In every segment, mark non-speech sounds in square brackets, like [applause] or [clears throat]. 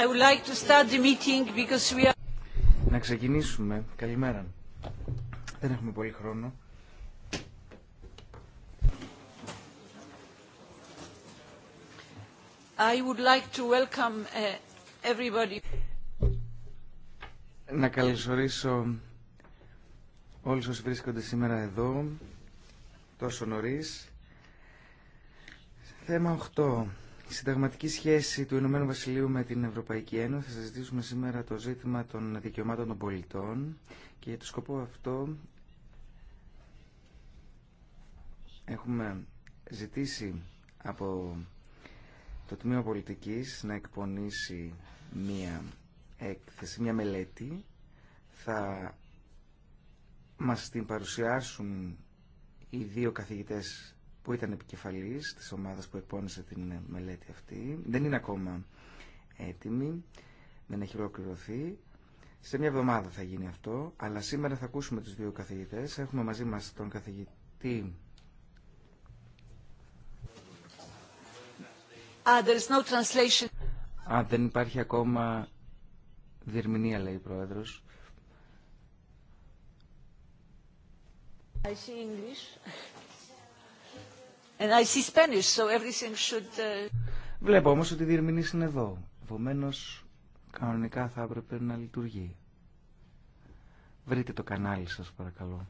I would like to start the meeting because we are... Να ξεκινήσουμε. Καλημέρα. Δεν έχουμε πολύ χρόνο. I would like to welcome eh, everybody. Να καλωσορίσω όλους όσοι βρίσκονται σήμερα εδώ, τόσο νωρίς. Θέμα στην συνταγματική σχέση του Ηνωμένου Βασιλείου με την Ευρωπαϊκή Ένωση θα συζητήσουμε σήμερα το ζήτημα των δικαιωμάτων των πολιτών και για το σκοπό αυτό έχουμε ζητήσει από το Τμήμα Πολιτικής να εκπονήσει μία έκθεση, μία μελέτη. Θα μας την παρουσιάσουν οι δύο καθηγητές που ήταν επικεφαλής της ομάδας που εκπώνησε την μελέτη αυτή. Δεν είναι ακόμα έτοιμη, δεν έχει ολοκληρωθεί. Σε μια εβδομάδα θα γίνει αυτό, αλλά σήμερα θα ακούσουμε τους δύο καθηγητές. Έχουμε μαζί μας τον καθηγητή... Ah, no translation. Α, δεν υπάρχει ακόμα διερμηνία, λέει η Πρόεδρος. I see English. Uh, Βλέπω όμως ότι η διερμηνής είναι εδώ. Επομένω, κανονικά θα έπρεπε να λειτουργεί. Βρείτε το κανάλι σας παρακαλώ.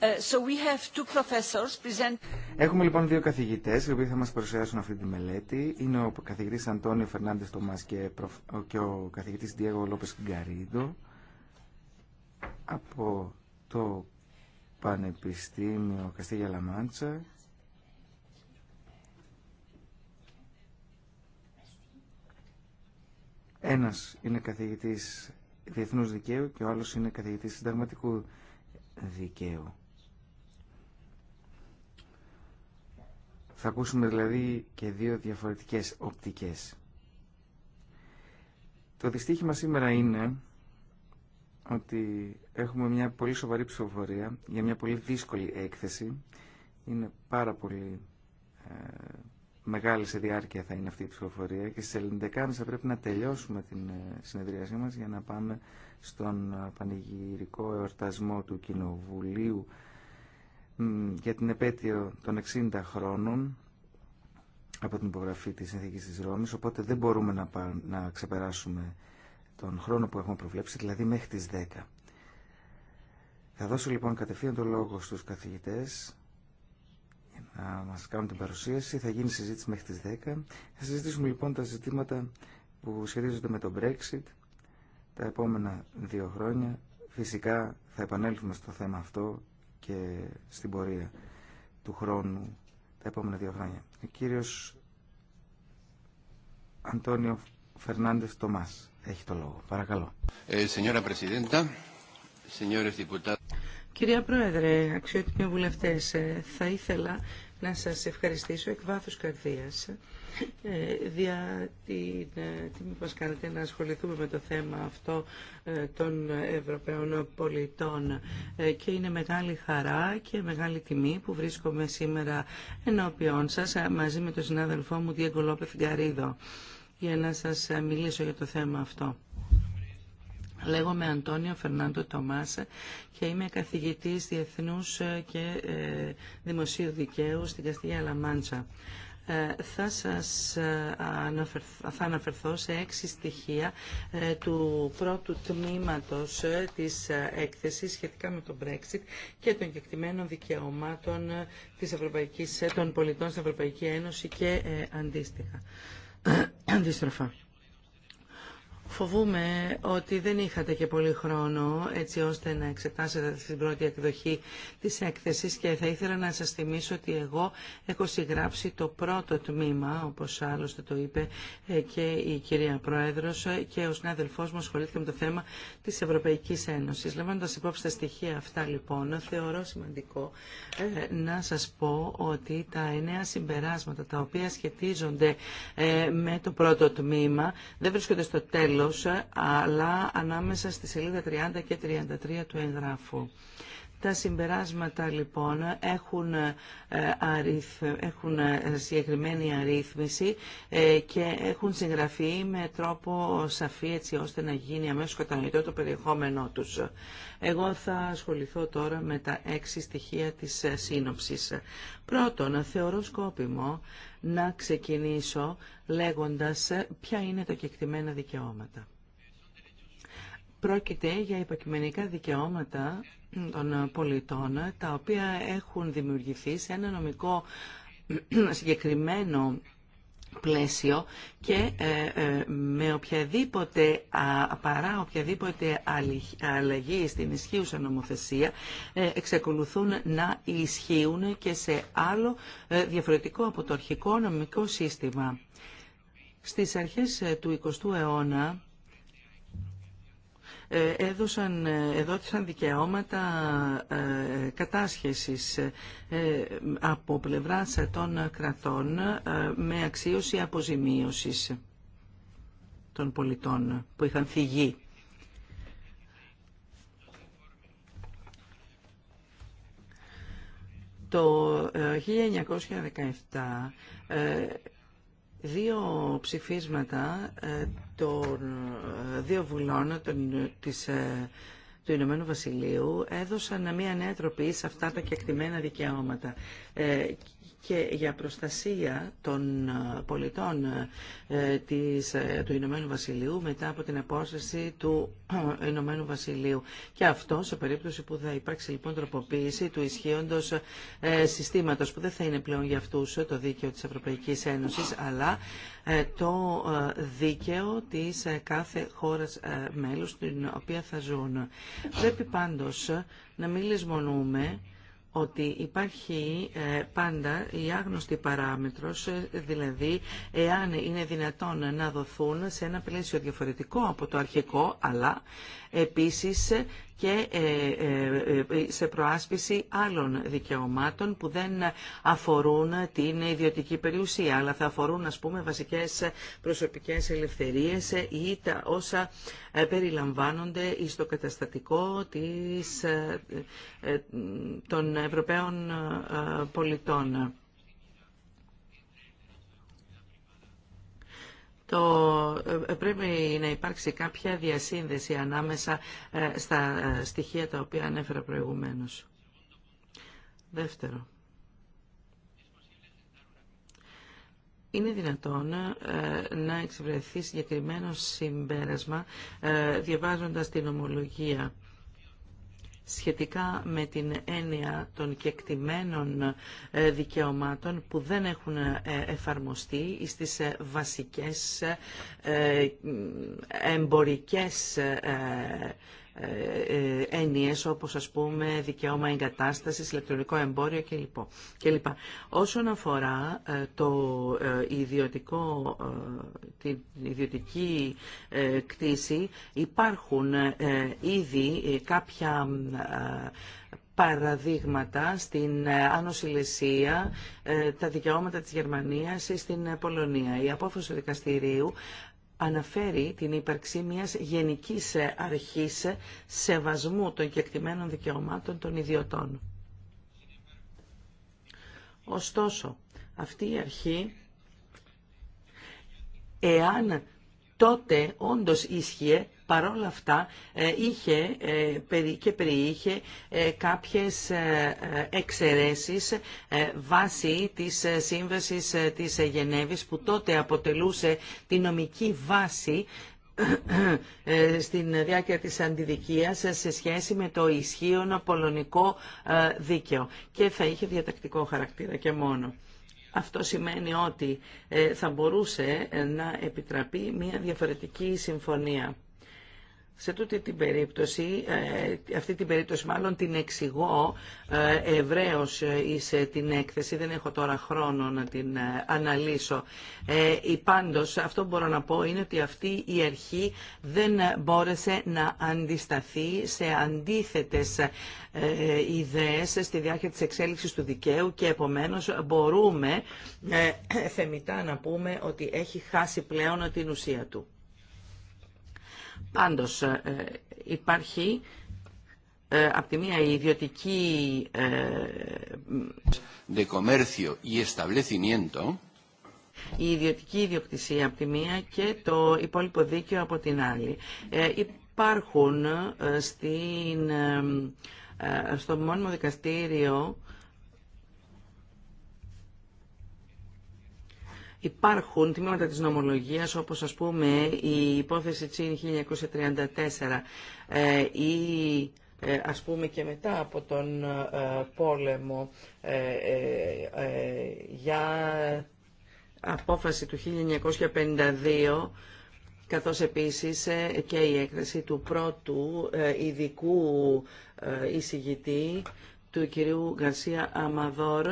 Uh, Έχουμε λοιπόν δύο καθηγητές οι οποίοι θα μας παρουσιάσουν αυτή τη μελέτη. Είναι ο καθηγητής Αντώνιο Φερνάντες Τομάς και, και ο καθηγητής Διέγο Λόπες Γκαρίντο από το Πανεπιστήμιο Καστίγια Λαμάντσα Ένας είναι καθηγητής διεθνούς δικαίου και ο άλλος είναι καθηγητής συνταγματικού δικαίου. Θα ακούσουμε δηλαδή και δύο διαφορετικές οπτικές. Το δυστύχημα σήμερα είναι ότι έχουμε μια πολύ σοβαρή ψηφοφορία για μια πολύ δύσκολη έκθεση. Είναι πάρα πολύ ε, μεγάλη σε διάρκεια θα είναι αυτή η ψηφοφορία και στις 11.30 θα πρέπει να τελειώσουμε την ε, συνεδρίασή μας για να πάμε στον ε, πανηγυρικό εορτασμό του Κοινοβουλίου για την επέτειο των 60 χρόνων από την υπογραφή της Συνθήκης της Ρώμης, οπότε δεν μπορούμε να, να ξεπεράσουμε τον χρόνο που έχουμε προβλέψει, δηλαδή μέχρι τις 10. Θα δώσω λοιπόν κατευθείαν τον λόγο στους καθηγητές για να μας κάνουν την παρουσίαση. Θα γίνει συζήτηση μέχρι τις 10. Θα συζητήσουμε λοιπόν τα ζητήματα που σχετίζονται με το Brexit τα επόμενα δύο χρόνια. Φυσικά θα επανέλθουμε στο θέμα αυτό και στην πορεία του χρόνου τα επόμενα δύο χρόνια. Ο κύριος Αντώνιο Φερνάντες Τομάς έχει το λόγο. Παρακαλώ. Ε, Κυρία Πρόεδρε, αξιότιμοι βουλευτές, ε, θα ήθελα να σας ευχαριστήσω εκ βάθους καρδίας ε, δια την ε, τιμή που κάνετε να ασχοληθούμε με το θέμα αυτό των Ευρωπαίων πολιτών και είναι μεγάλη χαρά και μεγάλη τιμή που βρίσκομαι σήμερα ενώπιόν σας μαζί με τον συνάδελφό μου Διέγκο Γκαρίδο για να σας ε, μιλήσω για το θέμα αυτό. Λέγομαι Αντώνιο Φερνάντο Τομάς και είμαι καθηγητής διεθνούς ε, και ε, δημοσίου δικαίου στην Καστilla Λαμάντσα. Θα σας αναφερθώ, θα σε έξι στοιχεία του πρώτου τμήματος της έκθεσης σχετικά με το Brexit και των κεκτημένων δικαιωμάτων της των πολιτών στην Ευρωπαϊκή Ένωση και αντίστοιχα αντίστροφα. Φοβούμαι ότι δεν είχατε και πολύ χρόνο έτσι ώστε να εξετάσετε την πρώτη εκδοχή της έκθεσης και θα ήθελα να σας θυμίσω ότι εγώ έχω συγγράψει το πρώτο τμήμα, όπως άλλωστε το είπε ε, και η κυρία Πρόεδρος ε, και ο συνάδελφός μου ασχολήθηκε με το θέμα της Ευρωπαϊκής Ένωσης. Λαμβάνοντα υπόψη τα στοιχεία αυτά λοιπόν, θεωρώ σημαντικό ε, να σας πω ότι τα εννέα συμπεράσματα τα οποία σχετίζονται με το πρώτο τμήμα δεν βρίσκονται στο τέλος αλλά ανάμεσα στη σελίδα 30 και 33 του εγγράφου. Τα συμπεράσματα λοιπόν έχουν, ε, αριθ, έχουν ε, συγκεκριμένη αρρύθμιση ε, και έχουν συγγραφεί με τρόπο σαφή έτσι ώστε να γίνει αμέσως κατανοητό το περιεχόμενό τους. Εγώ θα ασχοληθώ τώρα με τα έξι στοιχεία της σύνοψης. Πρώτον, θεωρώ σκόπιμο να ξεκινήσω λέγοντας ποια είναι τα κεκτημένα δικαιώματα. Πρόκειται για υποκειμενικά δικαιώματα των πολιτών, τα οποία έχουν δημιουργηθεί σε ένα νομικό [clears throat] συγκεκριμένο πλαίσιο και ε, ε, με οποιαδήποτε, παρά οποιαδήποτε αλλαγή στην ισχύουσα νομοθεσία, ε, εξακολουθούν να ισχύουν και σε άλλο διαφορετικό από το αρχικό νομικό σύστημα. Στις αρχές του 20ου αιώνα, ε, έδωσαν, έδωσαν ε, δικαιώματα ε, κατάσχεσης από πλευράς των κρατών με αξίωση αποζημίωσης των πολιτών που είχαν φυγεί. Το 1917 δύο ψηφίσματα ε, των ε, δύο βουλών ε, του Ηνωμένου Βασιλείου έδωσαν μια νέα τροπή σε αυτά τα κεκτημένα δικαιώματα και για προστασία των ε, πολιτών ε, της, ε, του Ηνωμένου Βασιλείου μετά από την απόσταση του Ηνωμένου Βασιλείου. Και αυτό σε περίπτωση που θα υπάρξει λοιπόν τροποποίηση του ισχύοντος συστήματος που δεν θα είναι πλέον για αυτούς το δίκαιο της Ευρωπαϊκής Ένωσης αλλά το δίκαιο της κάθε χώρας μέλους την οποία θα ζουν. Πρέπει πάντως να μην λησμονούμε ότι υπάρχει ε, πάντα η άγνωστη παράμετρος, ε, δηλαδή εάν είναι δυνατόν να δοθούν σε ένα πλαίσιο διαφορετικό από το αρχικό, αλλά επίσης και ε, ε, ε, σε προάσπιση άλλων δικαιωμάτων που δεν αφορούν την ιδιωτική περιουσία, αλλά θα αφορούν, ας πούμε, βασικές προσωπικές ελευθερίες ή τα όσα περιλαμβάνονται στο καταστατικό των Ευρωπαίων πολιτών. το, ε, ε, πρέπει να υπάρξει κάποια διασύνδεση ανάμεσα ε, στα στοιχεία τα οποία ανέφερα προηγουμένως. Δεύτερο. Είναι δυνατόν να εξευρεθεί συγκεκριμένο συμπέρασμα διαβάζοντας την ομολογία σχετικά με την έννοια των κεκτημένων ε, δικαιωμάτων που δεν έχουν ε, εφαρμοστεί στις ε, βασικές εμπορικές ε, ε, έννοιες όπως ας πούμε δικαίωμα εγκατάστασης, ηλεκτρονικό εμπόριο κλπ. Όσον αφορά ε, το ιδιωτικό, την ιδιωτική κτήση υπάρχουν ήδη κάποια παραδείγματα στην Άνω τα δικαιώματα της Γερμανίας ή στην Πολωνία. Η απόφαση του δικαστηρίου αναφέρει την ύπαρξη μιας γενικής αρχής σεβασμού των κεκτημένων δικαιωμάτων των ιδιωτών. Ωστόσο, αυτή η αρχή, εάν τότε όντως ίσχυε, παρόλα αυτά ε, είχε ε, και περιείχε ε, κάποιες εξαιρέσεις βάσει της σύμβασης της Γενέβης που τότε αποτελούσε την νομική βάση [clears throat] στην διάρκεια της αντιδικίας σε σχέση με το ισχύον πολωνικό δίκαιο και θα είχε διατακτικό χαρακτήρα και μόνο. Αυτό σημαίνει ότι θα μπορούσε να επιτραπεί μια διαφορετική συμφωνία σε τούτη την περίπτωση, ε, αυτή την περίπτωση μάλλον την εξηγώ ε, ευρέως ε, εις την έκθεση, δεν έχω τώρα χρόνο να την αναλύσω. Ε, πάντως, αυτό που μπορώ να πω είναι ότι αυτή η αρχή δεν μπόρεσε να αντισταθεί σε αντίθετες ιδέες στη διάρκεια της εξέλιξης του δικαίου και επομένως μπορούμε θεμητά να πούμε ότι έχει χάσει πλέον την ουσία του. Πάντως ε, υπάρχει ε, από τη μία η ιδιωτική ε, de η ιδιωτική ιδιοκτησία από τη μία και το υπόλοιπο δίκαιο από την άλλη. Υπάρχουν στην, στο μόνιμο δικαστήριο Υπάρχουν τμήματα της νομολογίας όπως ας πούμε η υπόθεση Τσίν 1934 ε, ή ε, ας πούμε και μετά από τον ε, πόλεμο για απόφαση του 1952 καθώς επίσης και η έκθεση του πρώτου ειδικού εισηγητή του κυρίου Γκαρσία Αμαδόρ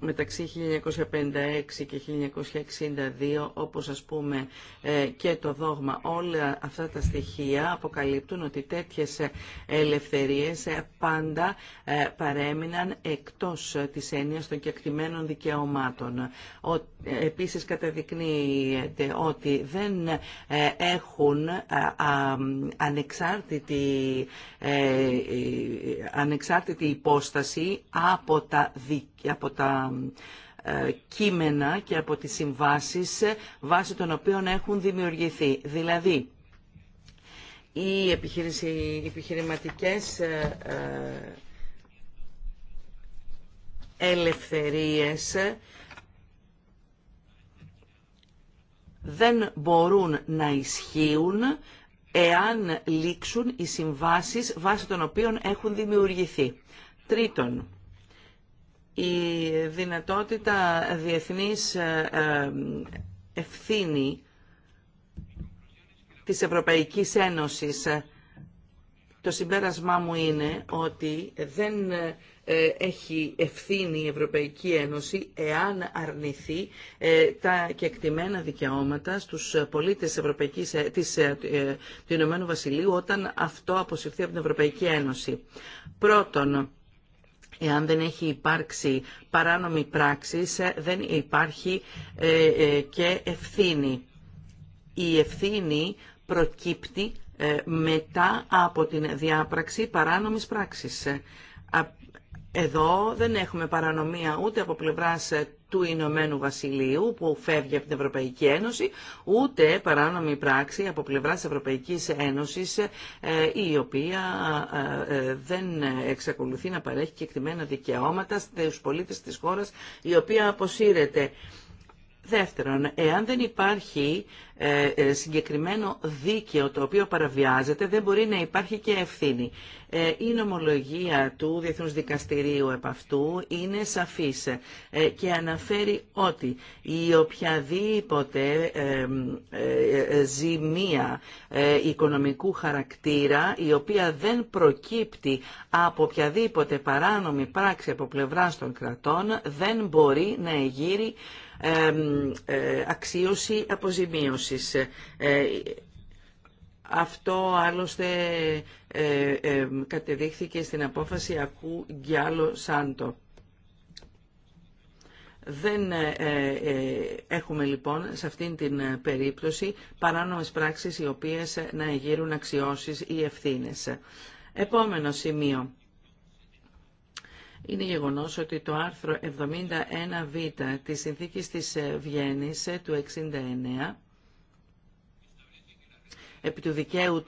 μεταξύ 1956 και 1962, όπως ας πούμε ε, και το δόγμα, όλα αυτά τα στοιχεία αποκαλύπτουν ότι τέτοιες ε, ελευθερίες ε, πάντα παρέμειναν εκτός της έννοιας των κεκτημένων δικαιωμάτων. Επίσης καταδεικνύεται ότι δεν έχουν ανεξάρτητη, ανεξάρτητη υπόσταση από τα δικαιώματα και από τα ε, κείμενα και από τις συμβάσεις ε, βάσει των οποίων έχουν δημιουργηθεί. Δηλαδή, οι επιχειρηματικές ε, ελευθερίες δεν μπορούν να ισχύουν εάν λήξουν οι συμβάσεις βάσει των οποίων έχουν δημιουργηθεί. Τρίτον, η δυνατότητα διεθνής ε, ε, ευθύνη της Ευρωπαϊκής Ένωσης. Το συμπέρασμά μου είναι ότι δεν ε, έχει ευθύνη η Ευρωπαϊκή Ένωση εάν αρνηθεί τα κεκτημένα δικαιώματα στους πολίτες της Ευρωπαϊκής, της, του Ηνωμένου Βασιλείου όταν αυτό αποσυρθεί από την Ευρωπαϊκή Ένωση. Πρώτον, Εάν δεν έχει υπάρξει παράνομη πράξη, δεν υπάρχει ε, ε, και ευθύνη. Η ευθύνη προκύπτει ε, μετά από την διάπραξη παράνομης πράξης. Εδώ δεν έχουμε παρανομία ούτε από πλευράς ε, του Ηνωμένου Βασιλείου που φεύγει από την Ευρωπαϊκή Ένωση, ούτε παράνομη πράξη από πλευράς Ευρωπαϊκής Ένωσης ε, η οποία ε, δεν εξακολουθεί να παρέχει κεκτημένα δικαιώματα στους πολίτες της χώρας η οποία αποσύρεται. Δεύτερον, εάν δεν υπάρχει ε, ε, συγκεκριμένο δίκαιο το οποίο παραβιάζεται, δεν μπορεί να υπάρχει και ευθύνη. Ε, η νομολογία του Διεθνούς Δικαστηρίου επ' αυτού είναι σαφής και αναφέρει ότι η οποιαδήποτε ζημία οικονομικού χαρακτήρα, η οποία δεν προκύπτει από οποιαδήποτε παράνομη πράξη από πλευράς των κρατών, δεν μπορεί να εγείρει ε, αξίωση αποζημίωσης. Ε, αυτό άλλωστε ε, κατεδείχθηκε στην απόφαση Ακού Γκιάλο Σάντο. Δεν έχουμε λοιπόν σε αυτήν την περίπτωση παράνομες πράξεις οι οποίες να εγείρουν αξιώσεις ή ευθύνες. Επόμενο σημείο είναι γεγονός ότι το άρθρο 71β της Συνθήκης της ε, Βιέννης ε, του 69 επί του δικαίου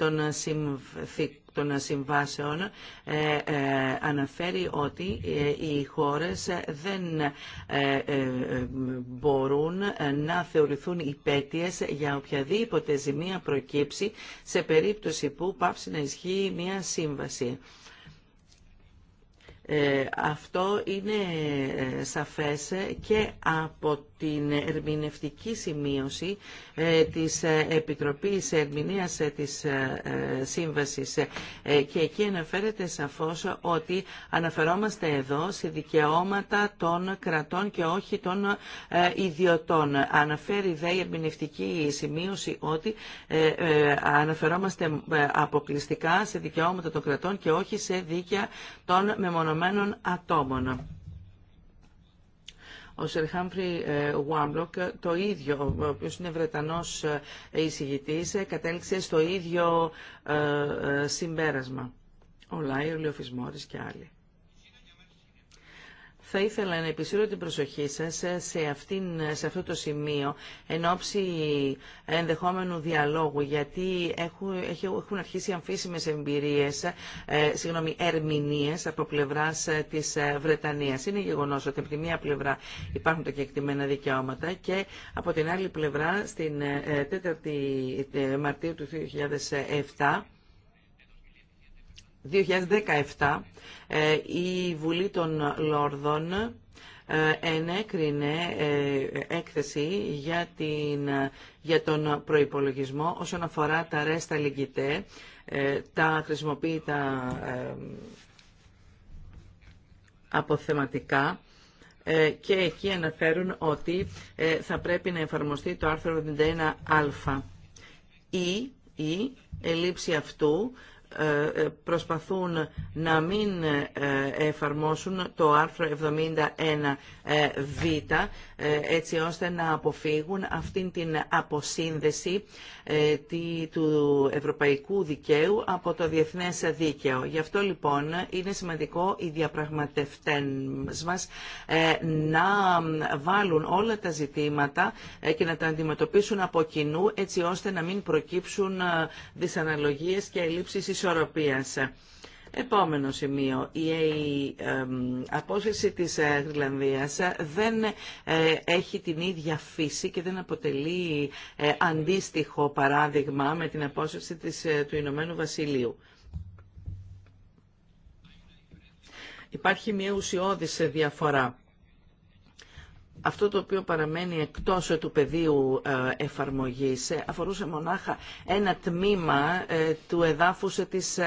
των, συμβάσεων ε, αναφέρει ότι οι χώρες δεν μπορούν να θεωρηθούν υπέτειες για οποιαδήποτε ζημία προκύψει σε περίπτωση που πάψει να ισχύει μια σύμβαση. Ε, αυτό είναι ε, σαφές και από την ερμηνευτική σημείωση ε, της ε, Επιτροπής Ερμηνείας ε, της Σύμβασης και εκεί αναφέρεται σαφώς ότι αναφερόμαστε εδώ σε δικαιώματα των κρατών και όχι των ιδιωτών. Αναφέρει δε η ερμηνευτική σημείωση ότι αναφερόμαστε αποκλειστικά σε δικαιώματα των κρατών και όχι σε δίκαια των μεμονωμένων ατόμων. Ο Σερ Χάμφρι ε, το ίδιο, ο οποίος είναι Βρετανός ε, εισηγητής, ε, κατέληξε στο ίδιο συμπέρασμα. Ο ο Λεωφισμόρης και άλλοι. Θα ήθελα να επισύρω την προσοχή σας σε, αυτήν, σε αυτό το σημείο εν ώψη ενδεχόμενου διαλόγου γιατί έχουν, έχουν αρχίσει αμφίσιμες εμπειρίες, ε, συγγνώμη, ερμηνείες από πλευράς ε, της ε, Βρετανίας. Είναι γεγονός ότι από τη μία πλευρά υπάρχουν τα κεκτημένα δικαιώματα και από την άλλη πλευρά στην 4η ε, Μαρτίου του 2007 2017 ε, η Βουλή των Λόρδων ε, ενέκρινε ε, έκθεση για, την, για τον προϋπολογισμό όσον αφορά τα ρέστα λιγκητέ, τα χρησιμοποιητά αποθεματικά και εκεί αναφέρουν ότι θα πρέπει να εφαρμοστεί το άρθρο 91α ή η η εληψη αυτού ε, ε, προσπαθούν να μην ε, εφαρμόσουν το άρθρο 71β έτσι ώστε να αποφύγουν αυτήν την αποσύνδεση του ευρωπαϊκού δικαίου από το διεθνές δίκαιο. Γι' αυτό λοιπόν είναι σημαντικό οι διαπραγματευτές μας να βάλουν όλα τα ζητήματα και να τα αντιμετωπίσουν από κοινού έτσι ώστε να μην προκύψουν δυσαναλογίες και ελλείψεις ισορροπίας. Επόμενο σημείο, η ε, απόσυρση της ε, Γρυλανδίας ε, δεν έχει την ίδια φύση και δεν αποτελεί αντίστοιχο παράδειγμα με την ε, του Ηνωμένου Βασιλείου. Υπάρχει μια ουσιώδης διαφορά αυτό το οποίο παραμένει εκτός του πεδίου ε, εφαρμογής ε, αφορούσε μονάχα ένα τμήμα ε, του εδάφους της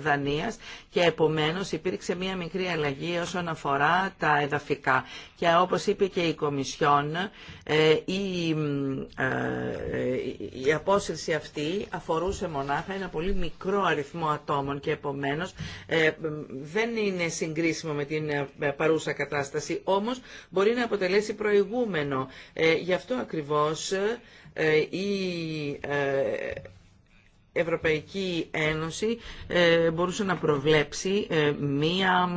Δανίας και επομένως υπήρξε μία μικρή αλλαγή όσον αφορά τα εδαφικά. Και όπως είπε και η Κομισιόν, η απόσυρση αυτή αφορούσε μονάχα ένα πολύ μικρό αριθμό ατόμων και επομένως δεν είναι συγκρίσιμο με την παρούσα κατάσταση, όμως μπορεί να αποτελέσει προηγούμενο. Ε, γι' αυτό ακριβώς ε, η ε, Ευρωπαϊκή Ένωση μπορούσε να προβλέψει μία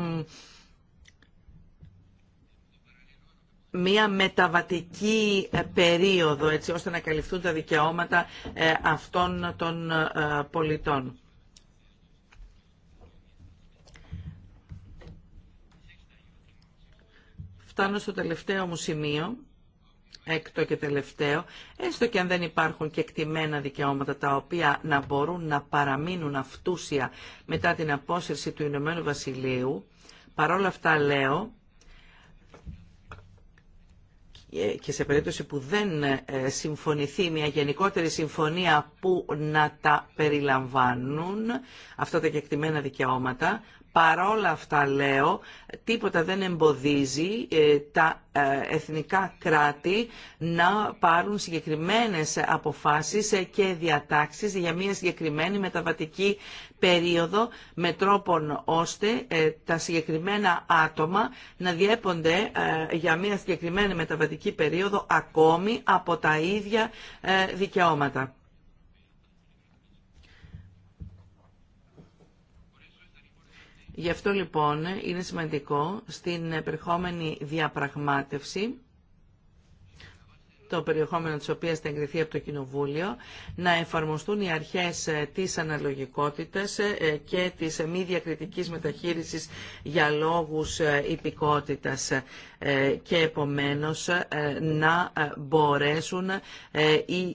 μία μεταβατική περίοδο έτσι ώστε να καλυφθούν τα δικαιώματα αυτών των πολιτών. Φτάνω στο τελευταίο μου σημείο, έκτο και τελευταίο, έστω και αν δεν υπάρχουν και εκτιμένα δικαιώματα τα οποία να μπορούν να παραμείνουν αυτούσια μετά την απόσυρση του Ηνωμένου Βασιλείου, παρόλα αυτά λέω ε, και σε περίπτωση που δεν ε, συμφωνηθεί μια γενικότερη συμφωνία που να τα περιλαμβάνουν αυτά τα κεκτημένα δικαιώματα, Παρόλα αυτά λέω, τίποτα δεν εμποδίζει ε, τα ε, εθνικά κράτη να πάρουν συγκεκριμένες αποφάσεις ε, και διατάξεις για μια συγκεκριμένη μεταβατική περίοδο με τρόπον ώστε τα συγκεκριμένα άτομα να διέπονται για μια συγκεκριμένη μεταβατική περίοδο ακόμη από τα ίδια δικαιώματα. Γι' αυτό λοιπόν είναι σημαντικό στην επερχόμενη διαπραγμάτευση το περιεχόμενο της οποίας θα εγκριθεί από το Κοινοβούλιο, να εφαρμοστούν οι αρχές ε, της αναλογικότητας ε, ε, και της μη διακριτικής μεταχείρισης για λόγους υπηκότητας και επομένως να μπορέσουν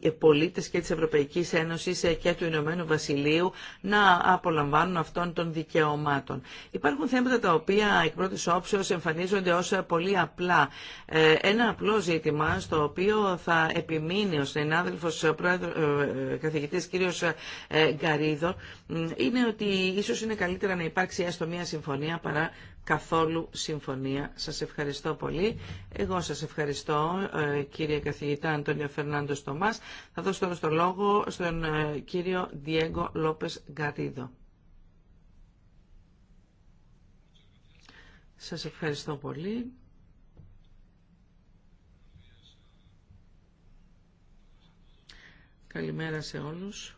οι πολίτες και της Ευρωπαϊκής Ένωσης και του Ηνωμένου Βασιλείου να απολαμβάνουν αυτών των δικαιωμάτων. Υπάρχουν θέματα τα οποία εκ πρώτης όψεως εμφανίζονται ως πολύ απλά. Ένα απλό ζήτημα στο οποίο θα επιμείνει ο συνάδελφος ε, ε, καθηγητής κύριος ε, Γκαρίδο είναι ότι ίσως είναι καλύτερα να υπάρξει έστω μία συμφωνία παρά καθόλου συμφωνία. Σας ευχαριστώ πολύ. Εγώ σας ευχαριστώ κύριε καθηγητά Αντώνιο Φερνάντο Τομάς. Θα δώσω τώρα στο λόγο στον κύριο Διέγκο Λόπες Γκαρίδο. Σας ευχαριστώ πολύ. Καλημέρα σε όλους.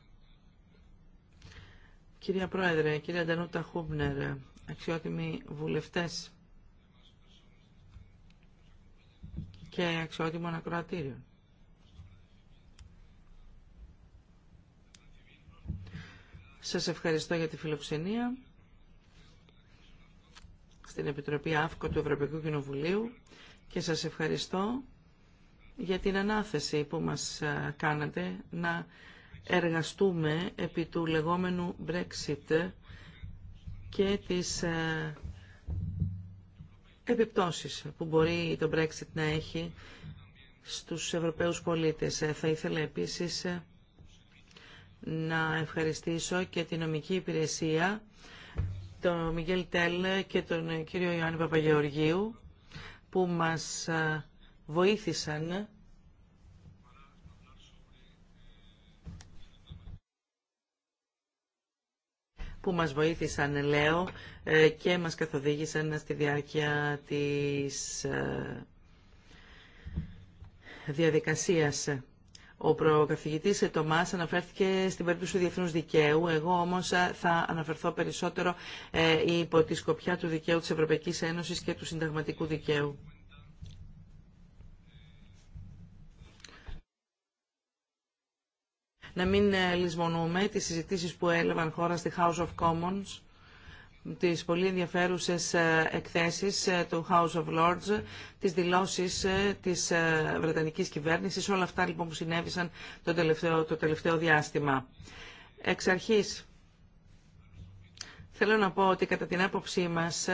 Κυρία Πρόεδρε, κυρία Ντανούτα Χούμπνερ, αξιότιμοι βουλευτές και αξιότιμο ακροατήριο. Σας ευχαριστώ για τη φιλοξενία στην Επιτροπή ΑΦΚΟ του Ευρωπαϊκού Κοινοβουλίου και σας ευχαριστώ για την ανάθεση που μας ε, κάνατε να εργαστούμε επί του λεγόμενου Brexit και της ε, επιπτώσεις που μπορεί το Brexit να έχει στους Ευρωπαίους πολίτες. Ε, θα ήθελα επίσης να ευχαριστήσω και την νομική υπηρεσία, τον Μιγγέλ Τέλ και τον κύριο Ιωάννη Παπαγεωργίου που μας βοήθησαν που μας βοήθησαν, λέω, ε, και μας καθοδήγησαν στη διάρκεια της ε, διαδικασίας. Ο προκαθηγητής Τομάς αναφέρθηκε στην περίπτωση του διεθνούς δικαίου. Εγώ όμως θα αναφερθώ περισσότερο ε, υπό τη σκοπιά του δικαίου της Ευρωπαϊκής Ένωσης και του συνταγματικού δικαίου. να μην ε, λησμονούμε τις συζητήσεις που έλαβαν χώρα στη House of Commons τις πολύ ενδιαφέρουσες ε, εκθέσεις ε, του House of Lords, τις δηλώσεις της Βρετανικής κυβέρνησης, όλα αυτά λοιπόν που συνέβησαν το τελευταίο, το τελευταίο διάστημα. Εξ αρχής, θέλω να πω ότι κατά την άποψή μας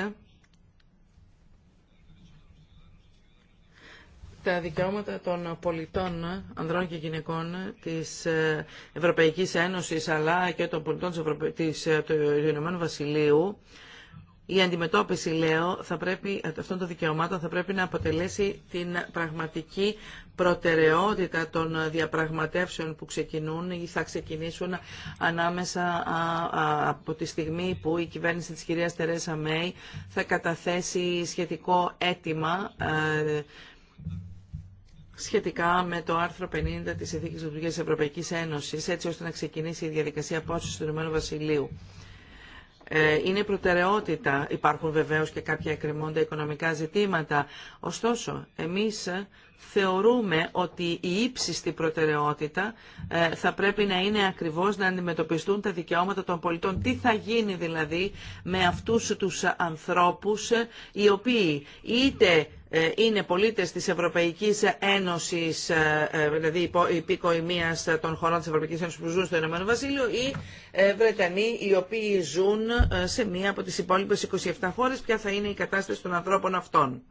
τα δικαιώματα των πολιτών, ανδρών και γυναικών της ε, Ευρωπαϊκής Ένωσης αλλά και των πολιτών της, ε, του Ηνωμένου Βασιλείου, η αντιμετώπιση, λέω, θα πρέπει, αυτών των δικαιωμάτων θα πρέπει να αποτελέσει την πραγματική προτεραιότητα των διαπραγματεύσεων που ξεκινούν ή θα ξεκινήσουν ανάμεσα από τη στιγμή που η κυβέρνηση της κυρίας Τερέσα Μέη θα καταθέσει σχετικό αίτημα ε, σχετικά με το άρθρο 50 της Εθήκης Λειτουργίας της Ευρωπαϊκής Ένωσης, έτσι ώστε να ξεκινήσει η διαδικασία απόσυσης του Ηνωμένου Βασιλείου. Ε, είναι προτεραιότητα, υπάρχουν βεβαίως και κάποια εκκρεμώντα οικονομικά ζητήματα. Ωστόσο, εμείς θεωρούμε ότι η ύψιστη προτεραιότητα ε, θα πρέπει να είναι ακριβώς να αντιμετωπιστούν τα δικαιώματα των πολιτών. Τι θα γίνει δηλαδή με αυτούς τους ανθρώπους ε, οι οποίοι είτε ε, είναι πολίτες της Ευρωπαϊκής Ένωσης, δηλαδή υπήκοη μίας των χωρών της Ευρωπαϊκής Ένωσης που ζουν στο Ηνωμένο Βασίλειο ή Βρετανοί οι οποίοι ζουν σε μία από τις υπόλοιπες 27 χώρες. Ποια θα είναι η κατάσταση των ανθρώπων αυτών.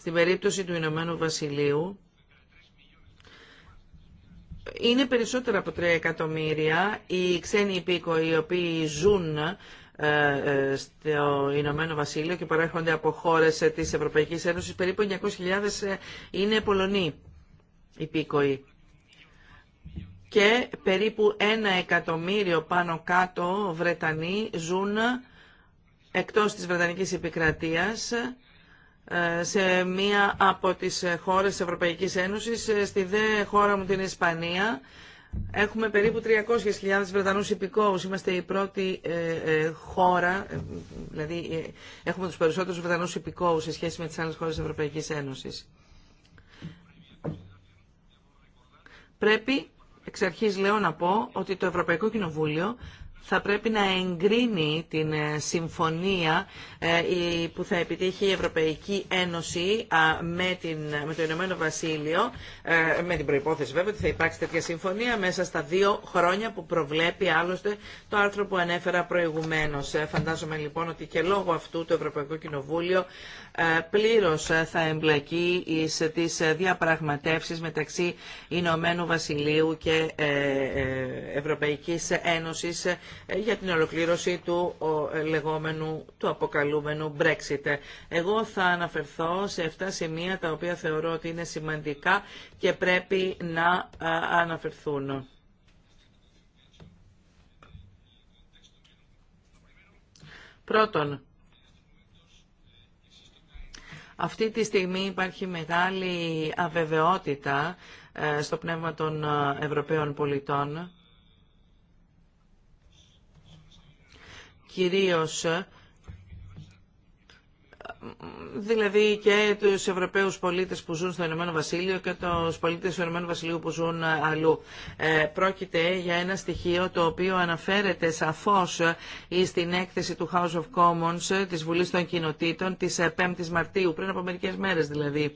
Στην περίπτωση του Ηνωμένου Βασιλείου, είναι περισσότερα από 3 εκατομμύρια οι ξένοι υπήκοοι οι οποίοι ζουν ε, ε, στο Ηνωμένο Βασίλειο και παρέχονται από χώρες της Ευρωπαϊκής Ένωσης. Περίπου 900.000 ε, είναι Πολωνοί υπήκοοι. Και περίπου 1 εκατομμύριο πάνω κάτω Βρετανοί ζουν εκτός της Βρετανικής επικρατείας σε μία από τις χώρες της Ευρωπαϊκής Ένωσης, ε, στη δε χώρα μου την Ισπανία. Έχουμε περίπου 300.000 Βρετανούς υπηκόους. Είμαστε η πρώτη ε, ε, χώρα, δηλαδή έχουμε τους περισσότερους Βρετανούς υπηκόους σε σχέση με τις άλλες χώρες της Ευρωπαϊκής Ένωσης. Πρέπει, εξ αρχής λέω να πω, ότι το Ευρωπαϊκό Κοινοβούλιο θα πρέπει να εγκρίνει την ε, συμφωνία ε, που θα επιτύχει η Ευρωπαϊκή Ένωση με, την, με το Ηνωμένο Βασίλειο, ε, με την προϋπόθεση βέβαια ότι θα υπάρξει τέτοια συμφωνία μέσα στα δύο χρόνια που προβλέπει άλλωστε το άρθρο που ανέφερα προηγουμένως. Φαντάζομαι λοιπόν ότι και λόγω αυτού το Ευρωπαϊκό Κοινοβούλιο ε, πλήρως θα εμπλακεί σε τις διαπραγματεύσεις μεταξύ Ηνωμένου Βασιλείου και ε, ε, Ευρωπαϊκής Ένωσης για την ολοκλήρωση του λεγόμενου, του αποκαλούμενου Brexit. Εγώ θα αναφερθώ σε 7 σημεία τα οποία θεωρώ ότι είναι σημαντικά και πρέπει να αναφερθούν. Πρώτον, αυτή τη στιγμή υπάρχει μεγάλη αβεβαιότητα ε, στο πνεύμα των ε, Ευρωπαίων πολιτών, κυρίως ε, δηλαδή και τους Ευρωπαίους πολίτες που ζουν στο Ηνωμένο Βασίλειο και τους πολίτες του Ηνωμένου Βασιλείου που ζουν αλλού. Ε, πρόκειται για ένα στοιχείο το οποίο αναφέρεται σαφώ ε, στην έκθεση του House of Commons ε, της Βουλής των Κοινοτήτων τη 5 η Μαρτίου, πριν από μερικέ μέρες δηλαδή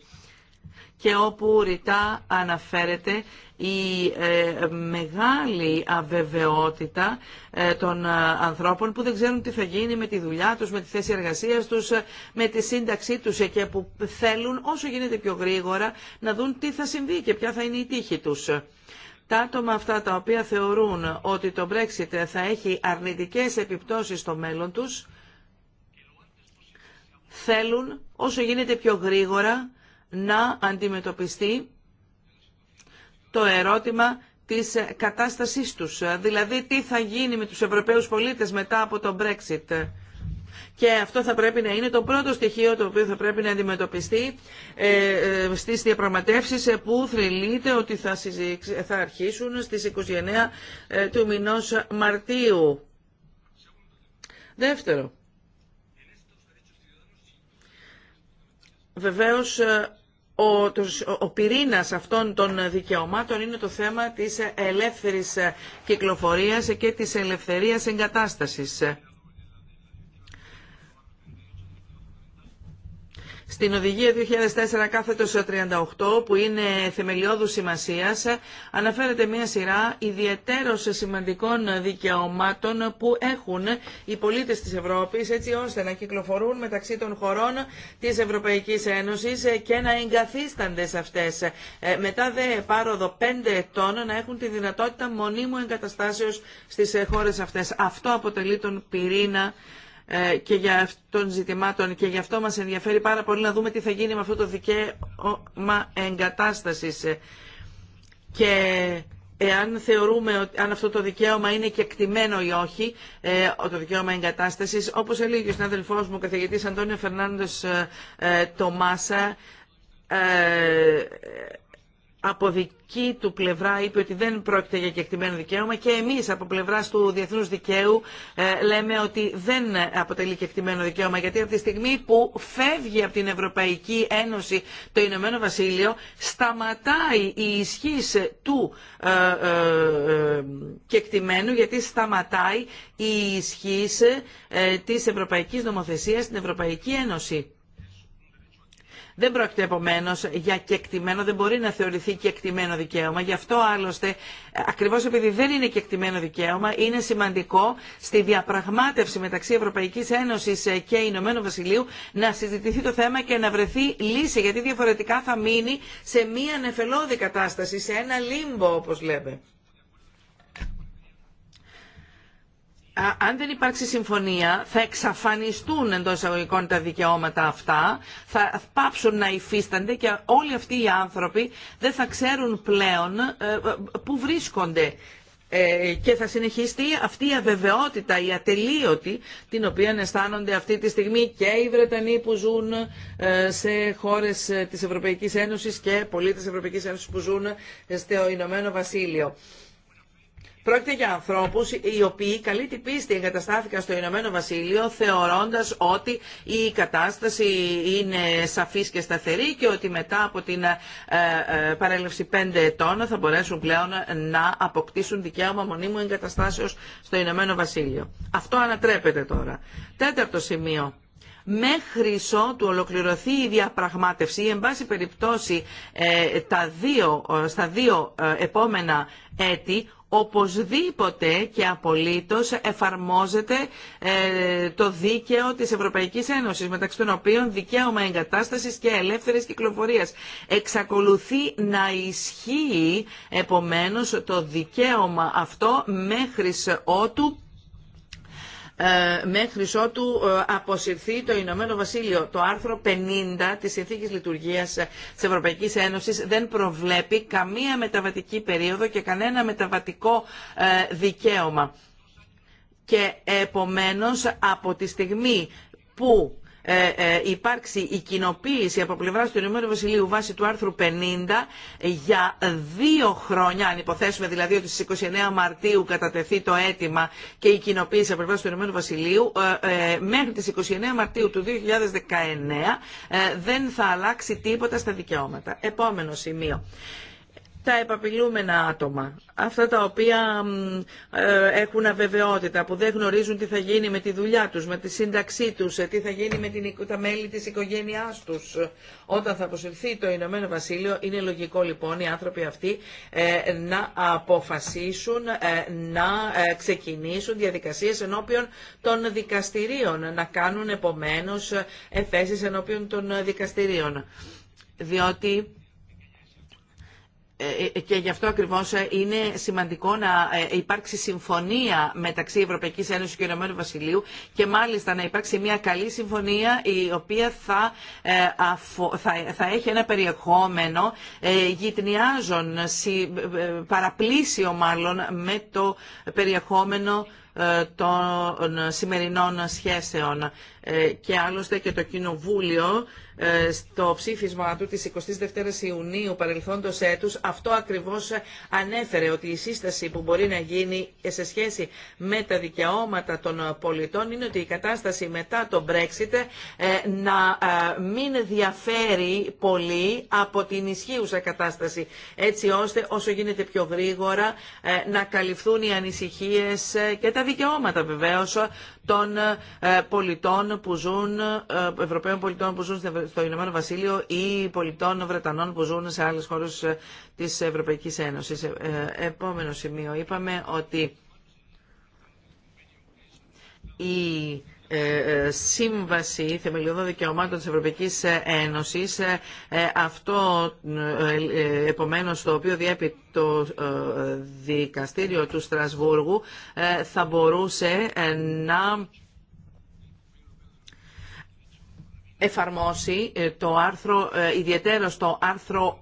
και όπου ρητά αναφέρεται η ε, μεγάλη αβεβαιότητα ε, των ε, ανθρώπων που δεν ξέρουν τι θα γίνει με τη δουλειά τους, με τη θέση εργασίας τους, με τη σύνταξή τους και που θέλουν όσο γίνεται πιο γρήγορα να δουν τι θα συμβεί και ποια θα είναι η τύχη τους. Τα άτομα αυτά τα οποία θεωρούν ότι το Brexit θα έχει αρνητικές επιπτώσεις στο μέλλον τους, θέλουν όσο γίνεται πιο γρήγορα να αντιμετωπιστεί το ερώτημα της κατάστασής τους. Δηλαδή τι θα γίνει με τους Ευρωπαίους πολίτες μετά από το Brexit. Και αυτό θα πρέπει να είναι το πρώτο στοιχείο το οποίο θα πρέπει να αντιμετωπιστεί ε, ε, στις διαπραγματεύσεις ε, που θρυλείται ότι θα αρχίσουν στις 29 του μηνός Μαρτίου. Δεύτερο. Βεβαίως ο, πυρήνα πυρήνας αυτών των δικαιωμάτων είναι το θέμα της ελεύθερης κυκλοφορίας και της ελευθερίας εγκατάστασης. στην Οδηγία 2004 38 που είναι θεμελιώδου σημασίας αναφέρεται μια σειρά ιδιαιτέρως σημαντικών δικαιωμάτων που έχουν οι πολίτες της Ευρώπης έτσι ώστε να κυκλοφορούν μεταξύ των χωρών της Ευρωπαϊκής Ένωσης και να εγκαθίστανται σε αυτές. Ε, μετά δε πάροδο 5 ετών να έχουν τη δυνατότητα μονίμου εγκαταστάσεως στις χώρες αυτές. Αυτό αποτελεί τον πυρήνα ε, και για αυτών ζητημάτων και γι' αυτό μας ενδιαφέρει πάρα πολύ να δούμε τι θα γίνει με αυτό το δικαίωμα εγκατάστασης και εάν θεωρούμε αν αυτό το δικαίωμα είναι και εκτιμένο ή όχι, ε, το δικαίωμα εγκατάστασης, όπως έλεγε ο συνάδελφός μου, ο καθηγητής Αντώνιο Φερνάνδος ε, Τομάσα, από δική του πλευρά είπε ότι δεν πρόκειται για κεκτημένο δικαίωμα και εμείς από πλευράς του διεθνούς δικαίου ε, λέμε ότι δεν αποτελεί κεκτημένο δικαίωμα γιατί από τη στιγμή που φεύγει από την Ευρωπαϊκή Ένωση το Ηνωμένο Βασίλειο σταματάει η ισχύς του ε, ε, ε κεκτημένου γιατί σταματάει η ισχύς ε, της Ευρωπαϊκής Νομοθεσίας στην Ευρωπαϊκή Ένωση. Δεν πρόκειται επομένω για κεκτημένο, δεν μπορεί να θεωρηθεί κεκτημένο δικαίωμα. Γι' αυτό άλλωστε, ακριβώ επειδή δεν είναι κεκτημένο δικαίωμα, είναι σημαντικό στη διαπραγμάτευση μεταξύ Ευρωπαϊκή Ένωση και Ηνωμένου Βασιλείου να συζητηθεί το θέμα και να βρεθεί λύση. Γιατί διαφορετικά θα μείνει σε μία νεφελώδη κατάσταση, σε ένα λίμπο όπω λέμε. αν δεν υπάρξει συμφωνία θα εξαφανιστούν εντό εισαγωγικών τα δικαιώματα αυτά, θα πάψουν να υφίστανται και όλοι αυτοί οι άνθρωποι δεν θα ξέρουν πλέον ε, ε, πού βρίσκονται ε, και θα συνεχιστεί αυτή η αβεβαιότητα, η ατελείωτη, την οποία αισθάνονται αυτή τη στιγμή και οι Βρετανοί που ζουν σε χώρες της Ευρωπαϊκής Ένωσης και πολίτες της Ευρωπαϊκής Ένωσης που ζουν στο Ηνωμένο Βασίλειο. Πρόκειται για ανθρώπους οι οποίοι καλή την πίστη εγκαταστάθηκαν στο Ηνωμένο Βασίλειο θεωρώντας ότι η κατάσταση είναι σαφής και σταθερή και ότι μετά από την ε, ε, παρέλευση πέντε ετών θα μπορέσουν πλέον να αποκτήσουν δικαίωμα μονίμου εγκαταστάσεως στο Ηνωμένο Βασίλειο. Αυτό ανατρέπεται τώρα. Τέταρτο σημείο μέχρι ότου ολοκληρωθεί η διαπραγμάτευση ή εν πάση περιπτώσει ε, τα δύο, στα δύο επόμενα έτη οπωσδήποτε και απολύτως εφαρμόζεται ε, το δίκαιο της Ευρωπαϊκής Ένωσης, μεταξύ των οποίων δικαίωμα εγκατάστασης και ελεύθερης κυκλοφορίας. Εξακολουθεί να ισχύει επομένως το δικαίωμα αυτό μέχρι ότου ε, μέχρι ότου ε, αποσυρθεί το Ηνωμένο Βασίλειο. Το άρθρο 50 της Συνθήκης Λειτουργίας της Ευρωπαϊκής Ένωσης δεν προβλέπει καμία μεταβατική περίοδο και κανένα μεταβατικό ε, δικαίωμα. Και επομένως από τη στιγμή που ε, ε, υπάρξει η κοινοποίηση από πλευρά του Ηνωμένου Βασιλείου βάσει του άρθρου 50 για δύο χρόνια, αν υποθέσουμε δηλαδή ότι στις 29 Μαρτίου κατατεθεί το αίτημα και η κοινοποίηση από πλευράς του Ηνωμένου Βασιλείου, ε, μέχρι τις 29 Μαρτίου του 2019 δεν θα αλλάξει τίποτα στα δικαιώματα. Επόμενο σημείο τα επαπειλούμενα άτομα, αυτά τα οποία ε, έχουν αβεβαιότητα, που δεν γνωρίζουν τι θα γίνει με τη δουλειά τους, με τη σύνταξή τους, ε, τι θα γίνει με την, τα μέλη της οικογένειάς τους ε, όταν θα αποσυρθεί το Ηνωμένο Βασίλειο. Είναι λογικό λοιπόν οι άνθρωποι αυτοί να αποφασίσουν να ξεκινήσουν διαδικασίες ενώπιον των δικαστηρίων, να κάνουν επομένως εφέσεις ενώπιον των δικαστηρίων. Διότι ε, ε, ε, και γι' αυτό ακριβώς είναι σημαντικό να υπάρξει συμφωνία μεταξύ Ευρωπαϊκής Ένωσης και Ηνωμένου Βασιλείου και μάλιστα να υπάρξει μια καλή συμφωνία η οποία θα, θα, έχει ένα περιεχόμενο γυτνιάζων, παραπλήσιο μάλλον με το περιεχόμενο των σημερινών σχέσεων. Ε, και άλλωστε και το Κοινοβούλιο ε, στο ψήφισμα του της 22ης Ιουνίου παρελθόντος έτους αυτό ακριβώς ανέφερε ότι η σύσταση που μπορεί να γίνει σε σχέση με τα δικαιώματα των πολιτών είναι ότι η κατάσταση μετά το Brexit ε, να μην διαφέρει πολύ από την ισχύουσα κατάσταση έτσι ώστε όσο γίνεται πιο γρήγορα να καλυφθούν οι ανησυχίες και τα δικαιώματα βεβαίως των ε, πολιτών που ζουν, ε, Ευρωπαίων πολιτών που ζουν στο Ηνωμένο Βασίλειο ή πολιτών Βρετανών που ζουν σε άλλες χώρες ε, της Ευρωπαϊκής Ένωσης. Επόμενο σημείο. Είπαμε ότι η ε, ε, σύμβαση Θεμελιωδών Δικαιωμάτων της Ευρωπαϊκής Ένωσης. Ε, αυτό, επομένως, το οποίο διέπει το δικαστήριο του Στρασβούργου θα μπορούσε να εφαρμόσει το άρθρο, ιδιαίτερο στο άρθρο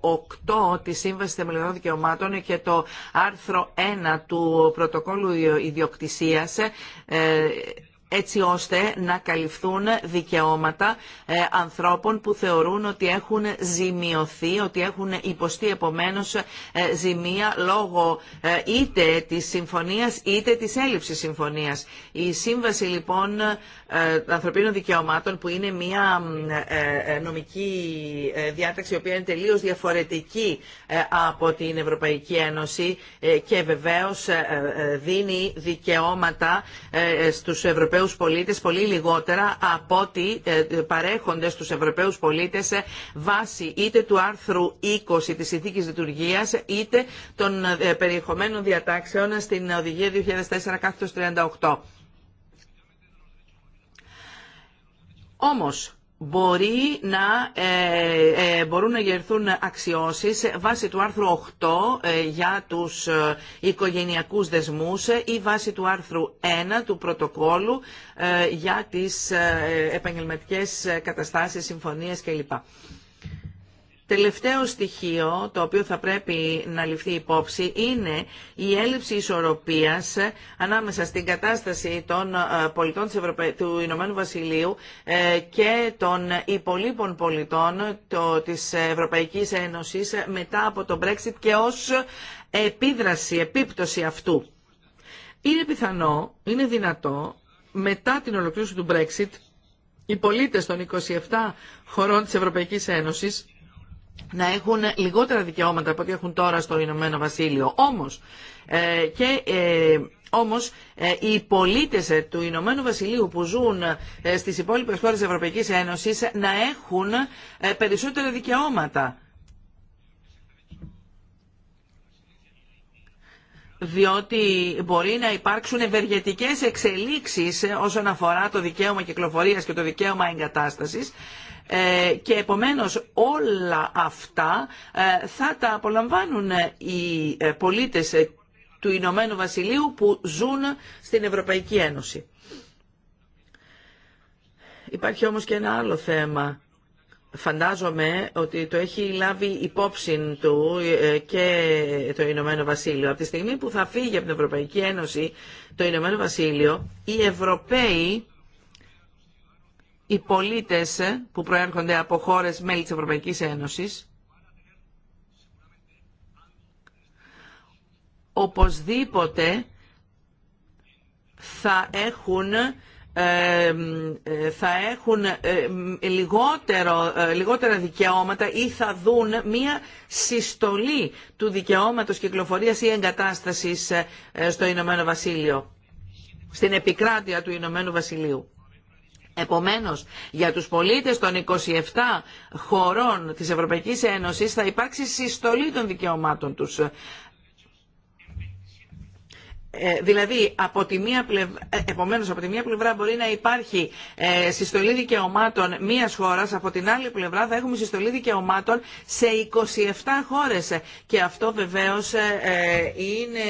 8 της Σύμβασης Θεμελιωδών Δικαιωμάτων και το άρθρο 1 του Πρωτοκόλου Ιδιοκτησίας έτσι ώστε να καλυφθούν δικαιώματα ε, ανθρώπων που θεωρούν ότι έχουν ζημιωθεί, ότι έχουν υποστεί επομένως ε, ζημία λόγω ε, είτε της συμφωνίας είτε της έλλειψης συμφωνίας. Η Σύμβαση λοιπόν Ανθρωπίνων Δικαιωμάτων που είναι μια νομική διάταξη η οποία είναι τελείως διαφορετική από την Ευρωπαϊκή Ένωση και βεβαίως δίνει δικαιώματα στους Ευρωπαίους Ευρωπαίους πολίτες πολύ λιγότερα από ό,τι ε, παρέχονται στους Ευρωπαίους πολίτες βάσει είτε του άρθρου 20 της Συνθήκης Λειτουργίας είτε των ε, περιεχομένων διατάξεων στην Οδηγία 2004 38. Όμως, μπορεί να, ε, ε, μπορούν να γερθούν αξιώσεις βάσει του άρθρου 8 ε, για τους οικογενειακούς δεσμούς ή βάσει του άρθρου 1 του πρωτοκόλου για τις επαγγελματικές καταστάσεις, συμφωνίες κλπ. Τελευταίο στοιχείο το οποίο θα πρέπει να ληφθεί υπόψη είναι η έλλειψη ισορροπίας ανάμεσα στην κατάσταση των ε, πολιτών της του Ηνωμένου Βασιλείου ε, και των υπολείπων πολιτών της Ευρωπαϊκής Ένωσης μετά από το Brexit και ως επίδραση, επίπτωση αυτού. Είναι πιθανό, είναι δυνατό μετά την ολοκλήρωση του Brexit οι πολίτες των 27 χωρών της Ευρωπαϊκής Ένωσης να έχουν λιγότερα δικαιώματα από ό,τι έχουν τώρα στο Ηνωμένο Βασίλειο. Όμως, ε, και, ε, όμως ε, οι πολίτες του Ηνωμένου Βασιλείου που ζουν στις υπόλοιπες χώρες της Ευρωπαϊκής Ένωσης να έχουν περισσότερα δικαιώματα. διότι μπορεί να υπάρξουν ευεργετικέ εξελίξεις όσον αφορά το δικαίωμα κυκλοφορίας και το δικαίωμα εγκατάστασης ε, και επομένως όλα αυτά ε, θα τα απολαμβάνουν οι ε, πολίτες του Ηνωμένου Βασιλείου που ζουν στην Ευρωπαϊκή Ένωση. Υπάρχει όμως και ένα άλλο θέμα Φαντάζομαι ότι το έχει λάβει υπόψη του ε, και το Ηνωμένο Βασίλειο. Από τη στιγμή που θα φύγει από την Ευρωπαϊκή Ένωση το Ηνωμένο Βασίλειο, οι Ευρωπαίοι, οι πολίτες που προέρχονται από χώρες μέλη της Ευρωπαϊκής Ένωσης, οπωσδήποτε θα έχουν ε, θα έχουν λιγότερο, ε, λιγότερα δικαιώματα ή θα δουν μία συστολή του δικαιώματος κυκλοφορίας ή εγκατάστασης ε, στο Ηνωμένο Βασίλειο, στην επικράτεια του Ηνωμένου Βασιλείου. Επομένως, για τους πολίτες των 27 χωρών της Ευρωπαϊκής Ένωσης θα υπάρξει συστολή των δικαιωμάτων τους. Ε, δηλαδή, από τη μία πλευ... Ε, επομένως, από τη μία πλευρά μπορεί να υπάρχει ε, συστολή δικαιωμάτων μίας χώρας, από την άλλη πλευρά θα έχουμε συστολή δικαιωμάτων σε 27 χώρες. Και αυτό βεβαίως ε, ε είναι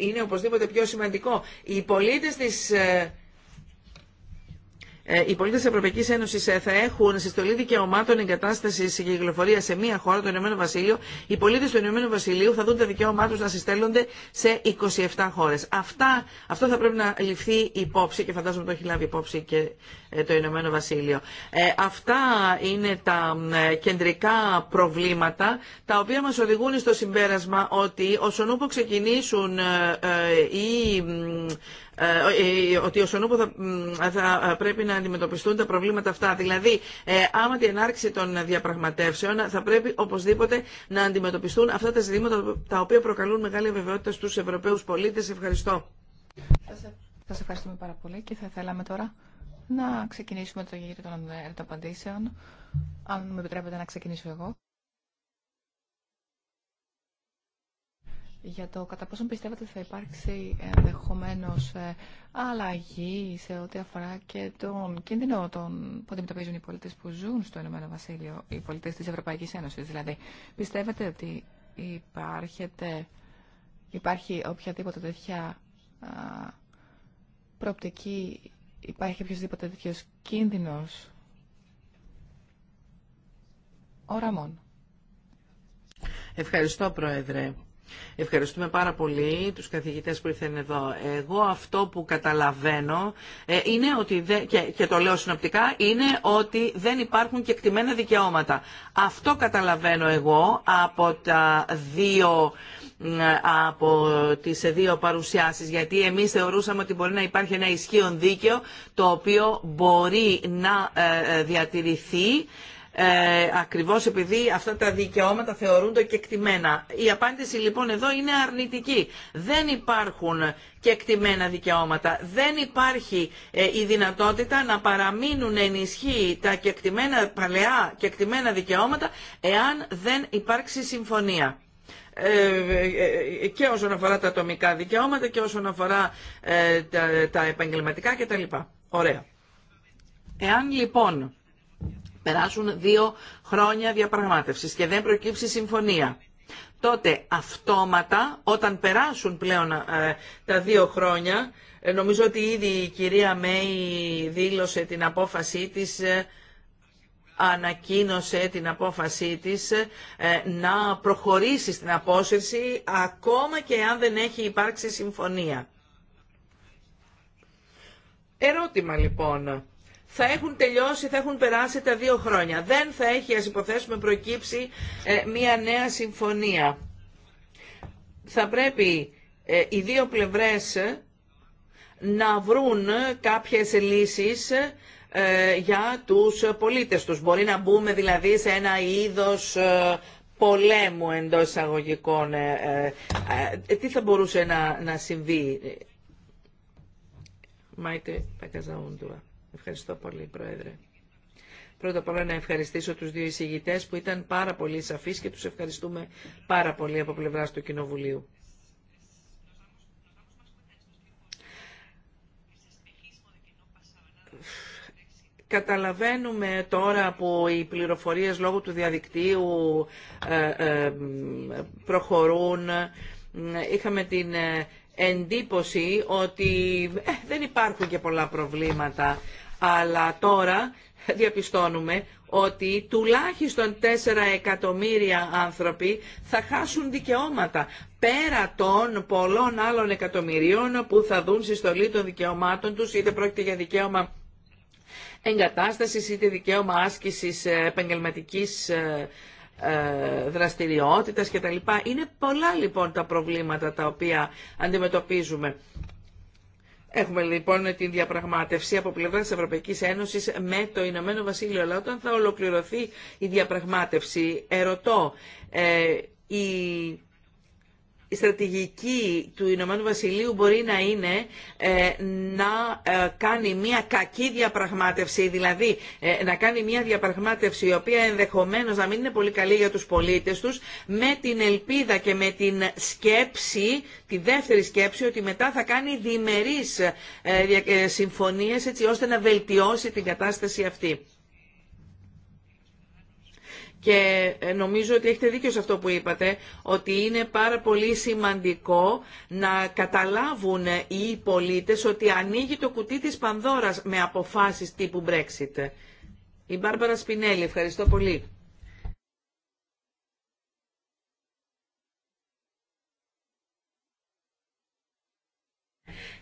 είναι οπωσδήποτε πιο σημαντικό. Οι πολίτες της ε, οι πολίτε της Ευρωπαϊκής Ένωσης ε, θα έχουν συστολή δικαιωμάτων εγκατάσταση και κυκλοφορία σε μία χώρα, το Ηνωμένο Βασίλειο, οι πολίτε του Ηνωμένου Βασιλείου θα δουν τα δικαιώματά του να συστέλλονται σε 27 χώρε. αυτό θα πρέπει να ληφθεί υπόψη και φαντάζομαι το έχει λάβει υπόψη και ε, το Ηνωμένο Βασίλειο. αυτά είναι τα κεντρικά προβλήματα τα οποία μα οδηγούν στο συμπέρασμα ότι όσον ούπο ξεκινήσουν οι ε, ότι Σονούπο θα, θα πρέπει να αντιμετωπιστούν τα προβλήματα αυτά. Δηλαδή, ε, άμα την ενάρξη των διαπραγματεύσεων θα πρέπει οπωσδήποτε να αντιμετωπιστούν αυτά τα ζητήματα τα οποία προκαλούν μεγάλη βεβαιότητα στους Ευρωπαίους πολίτες. Ευχαριστώ. Ε, σας ευχαριστούμε πάρα πολύ και θα θέλαμε τώρα να ξεκινήσουμε το γύρο των απαντήσεων. Αν μου επιτρέπετε να ξεκινήσω εγώ. για το κατά πόσο πιστεύετε ότι θα υπάρξει ενδεχομένω ε, αλλαγή σε ό,τι αφορά και τον κίνδυνο των, που αντιμετωπίζουν οι πολίτε που ζουν στο Ηνωμένο Βασίλειο, οι πολίτε τη Ευρωπαϊκή Ένωση. Δηλαδή, πιστεύετε ότι υπάρχει οποιαδήποτε τέτοια α, προοπτική, υπάρχει οποιοδήποτε τέτοιο κίνδυνο οραμών. Ευχαριστώ, Πρόεδρε. Ευχαριστούμε πάρα πολύ τους καθηγητές που ήρθαν εδώ. Εγώ αυτό που καταλαβαίνω ε, είναι ότι, και, το λέω συνοπτικά, είναι ότι δεν υπάρχουν και εκτιμένα δικαιώματα. Αυτό καταλαβαίνω εγώ από τα δύο από τις δύο παρουσιάσεις γιατί εμείς θεωρούσαμε ότι μπορεί να υπάρχει ένα ισχύον δίκαιο το οποίο μπορεί να ε, ε, διατηρηθεί ε, ακριβώς επειδή αυτά τα δικαιώματα θεωρούνται κεκτημένα. Η απάντηση λοιπόν εδώ είναι αρνητική. Δεν υπάρχουν κεκτημένα δικαιώματα. Δεν υπάρχει ε, η δυνατότητα να παραμείνουν ενισχύει τα κεκτημένα, παλαιά κεκτημένα δικαιώματα εάν δεν υπάρξει συμφωνία ε, και όσον αφορά τα ατομικά δικαιώματα και όσον αφορά τα, τα επαγγελματικά κτλ. Ωραία. Εάν λοιπόν περάσουν δύο χρόνια διαπραγμάτευσης και δεν προκύψει συμφωνία. Τότε αυτόματα όταν περάσουν πλέον ε, τα δύο χρόνια, ε, νομίζω ότι ήδη η κυρία Μέη δήλωσε την απόφασή της ε, ανακοίνωσε την απόφασή της ε, να προχωρήσει στην απόσυρση ακόμα και αν δεν έχει υπάρξει συμφωνία. Ερώτημα λοιπόν θα έχουν τελειώσει, θα έχουν περάσει τα δύο χρόνια. Δεν θα έχει, ας υποθέσουμε, προκύψει ε, μια νέα συμφωνία. Θα πρέπει ε, οι δύο πλευρές ε, να βρουν κάποιες λύσεις για τους πολίτες τους. Μπορεί να μπούμε δηλαδή σε ένα είδος πολέμου εντός εισαγωγικών. Τι θα μπορούσε να, να συμβεί. Μάιτε Πακαζαούντουα. Ευχαριστώ πολύ, Πρόεδρε. Πρώτα απ' όλα να ευχαριστήσω τους δύο εισηγητές που ήταν πάρα πολύ σαφείς και τους ευχαριστούμε πάρα πολύ από πλευράς του Κοινοβουλίου. Καταλαβαίνουμε τώρα που οι πληροφορίες λόγω του διαδικτύου ε, ε, προχωρούν. Είχαμε την ε, εντύπωση ότι δεν υπάρχουν και πολλά προβλήματα αλλά τώρα διαπιστώνουμε ότι τουλάχιστον 4 εκατομμύρια άνθρωποι θα χάσουν δικαιώματα πέρα των πολλών άλλων εκατομμυρίων που θα δουν συστολή των δικαιωμάτων τους είτε πρόκειται για δικαίωμα εγκατάστασης είτε δικαίωμα άσκησης ε, επαγγελματικής ε, ε, δραστηριότητας κτλ. Είναι πολλά λοιπόν τα προβλήματα τα οποία αντιμετωπίζουμε. Έχουμε λοιπόν την διαπραγμάτευση από πλευρά της Ευρωπαϊκής Ένωσης με το Ηνωμένο Βασίλειο. Αλλά όταν θα ολοκληρωθεί η διαπραγμάτευση, ερωτώ, ε, η η στρατηγική του Ηνωμένου Βασιλείου μπορεί να είναι ε, να ε, κάνει μια κακή διαπραγμάτευση, δηλαδή ε, να κάνει μια διαπραγμάτευση η οποία ενδεχομένως να μην είναι πολύ καλή για τους πολίτες τους, με την ελπίδα και με την σκέψη, τη δεύτερη σκέψη, ότι μετά θα κάνει διμερείς συμφωνίες έτσι ώστε να βελτιώσει την κατάσταση αυτή και ε, νομίζω ότι έχετε δίκιο σε αυτό που είπατε, ότι είναι πάρα πολύ σημαντικό να καταλάβουν οι πολίτες ότι ανοίγει το κουτί της Πανδώρας με αποφάσεις τύπου Brexit. Η Μπάρμπαρα Σπινέλη, ευχαριστώ πολύ.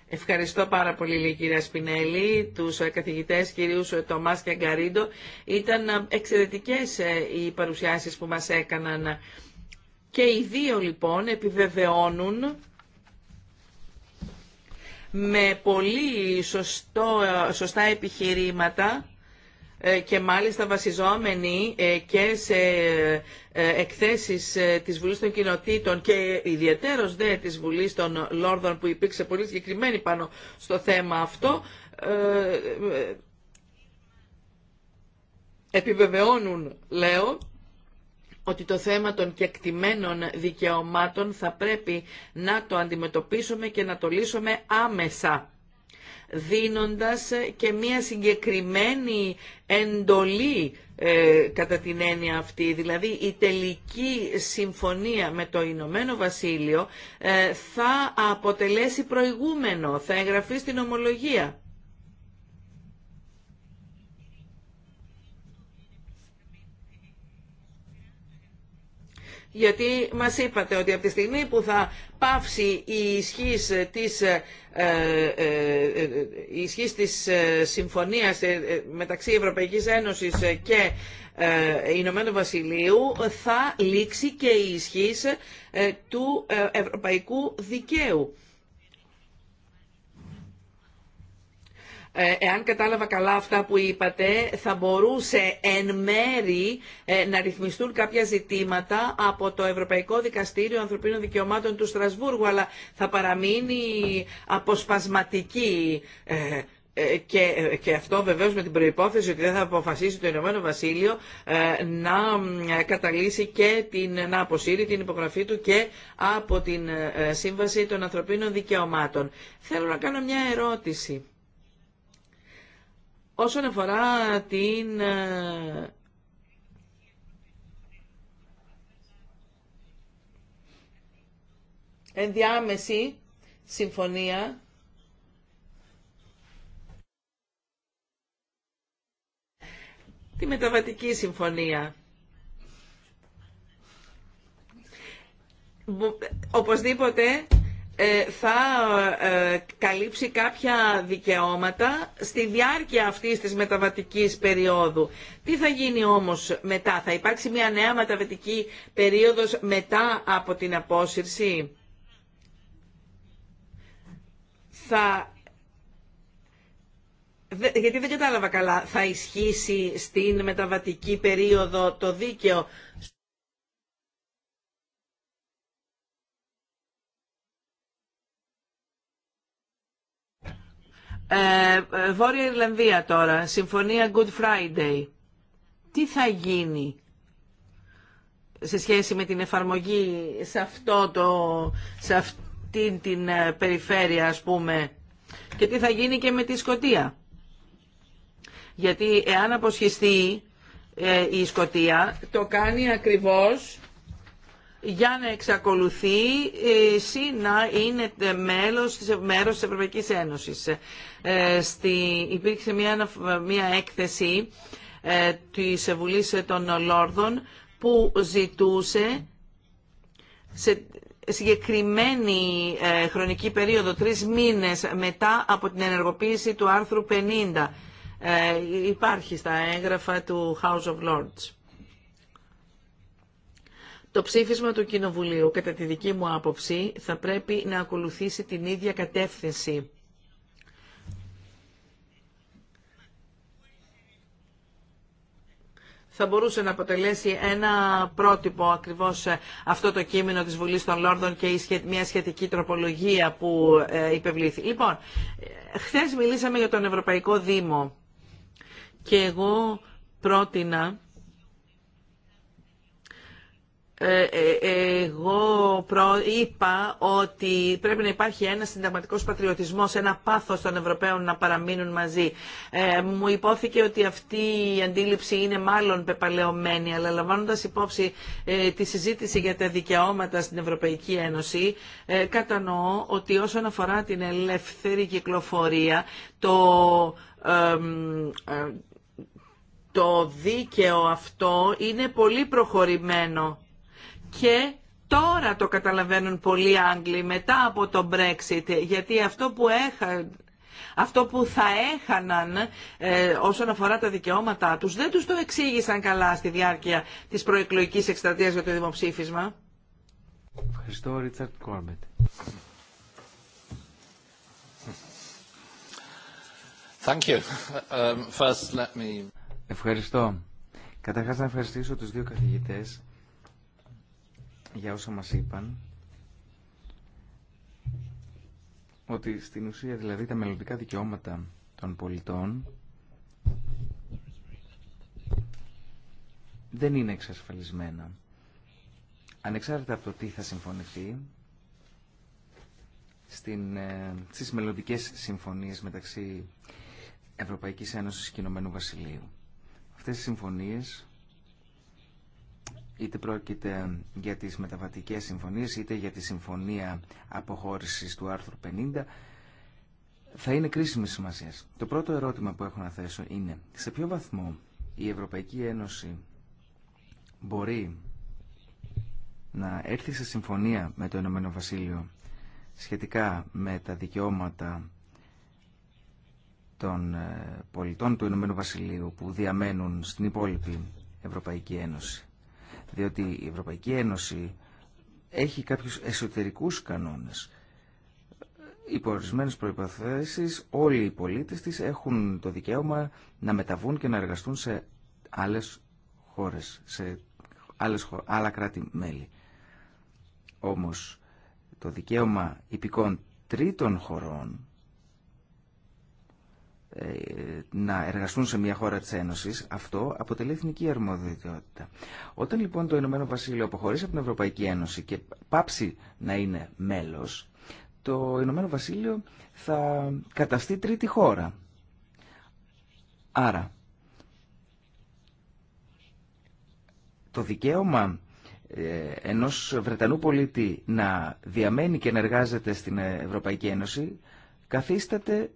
Ευχαριστώ πάρα πολύ, λέει κυρία Σπινέλη, του ε, καθηγητέ κυρίου ε, Τομάς και Αγκαρίντο. Ήταν ε, εξαιρετικέ οι παρουσιάσεις που μας έκαναν. Και οι δύο λοιπόν επιβεβαιώνουν με πολύ σωστά επιχειρήματα ε, και μάλιστα βασιζόμενοι ε, και σε ε, εκθέσεις της Βουλής των Κοινοτήτων και ιδιαίτερος δε της Βουλής των Λόρδων που υπήρξε πολύ συγκεκριμένη πάνω στο θέμα αυτό επιβεβαιώνουν λέω ότι το θέμα των κεκτημένων δικαιωμάτων θα πρέπει να το αντιμετωπίσουμε και να το λύσουμε άμεσα δίνοντας και μία συγκεκριμένη εντολή ε, κατά την έννοια αυτή. Δηλαδή η τελική συμφωνία με το Ηνωμένο Βασίλειο ε, θα αποτελέσει προηγούμενο, θα εγγραφεί στην ομολογία. γιατί μας είπατε ότι από τη στιγμή που θα πάυσει η ισχύς της, ε, ε, ε, η της συμφωνίας μεταξύ Ευρωπαϊκής Ένωσης και Ηνωμένου Βασιλείου θα λήξει και η ισχύς του ευρωπαϊκού δικαίου. Ε, εάν κατάλαβα καλά αυτά που είπατε, θα μπορούσε εν μέρη ε, να ρυθμιστούν κάποια ζητήματα από το Ευρωπαϊκό Δικαστήριο Ανθρωπίνων Δικαιωμάτων του Στρασβούργου, αλλά θα παραμείνει αποσπασματική ε, και, και αυτό βεβαίως με την προϋπόθεση ότι δεν θα αποφασίσει το Ηνωμένο Βασίλειο να καταλύσει και την, να αποσύρει την υπογραφή του και από την Σύμβαση των Ανθρωπίνων Δικαιωμάτων. Θέλω να κάνω μια ερώτηση. Όσον αφορά την ε, ενδιάμεση συμφωνία τη μεταβατική συμφωνία. Οπωσδήποτε ε, θα ε, καλύψει κάποια δικαιώματα στη διάρκεια αυτής της μεταβατικής περίοδου. Τι θα γίνει όμως μετά, θα υπάρξει μια νέα μεταβατική περίοδος μετά από την απόσυρση. Θα... Γιατί δεν κατάλαβα καλά, θα ισχύσει στην μεταβατική περίοδο το δίκαιο. Ε, ε, Βόρεια Ιρλανδία τώρα, συμφωνία Good Friday. Τι θα γίνει σε σχέση με την εφαρμογή σε, αυτό το, σε αυτή την ε, περιφέρεια ας πούμε και τι θα γίνει και με τη Σκοτία. Γιατί εάν αποσχιστεί η Σκοτία το κάνει ακριβώς για να εξακολουθεί ε, να είναι μέλος, μέρος της Ευρωπαϊκής Ένωσης. Ε, στη, υπήρξε μια, μια έκθεση ε, της Βουλής των Λόρδων που ζητούσε σε συγκεκριμένη ε, χρονική περίοδο, τρεις μήνες μετά από την ενεργοποίηση του άρθρου 50. Ε, υπάρχει στα έγγραφα του House of Lords. Το ψήφισμα του Κοινοβουλίου, κατά τη δική μου άποψη, θα πρέπει να ακολουθήσει την ίδια κατεύθυνση. θα μπορούσε να αποτελέσει ένα πρότυπο ακριβώς ε, αυτό το κείμενο της Βουλής των Λόρδων και μια σχετική τροπολογία που ε, υπευλήθη. Λοιπόν, ε, χθες μιλήσαμε για τον Ευρωπαϊκό Δήμο και εγώ πρότεινα ε, ε, εγώ είπα ότι πρέπει να υπάρχει ένα συνταγματικός πατριωτισμός, ένα πάθος των Ευρωπαίων να παραμείνουν μαζί. Ε, μου υπόθηκε ότι αυτή η αντίληψη είναι μάλλον πεπαλαιωμένη, αλλά λαμβάνοντας υπόψη ε, τη συζήτηση για τα δικαιώματα στην Ευρωπαϊκή Ένωση, κατανοώ ότι όσον αφορά την ελεύθερη κυκλοφορία, το το δίκαιο αυτό είναι πολύ προχωρημένο και τώρα το καταλαβαίνουν πολλοί Άγγλοι μετά από το Brexit γιατί αυτό που έχα, αυτό που θα έχαναν ε, όσον αφορά τα δικαιώματά τους δεν τους το εξήγησαν καλά στη διάρκεια της προεκλογικής εκστρατείας για το δημοψήφισμα. Ευχαριστώ, Ρίτσαρτ Κόρμπετ. Um, Ευχαριστώ. Καταρχάς να ευχαριστήσω τους δύο καθηγητές για όσα μας είπαν ότι στην ουσία δηλαδή τα μελλοντικά δικαιώματα των πολιτών δεν είναι εξασφαλισμένα. Ανεξάρτητα από το τι θα συμφωνηθεί, στην, ε, στις μελλοντικές συμφωνίες μεταξύ Ευρωπαϊκής Ένωσης και Ηνωμένου Βασιλείου. Αυτές οι συμφωνίες είτε πρόκειται για τις μεταβατικές συμφωνίες είτε για τη συμφωνία αποχώρησης του άρθρου 50 θα είναι κρίσιμη σημασία. Το πρώτο ερώτημα που έχω να θέσω είναι σε ποιο βαθμό η Ευρωπαϊκή Ένωση μπορεί να έρθει σε συμφωνία με το Ηνωμένο Βασίλειο σχετικά με τα δικαιώματα των ε, πολιτών του Ηνωμένου Βασιλείου που διαμένουν στην υπόλοιπη Ευρωπαϊκή Ένωση διότι η Ευρωπαϊκή Ένωση έχει κάποιους εσωτερικούς κανόνες. Υπό ορισμένε προϋποθέσεις όλοι οι πολίτες της έχουν το δικαίωμα να μεταβούν και να εργαστούν σε άλλες χώρες, σε άλλες, άλλα κράτη-μέλη. Όμως το δικαίωμα υπηκών τρίτων χωρών ε, να εργαστούν σε μια χώρα της Ένωσης, αυτό αποτελεί εθνική αρμοδιότητα. Όταν λοιπόν το Ηνωμένο Βασίλειο αποχωρήσει από την Ευρωπαϊκή Ένωση και πάψει να είναι μέλος, το Ηνωμένο Βασίλειο θα καταστεί τρίτη χώρα. Άρα, το δικαίωμα ε, ενός Βρετανού πολίτη να διαμένει και να εργάζεται στην Ευρωπαϊκή Ένωση καθίσταται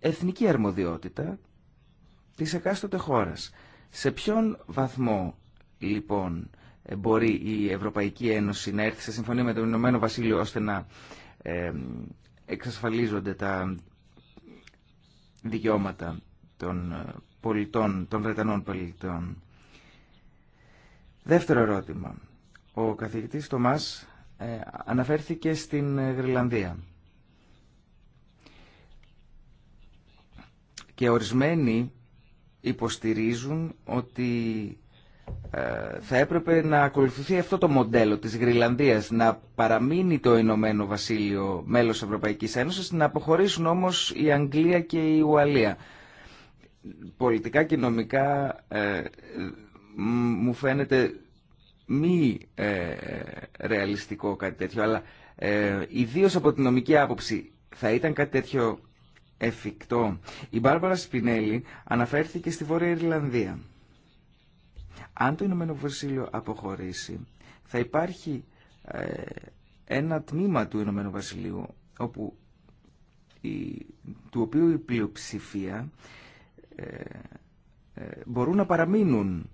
εθνική αρμοδιότητα της εκάστοτε χώρας. Σε ποιον βαθμό λοιπόν μπορεί η Ευρωπαϊκή Ένωση να έρθει σε συμφωνία με το Ηνωμένο Βασίλειο ώστε να εξασφαλίζονται τα δικαιώματα των ε, πολιτών, των Βρετανών πολιτών. Δεύτερο ερώτημα. Ο καθηγητής Τομάς ε, αναφέρθηκε στην ε, Γρυλανδία. Και ορισμένοι υποστηρίζουν ότι ε, θα έπρεπε να ακολουθηθεί αυτό το μοντέλο της Γρυλανδίας, να παραμείνει το Ηνωμένο Βασίλειο μέλος Ευρωπαϊκής Ένωσης, να αποχωρήσουν όμως η Αγγλία και η Ουαλία. Πολιτικά και νομικά ε, μου φαίνεται μη ε, ρεαλιστικό κάτι τέτοιο, αλλά ε, ιδίως από την νομική άποψη θα ήταν κάτι τέτοιο εφικτό. Η Μπάρμπαρα Σπινέλη αναφέρθηκε στη Βόρεια Ιρλανδία. Αν το Ηνωμένο Βασίλειο αποχωρήσει, θα υπάρχει ε, ένα τμήμα του Ηνωμένου Βασιλείου, όπου του οποίου η πλειοψηφία ε, ε, μπορούν να παραμείνουν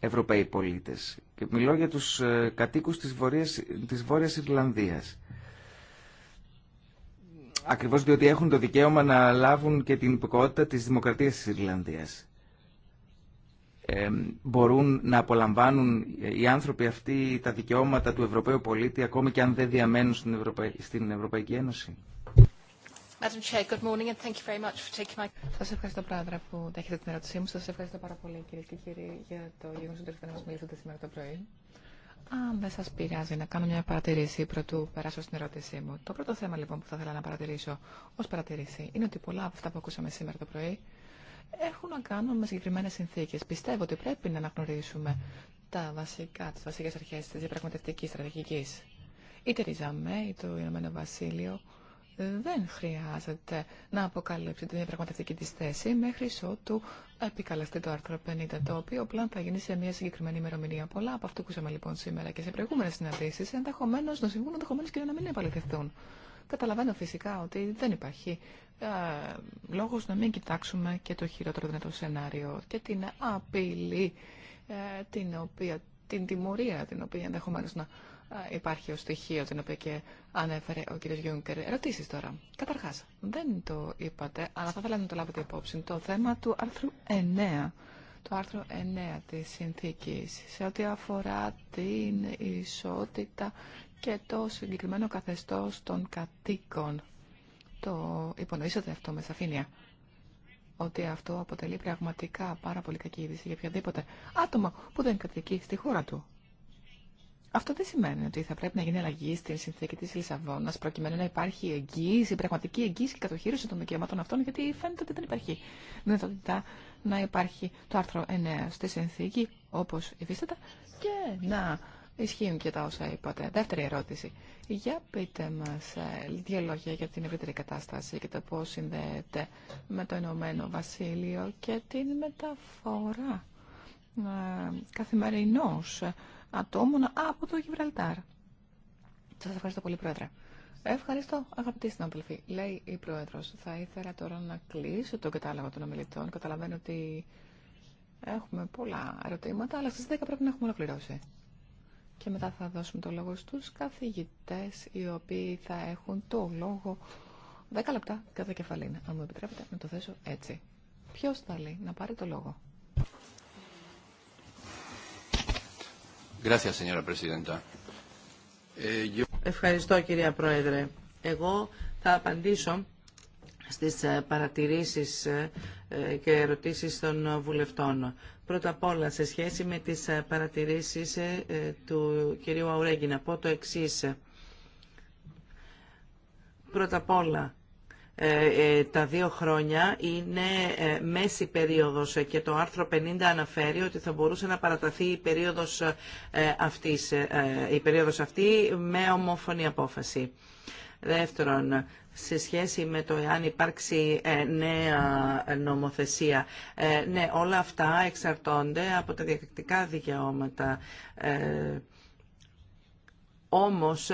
Ευρωπαίοι πολίτες. Και μιλώ για τους κατοίκους της, Βορειας, της Βόρειας Ιρλανδίας. Ακριβώ διότι έχουν το δικαίωμα να λάβουν και την υπηκότητα τη δημοκρατία τη Ιρλανδίας. Ε, μπορούν να απολαμβάνουν οι άνθρωποι αυτοί τα δικαιώματα του Ευρωπαίου πολίτη ακόμη και αν δεν διαμένουν στην, Ευρωπαϊκή Ένωση. Σα ευχαριστώ, Πρόεδρε, που έχετε την ερώτησή μου. Σα ευχαριστώ πάρα πολύ, κυρίε και κύριοι, για το γεγονό ότι ήρθατε να μα μιλήσετε σήμερα το πρωί. Αν δεν σα πειράζει να κάνω μια παρατηρήση πρωτού περάσω στην ερώτησή μου. Το πρώτο θέμα λοιπόν που θα ήθελα να παρατηρήσω ω παρατηρήση είναι ότι πολλά από αυτά που ακούσαμε σήμερα το πρωί έχουν να κάνουν με συγκεκριμένε συνθήκες. Πιστεύω ότι πρέπει να αναγνωρίσουμε τα βασικά, τις βασικές αρχές της διαπραγματευτική στρατηγικής. Είτε ριζαμέ, είτε το Ηνωμένο Βασίλειο, δεν χρειάζεται να αποκαλύψει την διαπραγματευτική τη θέση μέχρι ότου επικαλεστεί το άρθρο 50, το οποίο πλάν θα γίνει σε μια συγκεκριμένη ημερομηνία. Πολλά από αυτό που ακούσαμε λοιπόν σήμερα και σε προηγούμενε συναντήσει ενδεχομένω να συμβούν, ενδεχομένω και να μην επαληθευτούν. Καταλαβαίνω φυσικά ότι δεν υπάρχει ε, λόγος να μην κοιτάξουμε και το χειρότερο δυνατό σενάριο και την απειλή, ε, την, οποία, την τιμωρία την οποία ενδεχομένω να υπάρχει ο στοιχείο την οποία και ανέφερε ο κ. Γιούγκερ. Ερωτήσει τώρα. Καταρχά. δεν το είπατε, αλλά θα ήθελα να το λάβετε υπόψη. Το θέμα του άρθρου 9, το άρθρο 9 της συνθήκης, σε ό,τι αφορά την ισότητα και το συγκεκριμένο καθεστώς των κατοίκων. Το υπονοήσατε αυτό με σαφήνεια ότι αυτό αποτελεί πραγματικά πάρα πολύ κακή είδηση για οποιαδήποτε άτομο που δεν κατοικεί στη χώρα του. Αυτό δεν σημαίνει ότι θα πρέπει να γίνει αλλαγή στην συνθήκη τη Λισαβόνα προκειμένου να υπάρχει εγγύηση, πραγματική εγγύηση και κατοχήρωση των δικαιωμάτων αυτών, γιατί φαίνεται ότι δεν υπάρχει δυνατότητα να υπάρχει το άρθρο 9 στη συνθήκη όπω υφίσταται και να ισχύουν και τα όσα είπατε. Δεύτερη ερώτηση. Για πείτε μα ε, δύο λόγια για την ευρύτερη κατάσταση και το πώ συνδέεται με το Ηνωμένο Βασίλειο και την μεταφορά ε, καθημερινώς ατόμων από το Γιβραλτάρ. Σα ευχαριστώ πολύ, Πρόεδρε. Ευχαριστώ, αγαπητή συνάδελφοι. Λέει η πρόεδρο. Θα ήθελα τώρα να κλείσω τον κατάλογο των ομιλητών. Καταλαβαίνω ότι έχουμε πολλά ερωτήματα, αλλά στι 10 πρέπει να έχουμε ολοκληρώσει. Και μετά θα δώσουμε το λόγο στου καθηγητέ, οι οποίοι θα έχουν το λόγο 10 λεπτά κατά κεφαλήν. Αν μου επιτρέπετε να το θέσω έτσι. Ποιο θα λέει να πάρει το λόγο. Eh, Ευχαριστώ κυρία Πρόεδρε. Εγώ θα απαντήσω στις ε, παρατηρήσεις ε, ε, και ερωτήσεις των βουλευτών. Πρώτα απ' όλα, σε σχέση με τις παρατηρήσεις του κυρίου Αουρέγγινα, να πω το εξής. Πρώτα απ' όλα, ε, ε, τα δύο χρόνια είναι ε, μέση περίοδος και το άρθρο 50 αναφέρει ότι θα μπορούσε να παραταθεί η περίοδος, αυτής, η περίοδος αυτή με ομόφωνη απόφαση. Δεύτερον, σε σχέση με το εάν υπάρξει νέα νομοθεσία. Ναι, όλα αυτά εξαρτώνται από τα διακριτικά δικαιώματα. Όμως,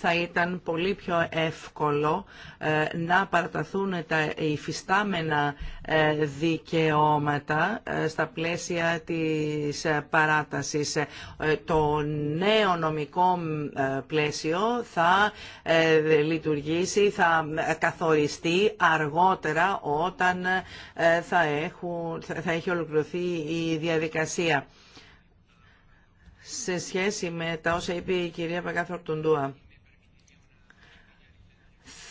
θα ήταν πολύ πιο εύκολο ε, να παραταθούν τα υφιστάμενα ε, δικαιώματα ε, στα πλαίσια της παράτασης. Το νέο νομικό πλαίσιο θα λειτουργήσει, θα καθοριστεί αργότερα όταν θα, έχουν, θα έχει ολοκληρωθεί η διαδικασία. Σε σχέση με τα όσα είπε η κυρία Πακάθρο Τουντούα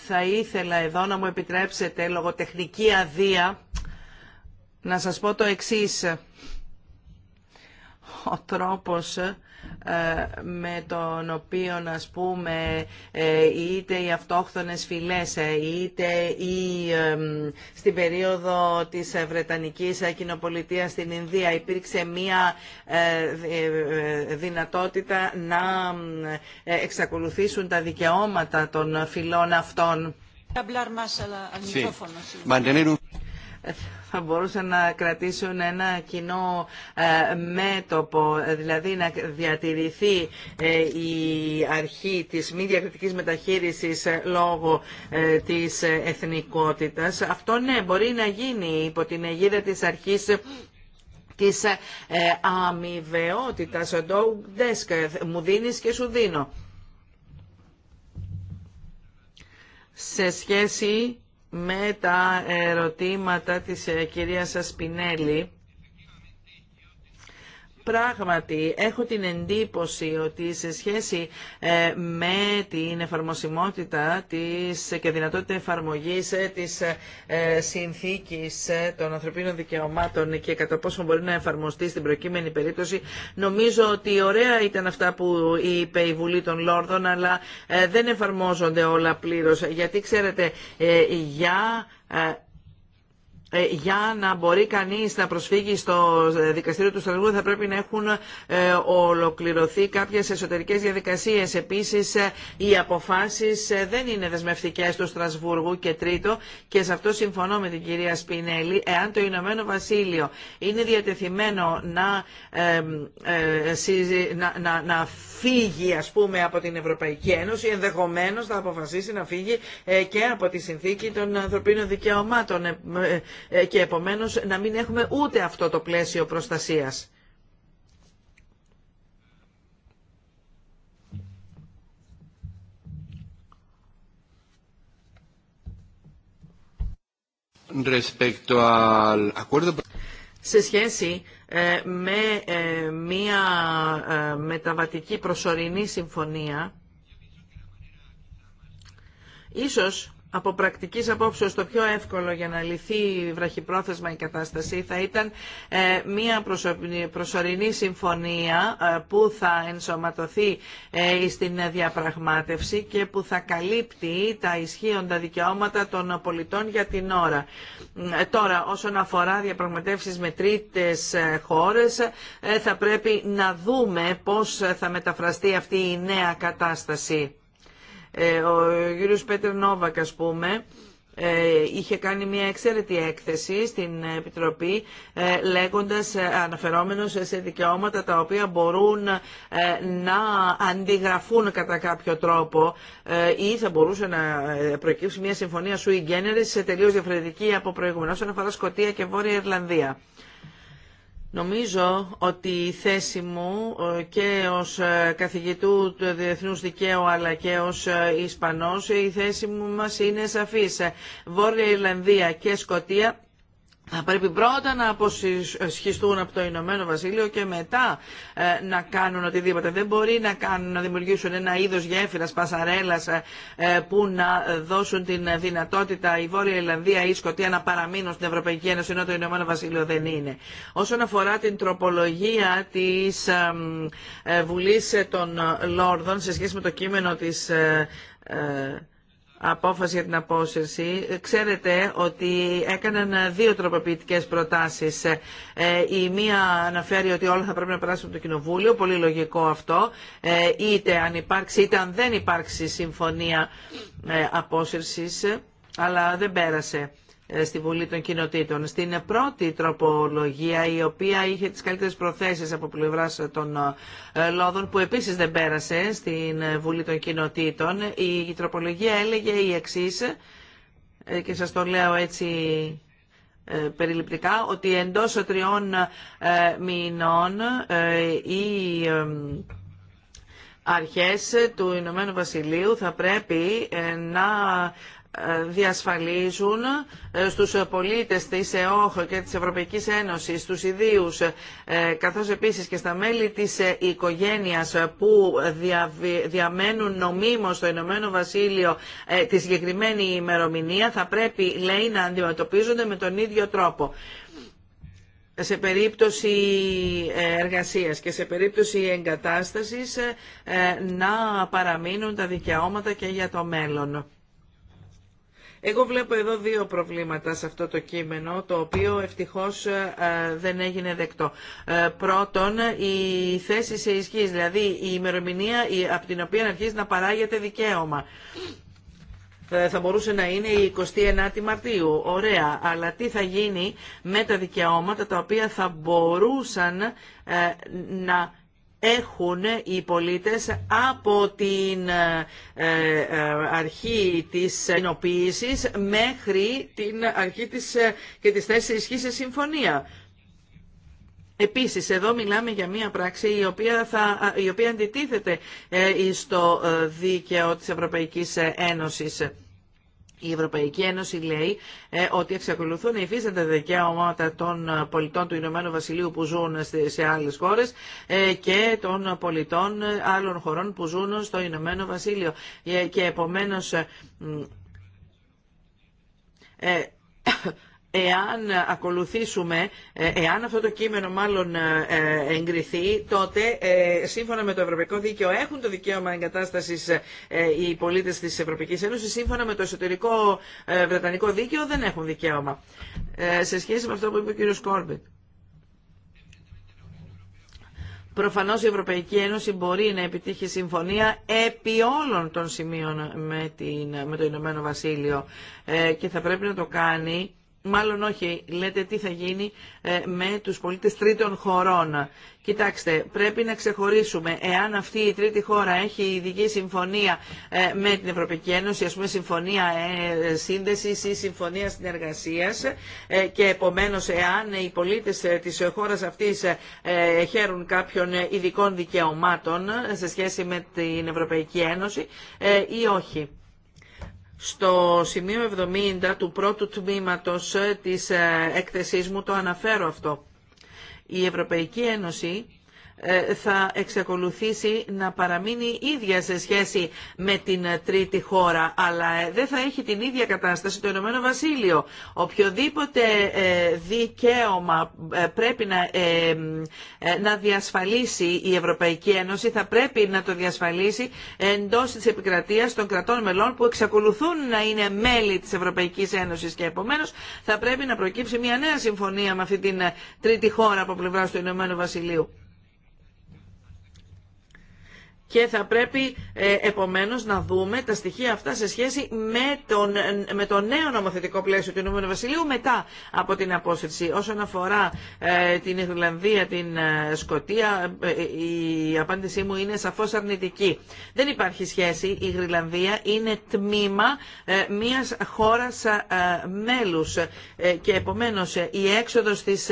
θα ήθελα εδώ να μου επιτρέψετε λογοτεχνική αδεία να σας πω το εξής. Ο τρόπος ε, με τον οποίο να πούμε ε, είτε οι αυτόχθονες φυλές ε, είτε ή στην περίοδο της Βρετανικής Κοινοπολιτείας στην Ινδία υπήρξε μία δυνατότητα να εξακολουθήσουν τα δικαιώματα των φυλών αυτών θα μπορούσαν να κρατήσουν ένα κοινό ε, μέτωπο, δηλαδή να διατηρηθεί ε, η αρχή της μη διακριτικής μεταχείρισης ε, λόγω της εθνικότητας. Αυτό ναι, μπορεί να γίνει υπό την αιγύδα της αρχής της ε, αμοιβαιότητας, ο μου δίνεις και σου δίνω. Σε σχέση με τα ερωτήματα της ε, κυρίας Ασπινέλη Πράγματι, έχω την εντύπωση ότι σε σχέση ε, με την εφαρμοσιμότητα της και δυνατότητα εφαρμογής ε, της ε, συνθήκης των ανθρωπίνων δικαιωμάτων και κατά πόσο μπορεί να εφαρμοστεί στην προκείμενη περίπτωση, νομίζω ότι ωραία ήταν αυτά που είπε η Βουλή των Λόρδων, αλλά δεν εφαρμόζονται όλα πλήρως. Γιατί ξέρετε, για ε, για να μπορεί κανείς να προσφύγει στο ε, δικαστήριο του Στρασβούργου θα πρέπει να έχουν ε, ολοκληρωθεί κάποιες εσωτερικές διαδικασίες. Επίσης οι αποφάσεις δεν είναι δεσμευτικές του Στρασβούργου και τρίτο και σε αυτό συμφωνώ με την κυρία Σπινέλη εάν το Ηνωμένο Βασίλειο είναι διατεθειμένο να, να, να, να φύγει ας πούμε από την Ευρωπαϊκή Ένωση ενδεχομένως θα αποφασίσει να φύγει και από τη συνθήκη των ανθρωπίνων δικαιωμάτων ε, και επομένως να μην έχουμε ούτε αυτό το πλαίσιο προστασίας. Σε σχέση ε, με ε, μία μεταβατική προσωρινή συμφωνία, ίσως από πρακτικής απόψεως το πιο εύκολο για να λυθεί βραχυπρόθεσμα η κατάσταση θα ήταν ε, μία προσωρινή συμφωνία ε, που θα ενσωματωθεί ε, στην διαπραγμάτευση και που θα καλύπτει τα ισχύοντα δικαιώματα των πολιτών για την ώρα. Τώρα, όσον αφορά διαπραγματεύσεις με τρίτες χώρες, θα πρέπει να δούμε πώς θα μεταφραστεί αυτή η νέα κατάσταση ε, ο κύριος Πέτερ Νόβακ, ας πούμε, ε, είχε κάνει μια εξαίρετη έκθεση στην Επιτροπή ε, λέγοντας, αναφερόμενος σε δικαιώματα τα οποία μπορούν να αντιγραφούν κατά κάποιο τρόπο ή θα μπορούσε να προκύψει μια συμφωνία σου generis σε τελείως διαφορετική από προηγούμενα όσον αφορά Σκοτία και Βόρεια Ιρλανδία. Νομίζω ότι η θέση μου ε, και ως ε, καθηγητού του Διεθνούς Δικαίου αλλά και ως ε, Ισπανός η θέση μου μας είναι σαφής. Βόρεια Ιρλανδία και Σκοτία θα πρέπει πρώτα να αποσχιστούν από το Ηνωμένο Βασίλειο και μετά ε, να κάνουν οτιδήποτε. Δεν μπορεί να, κάνουν, να δημιουργήσουν ένα είδος γέφυρας, πασαρέλας ε, ε, που να δώσουν την δυνατότητα η Βόρεια Ιρλανδία ή η Σκοτία να παραμείνουν στην Ευρωπαϊκή Ένωση ενώ το Ηνωμένο Βασίλειο δεν είναι. Όσον αφορά την τροπολογία της ε, Βουλής των Λόρδων σε σχέση με το κείμενο της απόφαση για την απόσυρση, ξέρετε ότι έκαναν δύο τροποποιητικέ προτάσεις. Ε, η μία αναφέρει ότι όλα θα πρέπει να περάσουν από το Κοινοβούλιο, πολύ λογικό αυτό, ε, είτε αν υπάρξει είτε αν δεν υπάρξει συμφωνία ε, απόσυρσης, αλλά δεν πέρασε. Ε, στη Βουλή των Κοινοτήτων. Στην πρώτη τροπολογία, η οποία είχε τις καλύτερες προθέσεις από πλευράς των ε, Λόδων, που επίσης δεν πέρασε στην Βουλή των Κοινοτήτων, η τροπολογία έλεγε η εξή ε, και σας το λέω έτσι περιληπτικά, ότι εντός τριών μηνών η αρχές του Ηνωμένου Βασιλείου θα πρέπει να διασφαλίζουν ε, στους πολίτες της ΕΟΧ και της Ευρωπαϊκής Ένωσης, στους ιδίους, ε, καθώς επίσης και στα μέλη της ε, οικογένειας που διαμένουν νομίμως στο Ηνωμένο Βασίλειο τη συγκεκριμένη ημερομηνία, θα πρέπει, λέει, να αντιμετωπίζονται με τον ίδιο τρόπο σε περίπτωση εργασίας και σε περίπτωση εγκατάστασης να παραμείνουν τα δικαιώματα και για το μέλλον. Εγώ βλέπω εδώ δύο προβλήματα σε αυτό το κείμενο, το οποίο ευτυχώς ε, δεν έγινε δεκτό. Ε, πρώτον, η θέση σε ισχύ, δηλαδή η ημερομηνία από την οποία αρχίζει να παράγεται δικαίωμα ε, θα μπορούσε να είναι η 29η Μαρτίου. Ωραία. Αλλά τι θα γίνει με τα δικαιώματα τα οποία θα μπορούσαν να έχουν οι πολίτες από την ε, ε, αρχή της ενοποίησης μέχρι την αρχή της ε, και της θέσης ισχύς σε συμφωνία. Επίσης, εδώ μιλάμε για μία πράξη η οποία, θα, η οποία αντιτίθεται στο δίκαιο της Ευρωπαϊκής Ένωσης η Ευρωπαϊκή Ένωση λέει ε, ότι εξακολουθούν να υφίστανται δικαιώματα των ε, πολιτών του Ηνωμένου Βασιλείου που ζουν σε άλλες χώρες ε, και των πολιτών άλλων χωρών που ζουν στο Ηνωμένο Βασίλειο. Και επομένως εάν ακολουθήσουμε, ε, εάν αυτό το κείμενο μάλλον ε, ε, εγκριθεί, τότε σύμφωνα με το Ευρωπαϊκό Δίκαιο έχουν το δικαίωμα εγκατάστασης οι πολίτες της Ευρωπαϊκής Ένωσης, σύμφωνα με το εσωτερικό Βρετανικό Δίκαιο δεν έχουν δικαίωμα. Σε σχέση με αυτό που είπε ο κ. Κόρμπιτ. Προφανώς η Ευρωπαϊκή Ένωση μπορεί να επιτύχει συμφωνία επί όλων των σημείων με, την, με το Ηνωμένο Βασίλειο και θα πρέπει να το κάνει Μάλλον όχι, λέτε τι θα γίνει ε, με τους πολίτες τρίτων χωρών. Κοιτάξτε, πρέπει να ξεχωρίσουμε εάν αυτή η τρίτη χώρα έχει ειδική συμφωνία ε, με την Ευρωπαϊκή Ένωση, ας πούμε συμφωνία ε, σύνδεσης ή συμφωνία συνεργασίας και επομένως εάν οι πολίτες της χώρας αυτής χαίρουν κάποιων ειδικών δικαιωμάτων σε σχέση με την Ευρωπαϊκή Ένωση ή όχι. Στο σημείο 70 του πρώτου τμήματος ε, της ε, έκθεσής μου το αναφέρω αυτό. Η Ευρωπαϊκή Ένωση ε, θα εξακολουθήσει να παραμείνει ίδια σε σχέση με την ε, τρίτη χώρα, αλλά ε, δεν θα έχει την ίδια κατάσταση το Ηνωμένο Βασίλειο. Οποιοδήποτε δικαίωμα πρέπει να, να διασφαλίσει η Ευρωπαϊκή Ένωση, θα πρέπει να το διασφαλίσει εντός της επικρατείας των κρατών μελών που εξακολουθούν να είναι μέλη της Ευρωπαϊκής Ένωσης και επομένως θα πρέπει να προκύψει μια νέα συμφωνία με αυτή την τρίτη χώρα από πλευρά του Ηνωμένου Βασιλείου. Και θα πρέπει ε, επομένως να δούμε τα στοιχεία αυτά σε σχέση με, τον, με το νέο νομοθετικό πλαίσιο του Ηνωμένου Βασιλείου μετά από την απόσυρση. Όσον αφορά ε, την Ιρλανδία, την ε, Σκοτία, ε, η απάντησή μου είναι σαφώς αρνητική. Δεν υπάρχει σχέση. Η Ιρλανδία είναι τμήμα μιας χώρας μέλους και επομένως η έξοδος της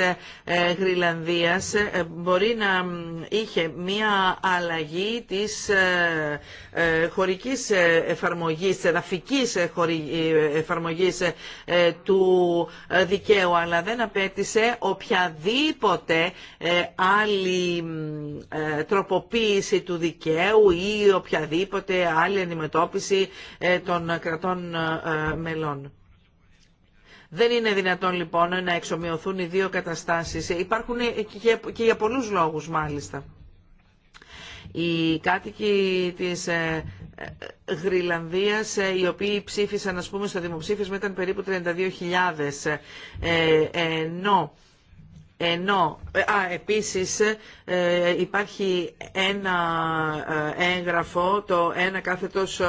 Ιρλανδίας μπορεί να είχε μια αλλαγή της της χωρικής εφαρμογής, εδαφικής εφαρμογής του δικαίου, αλλά δεν απέτησε οποιαδήποτε ε, άλλη ε, τροποποίηση του δικαίου ή οποιαδήποτε άλλη αντιμετώπιση ε, των κρατών μελών. Δεν είναι δυνατόν λοιπόν να εξομοιωθούν οι δύο καταστάσεις. Υπάρχουν και για πολλούς λόγους μάλιστα. Οι κάτοικοι της ε, ε, Γρυλανδίας, ε, οι οποίοι ψήφισαν, ας πούμε, στο δημοψήφισμα ήταν περίπου 32.000, ενώ ενώ, ε, α, επίσης ε, υπάρχει ένα ε, έγγραφο, το 1 κάθετος 83,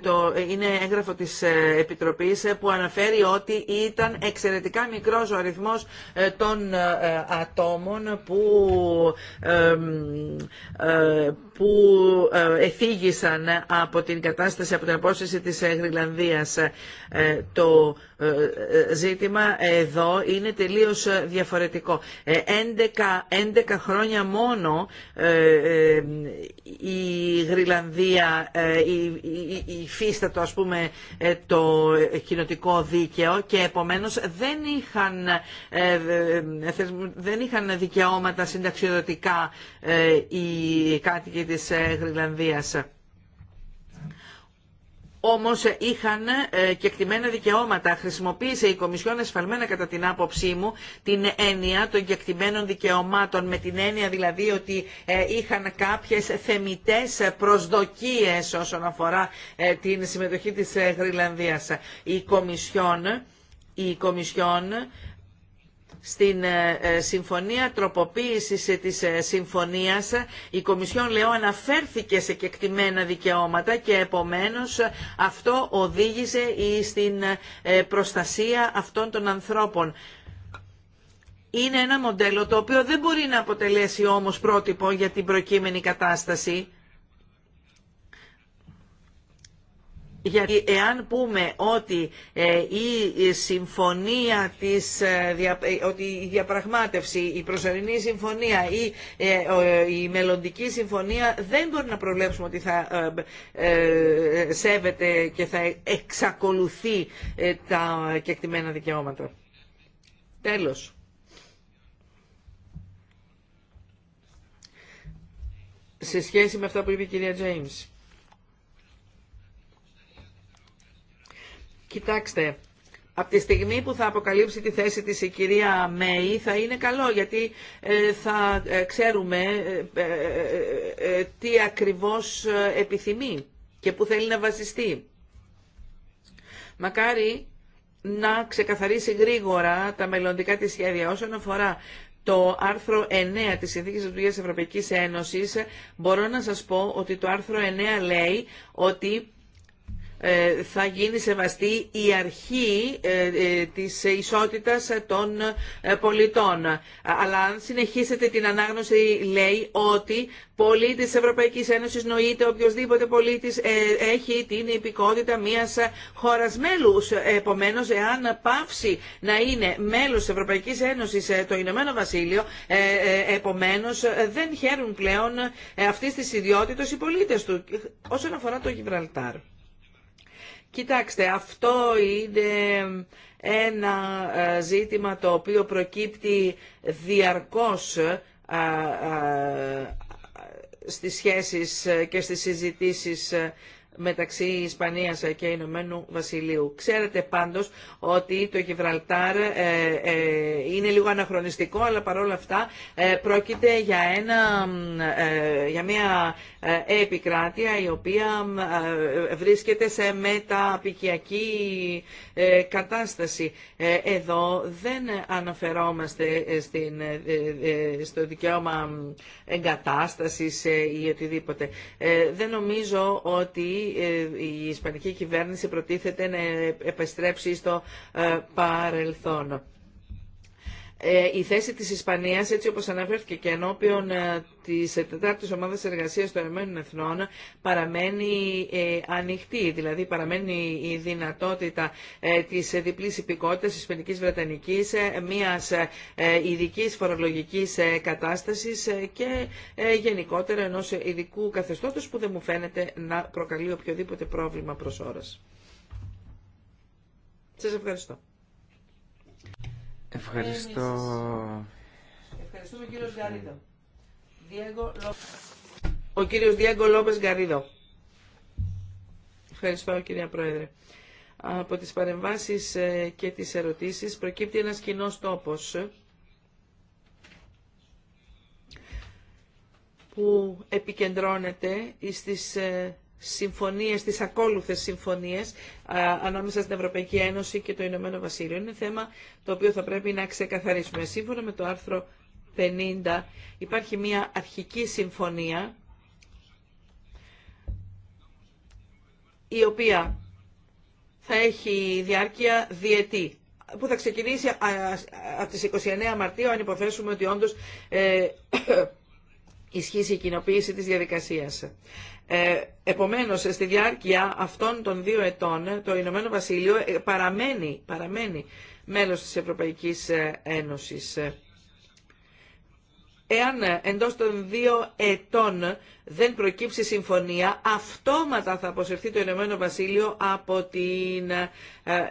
το, είναι έγγραφο της Επιτροπής που αναφέρει ότι ήταν εξαιρετικά μικρός ο αριθμός των ατόμων που που ε, εφήγησαν από την κατάσταση, από την απόσταση της ε, Γρυλανδίας. Ε, το ζήτημα εδώ είναι τελείως διαφορετικό. 11, χρόνια μόνο η Γρυλανδία υφίστατο ας πούμε το κοινοτικό δίκαιο και επομένως δεν είχαν, δεν είχαν δικαιώματα συνταξιοδοτικά οι κάτοικοι της ε, Γρυλανδίας. Όμως είχαν ε, κεκτημένα δικαιώματα. Χρησιμοποίησε η Κομισιόν εσφαλμένα κατά την άποψή μου την έννοια των κεκτημένων δικαιωμάτων με την έννοια δηλαδή ότι ε, είχαν κάποιες θεμητές προσδοκίες όσον αφορά την συμμετοχή της Γρυλανδίας. Η Κομισιόν η Κομισιόν στην ε, ε, συμφωνία τροποποίησης ε, της συμφωνίας η Κομισιόν λέω αναφέρθηκε σε κεκτημένα δικαιώματα και επομένως αυτό οδήγησε στην προστασία αυτών των ανθρώπων. Είναι ένα μοντέλο το οποίο δεν μπορεί να αποτελέσει όμως πρότυπο για την προκείμενη κατάσταση Γιατί εάν πούμε ότι ε, η συμφωνία της, ε, ε, ότι η διαπραγμάτευση, η προσωρινή συμφωνία ή η μελλοντική συμφωνία δεν μπορεί να προβλέψουμε ότι θα σέβεται και θα εξακολουθεί τα κεκτημένα δικαιώματα. Τέλος. Σε σχέση με αυτά που είπε η κυρία Τζέιμς. Κοιτάξτε, από τη στιγμή που θα αποκαλύψει τη θέση της η κυρία Μέη θα είναι καλό γιατί ε, θα ε, ξέρουμε ε, τι ακριβώς επιθυμεί και που θέλει να βασιστεί. Μακάρι να ξεκαθαρίσει γρήγορα τα μελλοντικά της σχέδια όσον αφορά το άρθρο 9 της Συνθήκης Λειτουργίας Ευρωπαϊκής Ένωσης μπορώ να σας πω ότι το άρθρο 9 λέει ότι ε, θα γίνει σεβαστή η αρχή ε, ε, της ισότητας των πολιτών. Αλλά αν συνεχίσετε την ανάγνωση λέει ότι πολίτης της Ευρωπαϊκής Ένωσης νοείται οποιοδήποτε πολίτης έχει την υπηκότητα μιας χώρας μέλους. Επομένως, εάν πάυσει να είναι μέλος της Ευρωπαϊκής Ένωσης το Ηνωμένο Βασίλειο, επομένως δεν χαίρουν πλέον αυτής της ιδιότητας οι πολίτες του όσον αφορά το Γιβραλτάρ. Κοιτάξτε, αυτό είναι ένα ε, ζήτημα το οποίο προκύπτει διαρκώς ε, ε, στις σχέσεις και στις συζητήσεις μεταξύ Ισπανίας και Ηνωμένου Βασιλείου. Ξέρετε πάντως ότι το Γιβραλτάρ ε, ε, είναι λίγο αναχρονιστικό, αλλά παρόλα αυτά ε, πρόκειται για, ένα, για μια επικράτεια η οποία βρίσκεται σε μεταπικιακή κατάσταση. Εδώ δεν αναφερόμαστε στην, στο δικαίωμα εγκατάστασης ή οτιδήποτε. Δεν νομίζω ότι ε, η Ισπανική κυβέρνηση προτίθεται να επιστρέψει στο ε, παρελθόν. Ε, η θέση της Ισπανίας, έτσι όπως αναφέρθηκε και ενώπιον ε, της τετάρτης ομάδας εργασίας των Ηνωμένων Εθνών, παραμένει ε, ανοιχτή, δηλαδή παραμένει η δυνατότητα της διπλής υπηκότητας της Ισπανικής Βρετανικής, μιας ειδικής φορολογικής κατάστασης και γενικότερα ενός ειδικού καθεστώτος που δεν μου φαίνεται να προκαλεί οποιοδήποτε πρόβλημα προς ώρας. Σας ευχαριστώ. Ευχαριστώ. Ευχαριστούμε κύριο Γκαρίδο. Ο κύριος Διέγκο Λόπες Γκαρίδο. Ευχαριστώ κυρία Πρόεδρε. Από τις παρεμβάσεις ε, και τις ερωτήσεις προκύπτει ένας κοινό τόπος ε, που επικεντρώνεται στις συμφωνίες, τις ακόλουθες συμφωνίες ανάμεσα στην Ευρωπαϊκή Ένωση και το Ηνωμένο Βασίλειο. Είναι θέμα το οποίο θα πρέπει να ξεκαθαρίσουμε. Σύμφωνα με το άρθρο 50 υπάρχει μια αρχική συμφωνία η οποία θα έχει διάρκεια διετή που θα ξεκινήσει από τις 29 Μαρτίου αν υποθέσουμε ότι όντως ε, [coughs] ισχύσει η κοινοποίηση της διαδικασίας. Ε, επομένως, στη διάρκεια αυτών των δύο ετών, το Ηνωμένο Βασίλειο ε, παραμένει, παραμένει μέλος της Ευρωπαϊκής ε, Ένωσης. Εάν εντός των δύο ετών δεν προκύψει συμφωνία, αυτόματα θα αποσυρθεί το Ηνωμένο Βασίλειο από την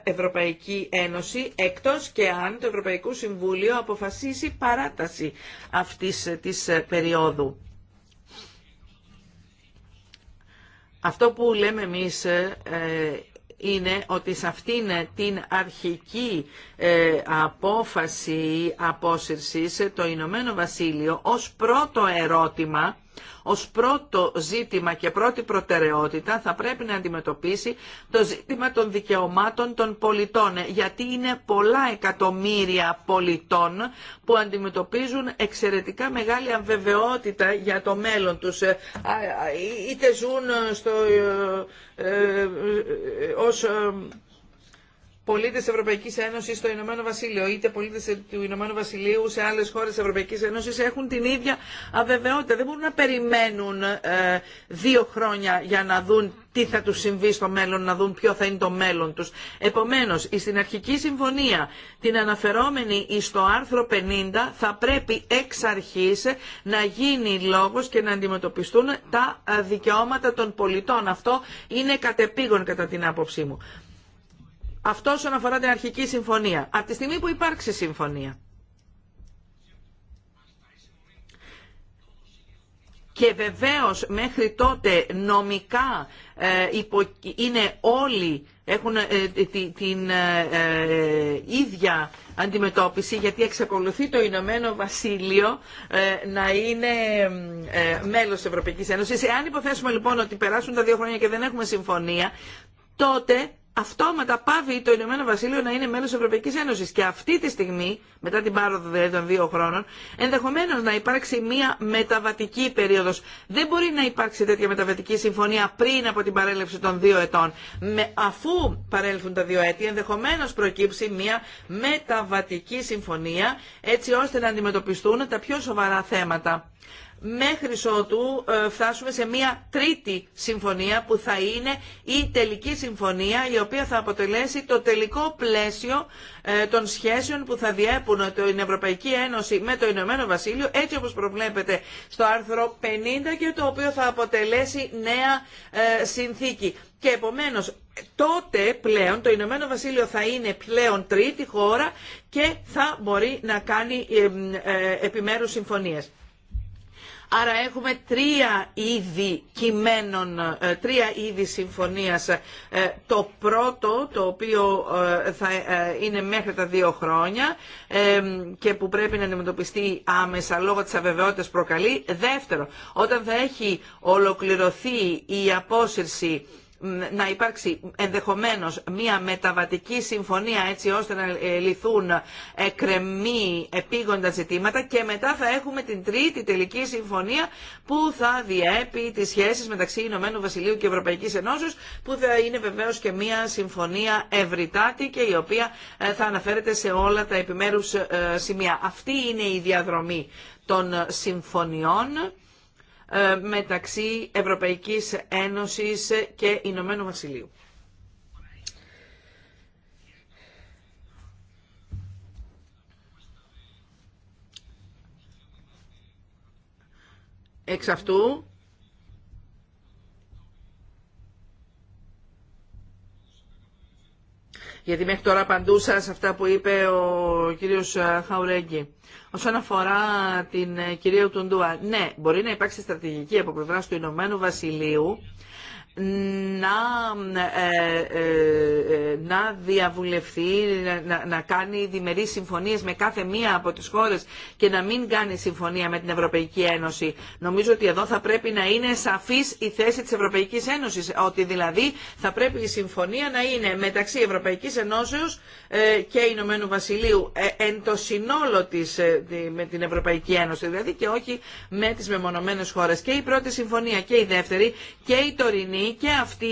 Ευρωπαϊκή Ένωση, εκτός και αν το Ευρωπαϊκό Συμβούλιο αποφασίσει παράταση αυτής της περίοδου. Αυτό που λέμε εμείς ε, είναι ότι σε αυτήν την αρχική ε, απόφαση απόσυρσης το Ηνωμένο Βασίλειο ως πρώτο ερώτημα ως πρώτο ζήτημα και πρώτη προτεραιότητα θα πρέπει να αντιμετωπίσει το ζήτημα των δικαιωμάτων των πολιτών, γιατί είναι πολλά εκατομμύρια πολιτών που αντιμετωπίζουν εξαιρετικά μεγάλη αμβεβαιότητα για το μέλλον τους. Ε, ε, είτε ζουν στο, ε, ως πολίτε Ευρωπαϊκή Ένωση στο Ηνωμένο Βασίλειο, είτε πολίτε του Ηνωμένου Βασιλείου σε άλλε χώρε Ευρωπαϊκή Ένωση έχουν την ίδια αβεβαιότητα. Δεν μπορούν να περιμένουν ε, δύο χρόνια για να δουν τι θα του συμβεί στο μέλλον, να δουν ποιο θα είναι το μέλλον του. Επομένω, στην αρχική συμφωνία, την αναφερόμενη στο άρθρο 50, θα πρέπει εξ αρχή να γίνει λόγο και να αντιμετωπιστούν τα ε, δικαιώματα των πολιτών. Αυτό είναι κατεπήγον κατά την άποψή μου. Αυτό όσον αφορά την αρχική συμφωνία. Από τη στιγμή που υπάρξει συμφωνία. Και βεβαίως μέχρι τότε νομικά ε, είναι όλοι έχουν ε, την ε, ίδια αντιμετώπιση γιατί εξακολουθεί το Ηνωμένο Βασίλειο να είναι μέλος της Ευρωπαϊκής Ένωσης. Εάν υποθέσουμε λοιπόν ότι περάσουν τα δύο χρόνια και δεν έχουμε συμφωνία, τότε αυτόματα πάβει το Ηνωμένο Βασίλειο να είναι μέλος της Ευρωπαϊκής Ένωσης. Και αυτή τη στιγμή, μετά την πάροδο δηλαδή των δύο χρόνων, ενδεχομένως να υπάρξει μια μεταβατική περίοδος. Δεν μπορεί να υπάρξει τέτοια μεταβατική συμφωνία πριν από την παρέλευση των δύο ετών. Με, αφού παρέλθουν τα δύο έτη, ενδεχομένως προκύψει μια μεταβατική συμφωνία, έτσι ώστε να αντιμετωπιστούν τα πιο σοβαρά θέματα μέχρι ότου ε, φτάσουμε σε μία τρίτη συμφωνία που θα είναι η τελική συμφωνία η οποία θα αποτελέσει το τελικό πλαίσιο ε, των σχέσεων που θα διέπουν την Ευρωπαϊκή Ένωση με το Ηνωμένο Βασίλειο έτσι όπως προβλέπεται στο άρθρο 50 και το οποίο θα αποτελέσει νέα ε, συνθήκη. Και επομένως τότε πλέον το Ηνωμένο Βασίλειο θα είναι πλέον τρίτη χώρα και θα μπορεί να κάνει επιμέρους συμφωνίες. Άρα έχουμε τρία είδη κειμένων, ε, τρία είδη συμφωνίας. Ε, το πρώτο, το οποίο ε, θα είναι μέχρι τα δύο χρόνια και που πρέπει να αντιμετωπιστεί άμεσα λόγω της αβεβαιότητας προκαλεί. Δεύτερο, όταν θα έχει ολοκληρωθεί η απόσυρση να υπάρξει ενδεχομένως μια μεταβατική συμφωνία έτσι ώστε να ε, λυθούν εκρεμή επίγοντα ζητήματα και μετά θα έχουμε την τρίτη τελική συμφωνία που θα διέπει τις σχέσεις μεταξύ Ηνωμένου Βασιλείου και Ευρωπαϊκής Ενώσεως που θα είναι βεβαίως και μια συμφωνία ευρυτάτη και η οποία ε, θα αναφέρεται σε όλα τα επιμέρους ε, σημεία. Αυτή είναι η διαδρομή των συμφωνιών ε, μεταξύ Ευρωπαϊκής Ένωσης και Ηνωμένου Βασιλείου. Εξ αυτού, γιατί μέχρι τώρα απαντούσα σε αυτά που είπε ο κύριος Χαουρέγγι. Όσον αφορά την ε, κυρία Τουντούα, ναι, μπορεί να υπάρξει στρατηγική από πλευρά του Ηνωμένου Βασιλείου να, ε, ε, ε να διαβουλευθεί, να, να κάνει διμερείς συμφωνίες με κάθε μία από τις χώρες και να μην κάνει συμφωνία με την Ευρωπαϊκή Ένωση. Νομίζω ότι εδώ θα πρέπει να είναι σαφής η θέση της Ευρωπαϊκής Ένωσης, ότι δηλαδή θα πρέπει η συμφωνία να είναι μεταξύ Ευρωπαϊκής Ενώσεως ε, και Ηνωμένου Βασιλείου εν το συνόλο της με την Ευρωπαϊκή Ένωση, δηλαδή και όχι με τις μεμονωμένες χώρες. Και η πρώτη συμφωνία και η δεύτερη και η τωρινή και αυτή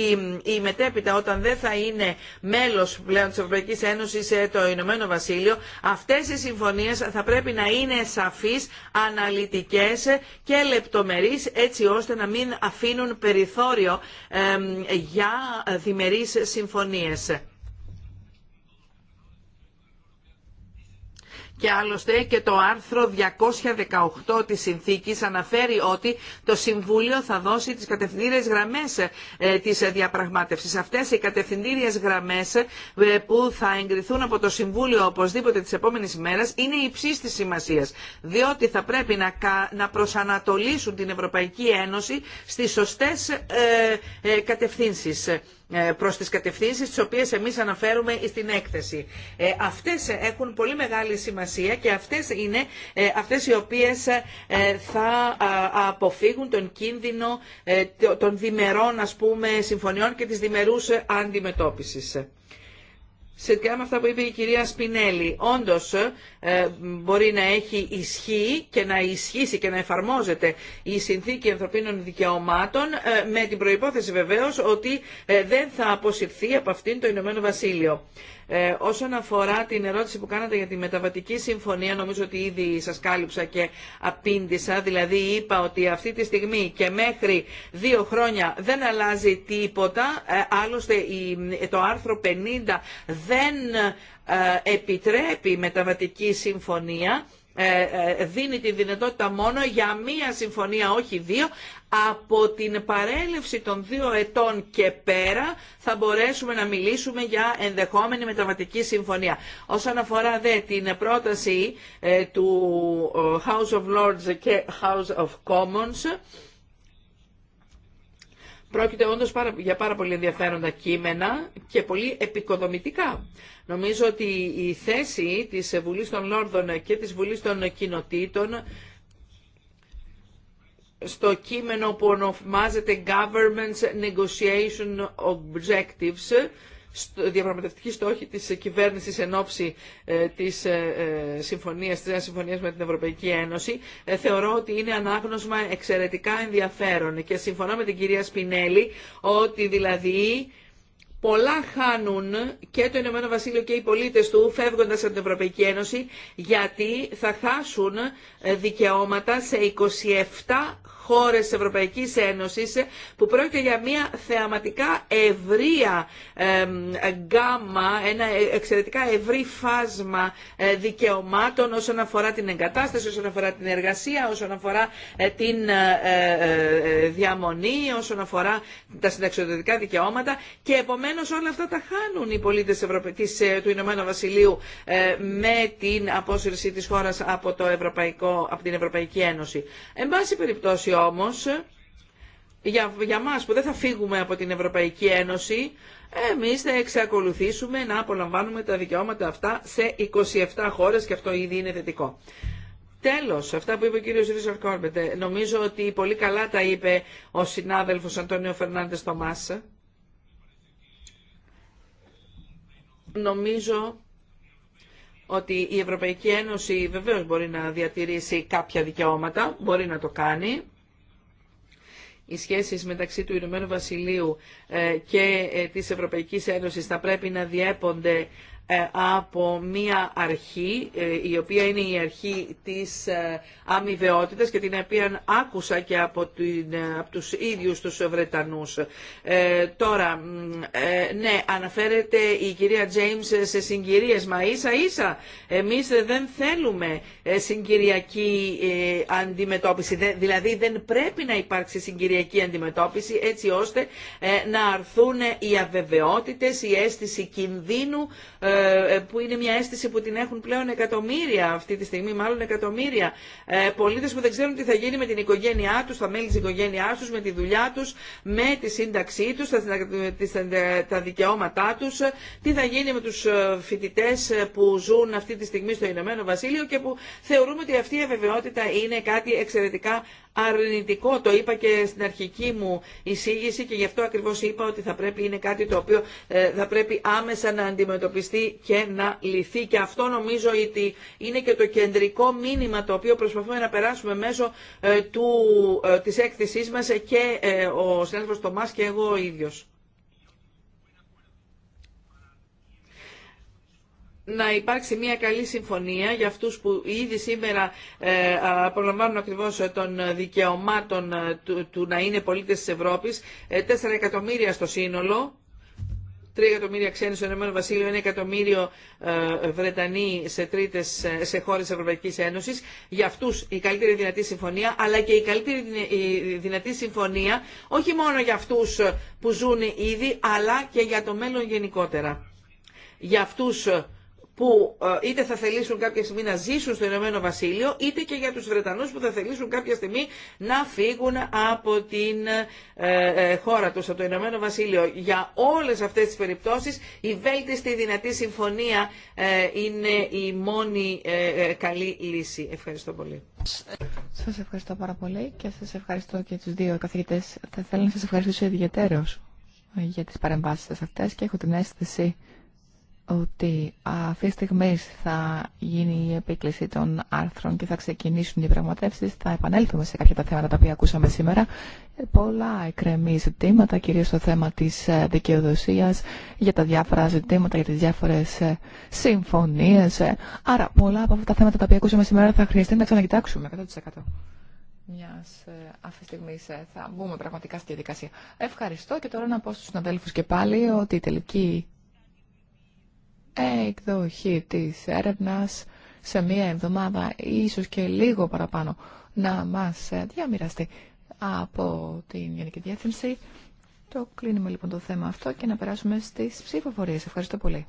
η μετέπειτα όταν δεν θα είναι μέλος πλέον της Ευρωπαϊκής Ένωσης ε, το Ηνωμένο Βασίλειο, αυτές οι συμφωνίες θα πρέπει να είναι σαφείς, αναλυτικές και λεπτομερείς έτσι ώστε να μην αφήνουν περιθώριο για διμερείς συμφωνίες. και άλλωστε και το άρθρο 218 της συνθήκης αναφέρει ότι το Συμβούλιο θα δώσει τις κατευθυντήριες γραμμές ε, της διαπραγμάτευσης. Αυτές οι κατευθυντήριες γραμμές ε, που θα εγκριθούν από το Συμβούλιο οπωσδήποτε τις επόμενες μέρες είναι υψή τη σημασίας, διότι θα πρέπει να προσανατολίσουν την Ευρωπαϊκή Ένωση στις σωστές ε, κατευθύνσεις. Ε, προς τις κατευθύνσεις τις οποίες εμείς αναφέρουμε στην έκθεση. Ε, αυτές έχουν πολύ μεγάλη σημασία και αυτές είναι ε, αυτές οι οποίες θα αποφύγουν τον κίνδυνο των διμερών πούμε συμφωνιών και της διμερούς αντιμετώπισης σχετικά με αυτά που είπε η κυρία Σπινέλη. όντω ε, μπορεί να έχει ισχύ και να ισχύσει και να εφαρμόζεται η συνθήκη ανθρωπίνων δικαιωμάτων ε, με την προϋπόθεση βεβαίως ότι ε, δεν θα αποσυρθεί από αυτήν το Ηνωμένο Βασίλειο. Ε, όσον αφορά την ερώτηση που κάνατε για τη μεταβατική συμφωνία, νομίζω ότι ήδη σας κάλυψα και απήντησα, δηλαδή είπα ότι αυτή τη στιγμή και μέχρι δύο χρόνια δεν αλλάζει τίποτα, ε, άλλωστε το άρθρο 50 δεν ε, επιτρέπει μεταβατική συμφωνία, ε, ε, δίνει τη δυνατότητα μόνο για μία συμφωνία, όχι δύο. Από την παρέλευση των δύο ετών και πέρα θα μπορέσουμε να μιλήσουμε για ενδεχόμενη μεταβατική συμφωνία. Όσον αφορά δε την πρόταση ε, του House of Lords και House of Commons, Πρόκειται όντως για πάρα πολύ ενδιαφέροντα κείμενα και πολύ επικοδομητικά. Νομίζω ότι η θέση της Βουλής των Λόρδων και της Βουλής των Κοινοτήτων στο κείμενο που ονομάζεται Governments Negotiation Objectives διαπραγματευτική στόχη της κυβέρνησης εν ώψη ε, της ε, ε, συμφωνίας, της συμφωνίας με την Ευρωπαϊκή Ένωση, θεωρώ ότι είναι ανάγνωσμα εξαιρετικά ενδιαφέρον και συμφωνώ με την κυρία Σπινέλη ότι δηλαδή πολλά χάνουν και το Ηνωμένο Βασίλειο και οι πολίτες του φεύγοντας από την Ευρωπαϊκή Ένωση γιατί θα χάσουν δικαιώματα σε 27 χώρες τη Ευρωπαϊκής Ένωση ε, που πρόκειται για μια θεαματικά ευρεία γκάμα, ένα ε, εξαιρετικά ευρύ φάσμα ε, δικαιωμάτων όσον αφορά την εγκατάσταση, όσον αφορά την εργασία, όσον αφορά την διαμονή, όσον αφορά τα συνταξιοδοτικά δικαιώματα και επομένως όλα αυτά τα χάνουν οι πολίτες του Ηνωμένου Βασιλείου με την απόσυρση τη χώρα από, από την Ευρωπαϊκή Ένωση. Εν πάση περιπτώσει όμως, για, για μας που δεν θα φύγουμε από την Ευρωπαϊκή Ένωση, εμείς θα εξακολουθήσουμε να απολαμβάνουμε τα δικαιώματα αυτά σε 27 χώρες και αυτό ήδη είναι θετικό. Τέλος, αυτά που είπε ο κύριος Ρίσορ Κόρμπεντε, νομίζω ότι πολύ καλά τα είπε ο συνάδελφος Αντώνιο Φερνάντες Τομάς. Νομίζω ότι η Ευρωπαϊκή Ένωση βεβαίως μπορεί να διατηρήσει κάποια δικαιώματα, μπορεί να το κάνει, οι σχέσεις μεταξύ του Ηνωμένου Βασιλείου ε, και ε, της Ευρωπαϊκής Ένωσης θα πρέπει να διέπονται ε, από μία αρχή, ε, η οποία είναι η αρχή της ε, αμοιβαιότητας και την οποία άκουσα και από, την, από τους ίδιους τους Βρετανούς. τώρα, ναι, αναφέρεται η κυρία Τζέιμς σε συγκυρίες, μα ίσα ίσα εμείς δεν θέλουμε συγκυριακή αντιμετώπιση, δηλαδή δεν πρέπει να υπάρξει συγκυριακή αντιμετώπιση έτσι ώστε να αρθούν οι αβεβαιότητες, η αίσθηση κινδύνου, ε, που είναι μια αίσθηση που την έχουν πλέον εκατομμύρια αυτή τη στιγμή, μάλλον εκατομμύρια ε, πολίτε που δεν ξέρουν τι θα γίνει με την οικογένειά του, τα μέλη τη οικογένειά του, με τη δουλειά του, με τη σύνταξή του ε, τα δικαιώματά του, τι θα γίνει με του φοιτητέ που ζουν αυτή τη στιγμή στο Ηνωμένο Βασίλειο και που θεωρούμε ότι αυτή η αβεβαιότητα είναι κάτι εξαιρετικά αρνητικό. Το είπα και στην αρχική μου εισήγηση και γι' αυτό ακριβώς είπα ότι θα πρέπει είναι κάτι το οποίο θα πρέπει άμεσα να αντιμετωπιστεί και να λυθεί και αυτό νομίζω ότι είναι και το κεντρικό μήνυμα το οποίο προσπαθούμε να περάσουμε μέσω ε, του, ε, της έκθεσής μας και ε, ο συνάδελφος Τομάς και εγώ ο ίδιος. να υπάρξει μια καλή συμφωνία για αυτούς που ήδη σήμερα απολαμβάνουν ακριβώς των δικαιωμάτων του, του να είναι πολίτες της Ευρώπης, 4 εκατομμύρια στο σύνολο, 3 εκατομμύρια ξένοι στο ΕΒ, Βασίλειο, 1 εκατομμύριο ε, Βρετανοί σε, τρίτες, ε, σε χώρες Ευρωπαϊκής Ένωσης. Για αυτούς η καλύτερη δυνατή συμφωνία, αλλά και η καλύτερη δυνατή συμφωνία όχι μόνο για αυτούς ε, που ζουν ήδη, αλλά και για το μέλλον γενικότερα. Για αυτούς που ε, είτε θα θελήσουν κάποια στιγμή να ζήσουν στο Ηνωμένο Βασίλειο, είτε και για τους Βρετανούς που θα θελήσουν κάποια στιγμή να φύγουν από την ε, ε, χώρα τους, από το Ηνωμένο Βασίλειο. Για όλες αυτές τις περιπτώσεις η βέλτιστη δυνατή συμφωνία είναι η μόνη καλή λύση. Ευχαριστώ πολύ. Σας ευχαριστώ πάρα πολύ και σας ευχαριστώ και τους δύο καθηγητές. Θα ήθελα να σας ευχαριστήσω ιδιαίτερως για τις παρεμβάσεις σας αυτές και έχω την αίσθηση ότι αυτή τη στιγμή θα γίνει η επίκληση των άρθρων και θα ξεκινήσουν οι πραγματεύσει, Θα επανέλθουμε σε κάποια τα θέματα τα οποία ακούσαμε σήμερα. Πολλά εκκρεμή ζητήματα, κυρίω το θέμα τη ε, δικαιοδοσία για τα διάφορα ζητήματα, για τι διάφορε συμφωνίε. Ε. Άρα πολλά από αυτά τα θέματα τα οποία ακούσαμε σήμερα θα χρειαστεί να ξανακοιτάξουμε 100%. Μια ε, αυτή τη στιγμή θα μπούμε πραγματικά στη διαδικασία. Ευχαριστώ και τώρα να πω στου συναδέλφου και πάλι ότι η τελική εκδοχή της έρευνας σε μία εβδομάδα ή ίσως και λίγο παραπάνω να μας διαμοιραστεί από την Γενική Διεύθυνση. Το κλείνουμε λοιπόν το θέμα αυτό και να περάσουμε στις ψηφοφορίες. Ευχαριστώ πολύ.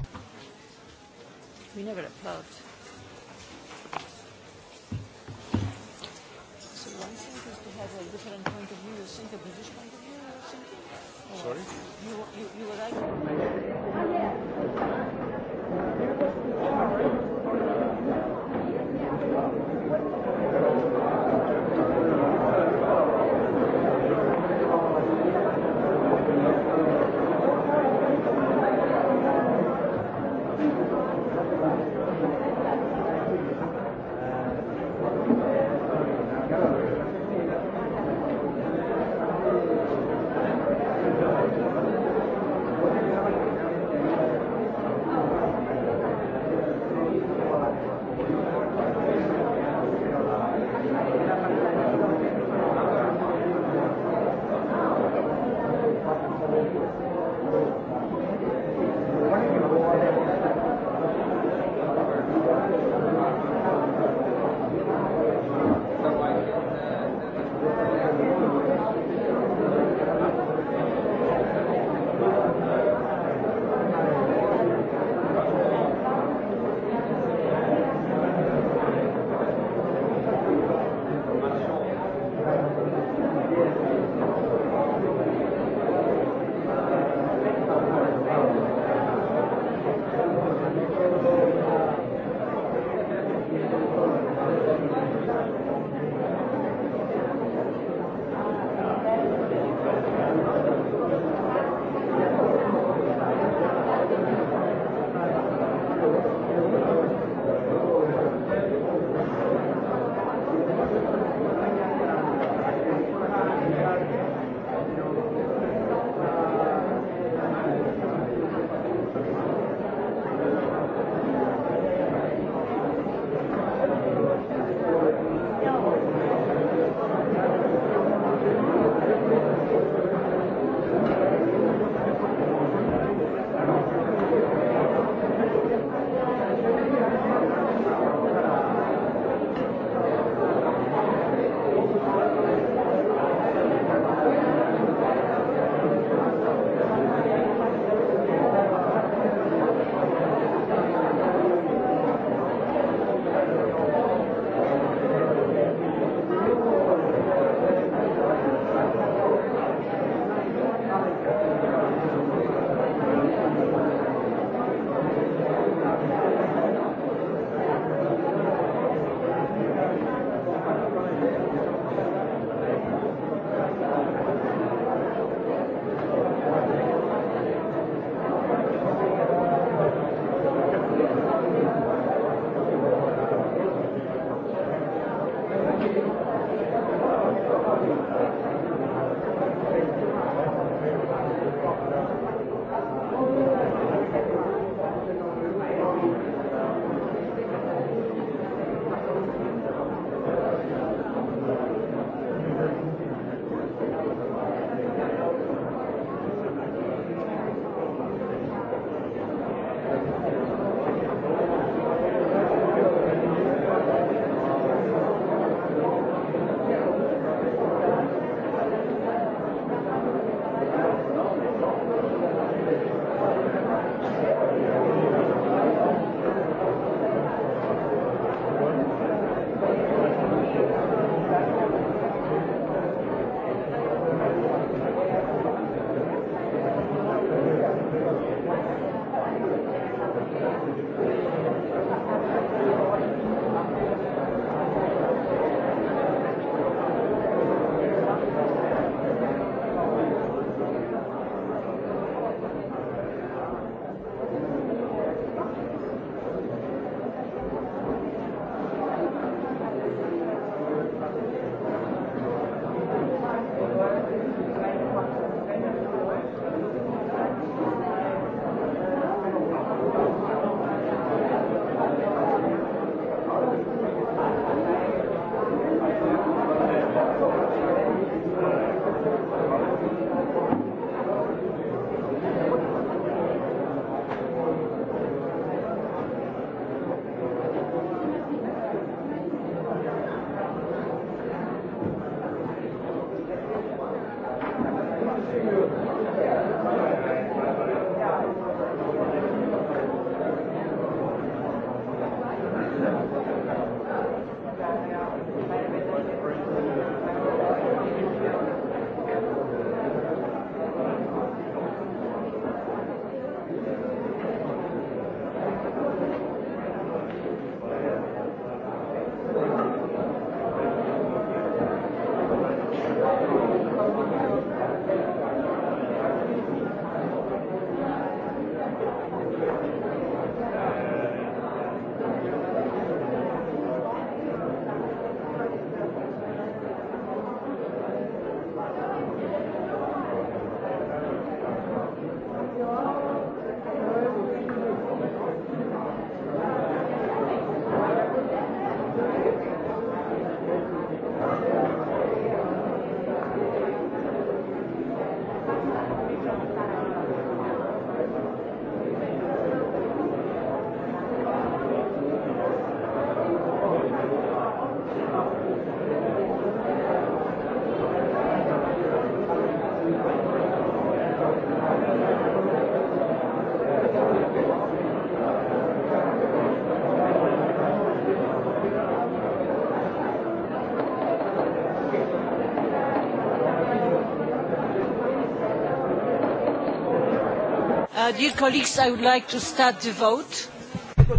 Dear colleagues, I would like to start the vote.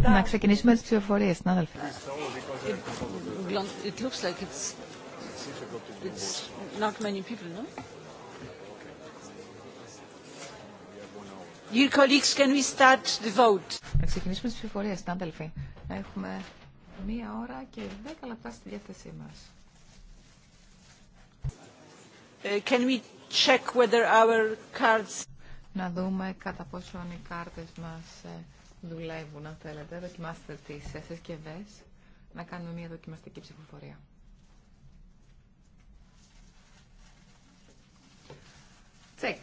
Να ξεκινήσουμε τις ψηφοφορίες, συνάδελφοι. It looks like it's, it's not many people, no? Dear colleagues, can we start the vote? Να ξεκινήσουμε τις ψηφοφορίες, συνάδελφοι. Έχουμε μία ώρα και δέκα λεπτά στη διάθεσή μας. Can we check whether our cards να δούμε κατά πόσο οι κάρτες μας ε, δουλεύουν, αν θέλετε. Δοκιμάστε τις ε, συσκευέ να κάνουμε μια δοκιμαστική ψηφοφορία. Τσεκ.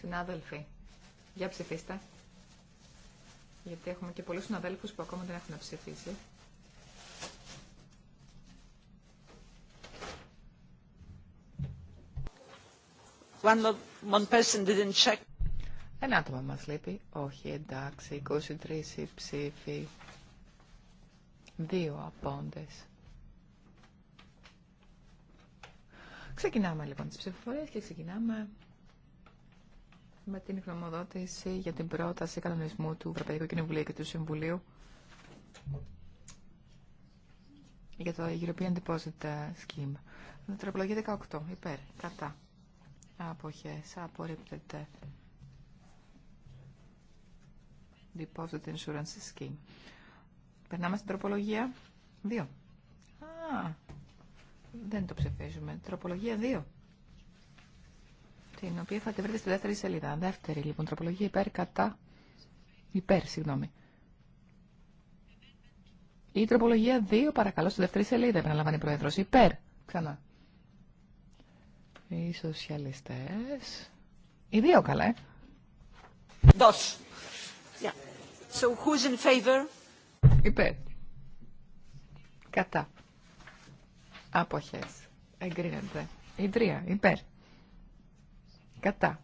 Συνάδελφοι, για ψηφίστε. Γιατί έχουμε και πολλούς συναδέλφους που ακόμα δεν έχουν ψηφίσει. Ένα άτομο μας λείπει. Όχι, εντάξει, 23 ψήφοι. Δύο απόντες. Ξεκινάμε λοιπόν τις ψηφοφορίες και ξεκινάμε με την γνωμοδότηση για την πρόταση κανονισμού του Ευρωπαϊκού Κοινοβουλίου και του Συμβουλίου για το European Deposit Scheme. Τροπολογία 18. Υπέρ. Κατά αποχές απορρίπτεται Deposit Insurance Scheme. Περνάμε στην τροπολογία 2. Α, δεν το ψηφίζουμε. Τροπολογία 2. Την οποία θα τη βρείτε στη δεύτερη σελίδα. Δεύτερη λοιπόν τροπολογία υπέρ κατά. Υπέρ, συγγνώμη. Η τροπολογία 2, παρακαλώ, στη δεύτερη σελίδα, επαναλαμβάνει η Πρόεδρος. Υπέρ. Ξανά. Οι σοσιαλιστές... Οι δύο καλέ. Ε. Dos. Yeah. So who's in favor? Υπέρ. Κατά. Άποχες. Εγκρίνεται. Η τρία. Υπέρ. Κατά.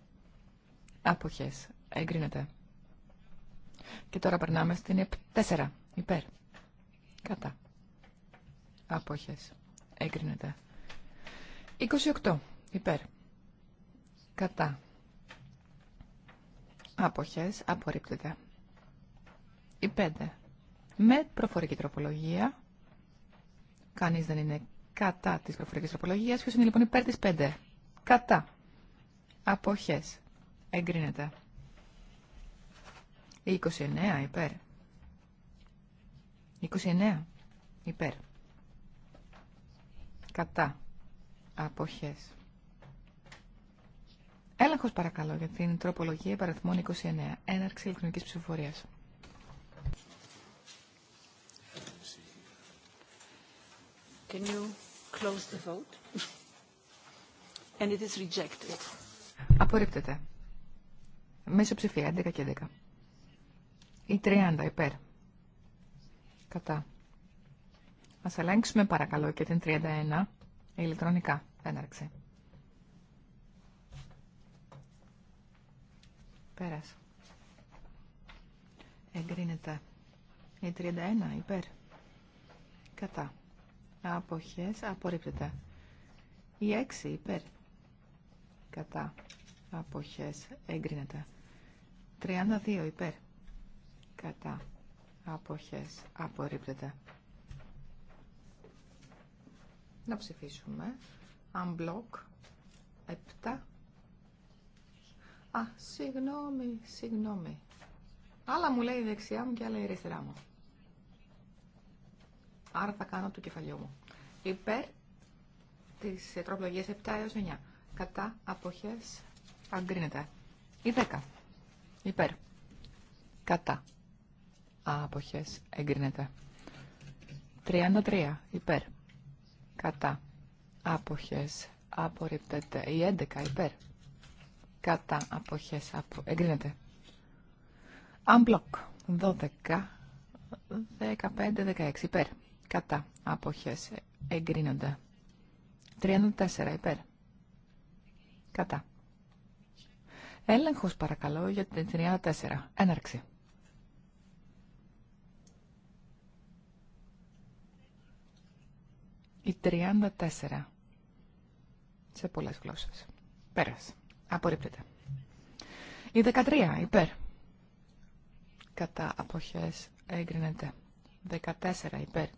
Άποχες. Εγκρίνεται. Και τώρα περνάμε στην τέσσερα. Υπέρ. Κατά. Άποχες. Εγκρίνεται. 28. Υπέρ. Κατά. Άποχες. Απορρίπτεται. Η πέντε Με προφορική τροπολογία. Κανείς δεν είναι κατά της προφορικής τροπολογίας. Ποιος είναι λοιπόν υπέρ της πέντε, Κατά. Αποχές. Εγκρίνεται. Η 29 υπέρ. 29 υπέρ. Κατά. Αποχές. Έλεγχο παρακαλώ για την τροπολογία παραθμών 29. Έναρξη ηλεκτρονική ψηφοφορία. Can you Απορρίπτεται. Μέσο ψηφία 11 και 11. Ή 30 υπέρ. Κατά. Ας ελέγξουμε παρακαλώ και την 31 ηλεκτρονικά. Έναρξη. Εγκρίνεται. Η 31 υπέρ. Κατά. Αποχές απορρίπτεται. Η 6 υπέρ. Κατά. Αποχές εγκρίνεται. 32 υπέρ. Κατά. Αποχές απορρίπτεται. Να ψηφίσουμε. Unblock 7 Α, συγγνώμη, συγγνώμη. Άλλα μου λέει η δεξιά μου και άλλα η αριστερά μου. Άρα θα κάνω το κεφαλιό μου. Υπέρ της τροπολογίες 7 έως 9. Κατά αποχές αγκρίνεται. Η 10. Υπέρ. Κατά. Αποχές εγκρίνεται. 33. Υπέρ. Κατά. Αποχές απορρίπτεται. Η 11. Υπέρ κατά αποχές εγκρίνεται. Unblock 12, 15, 16 υπέρ κατά αποχές ε, εγκρίνονται. 34 υπέρ κατά. Έλεγχος παρακαλώ για την 34. Έναρξη. Η 34 σε πολλές γλώσσες. Πέρασε. Απορρίπτεται. Η 13 υπέρ. Κατά αποχές εγκρίνεται. 14 υπέρ.